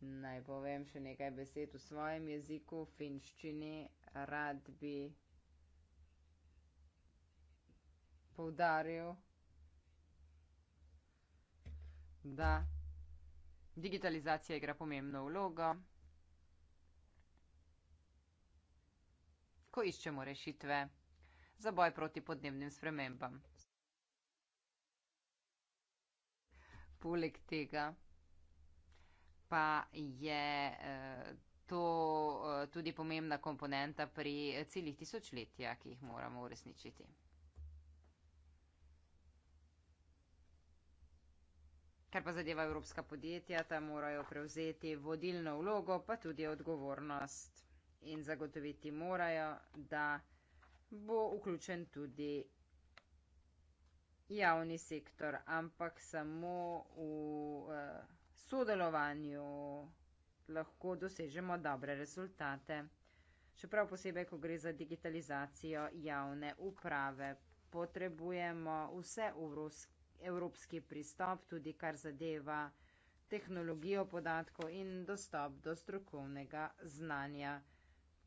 Naj povem še nekaj besed v svojem jeziku, finščini, rad bi poudaril, da digitalizacija igra pomembno vlogo. ko iščemo rešitve za boj proti podnebnim spremembam. Poleg tega pa je eh, to eh, tudi pomembna komponenta pri ciljih tisočletja, ki jih moramo uresničiti. Kar pa zadeva evropska podjetja, ta morajo prevzeti vodilno vlogo, pa tudi odgovornost in zagotoviti morajo, da bo vključen tudi javni sektor, ampak samo v eh, sodelovanju lahko dosežemo dobre rezultate. Čeprav posebej, ko gre za digitalizacijo javne uprave, potrebujemo vse evropski pristop, tudi kar zadeva tehnologijo podatkov in dostop do strokovnega znanja.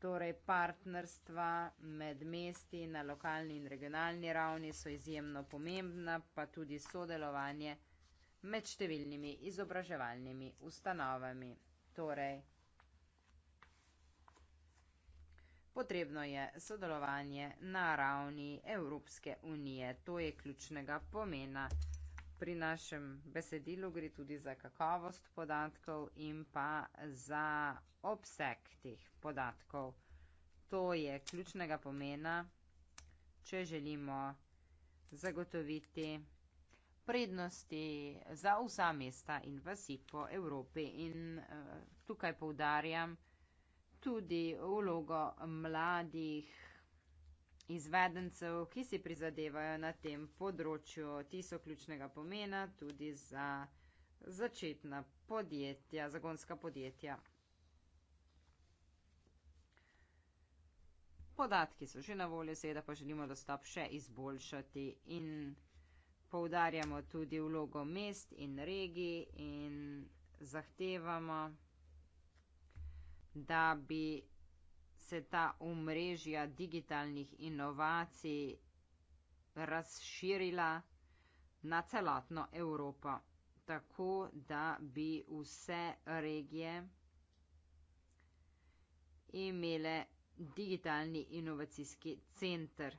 Torej, partnerstva med mesti na lokalni in regionalni ravni so izjemno pomembna, pa tudi sodelovanje med številnimi izobraževalnimi ustanovami. Torej, potrebno je sodelovanje na ravni Evropske unije, to je ključnega pomena pri našem besedilu gre tudi za kakovost podatkov in pa za obseg teh podatkov. To je ključnega pomena, če želimo zagotoviti prednosti za vsa mesta in vasi po Evropi. In eh, tukaj poudarjam tudi vlogo mladih izvedencev, ki si prizadevajo na tem področju. Ti so ključnega pomena tudi za začetna podjetja, zagonska podjetja. Podatki so že na voljo, seveda pa želimo dostop še izboljšati in poudarjamo tudi vlogo mest in regij in zahtevamo, da bi se ta omrežja digitalnih inovacij razširila na celotno Evropo, tako da bi vse regije imele digitalni inovacijski center.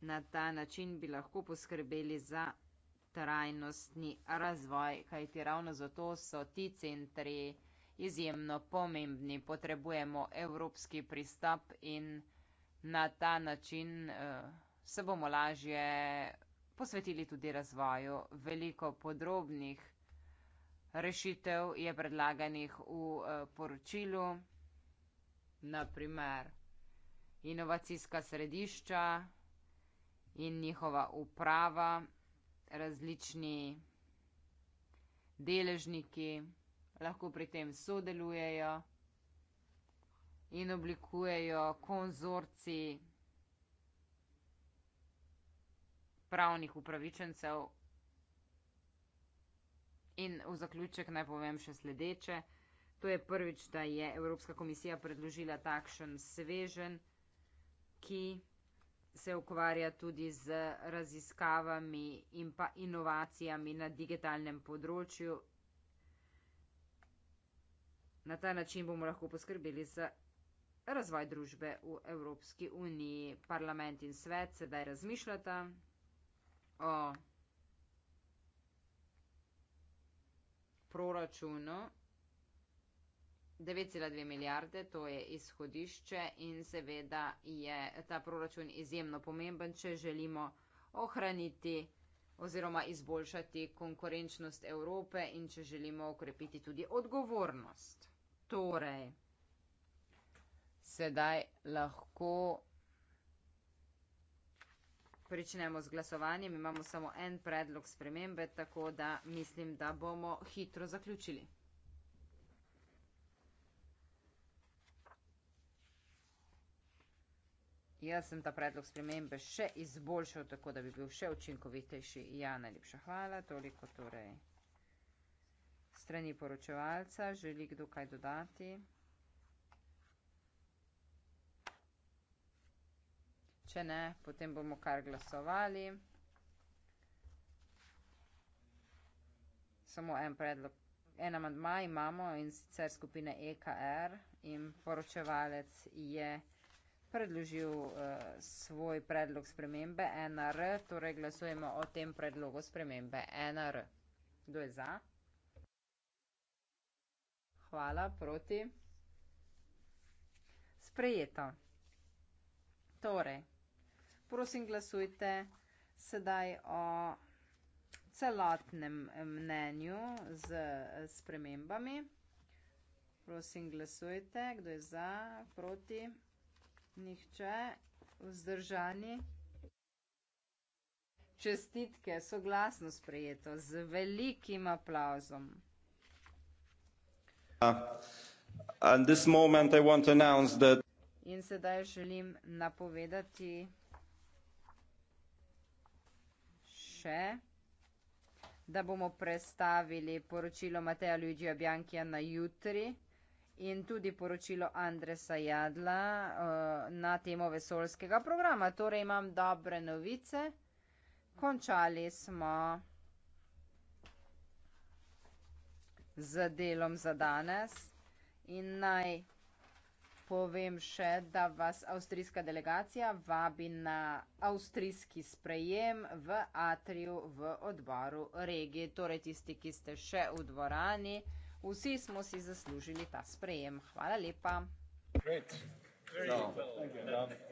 Na ta način bi lahko poskrbeli za trajnostni razvoj, kajti ravno zato so ti centri izjemno pomembni. Potrebujemo evropski pristop in na ta način uh, se bomo lažje posvetili tudi razvoju. Veliko podrobnih rešitev je predlaganih v uh, poročilu, naprimer inovacijska središča in njihova uprava, različni deležniki lahko pri tem sodelujejo in oblikujejo konzorci pravnih upravičencev. In v zaključek naj povem še sledeče. To je prvič, da je Evropska komisija predložila takšen svežen, ki se ukvarja tudi z raziskavami in pa inovacijami na digitalnem področju Na ta način bomo lahko poskrbeli za razvoj družbe v Evropski uniji. Parlament in svet sedaj razmišljata o proračunu 9,2 milijarde, to je izhodišče in seveda je ta proračun izjemno pomemben, če želimo ohraniti oziroma izboljšati konkurenčnost Evrope in če želimo okrepiti tudi odgovornost. Torej, sedaj lahko pričnemo z glasovanjem. Imamo samo en predlog spremembe, tako da mislim, da bomo hitro zaključili. Jaz sem ta predlog spremembe še izboljšal, tako da bi bil še učinkovitejši. Ja, najlepša hvala. Toliko torej strani poročevalca želi kdo kaj dodati? Če ne, potem bomo kar glasovali. Samo en predlog, en amandma imamo in sicer skupine EKR in poročevalec je predložil uh, svoj predlog spremembe NR, torej glasujemo o tem predlogu spremembe NR. Kdo je za? Hvala, proti. Sprejeto. Torej, prosim, glasujte sedaj o celotnem eh, mnenju z eh, spremembami. Prosim, glasujte, kdo je za, proti, nihče, vzdržani. Čestitke, soglasno sprejeto, z velikim aplauzom. Uh, in sedaj želim napovedati še, da bomo prestavili poročilo Mateja Luigija Bjankija na jutri in tudi poročilo Andresa Jadla uh, na temo vesolskega programa. Torej imam dobre novice. Končali smo. z delom za danes. In naj povem še, da vas avstrijska delegacija vabi na avstrijski sprejem v Atriju v odboru regije. Torej tisti, ki ste še v dvorani, vsi smo si zaslužili ta sprejem. Hvala lepa. Great. Very no. well. Thank you. No.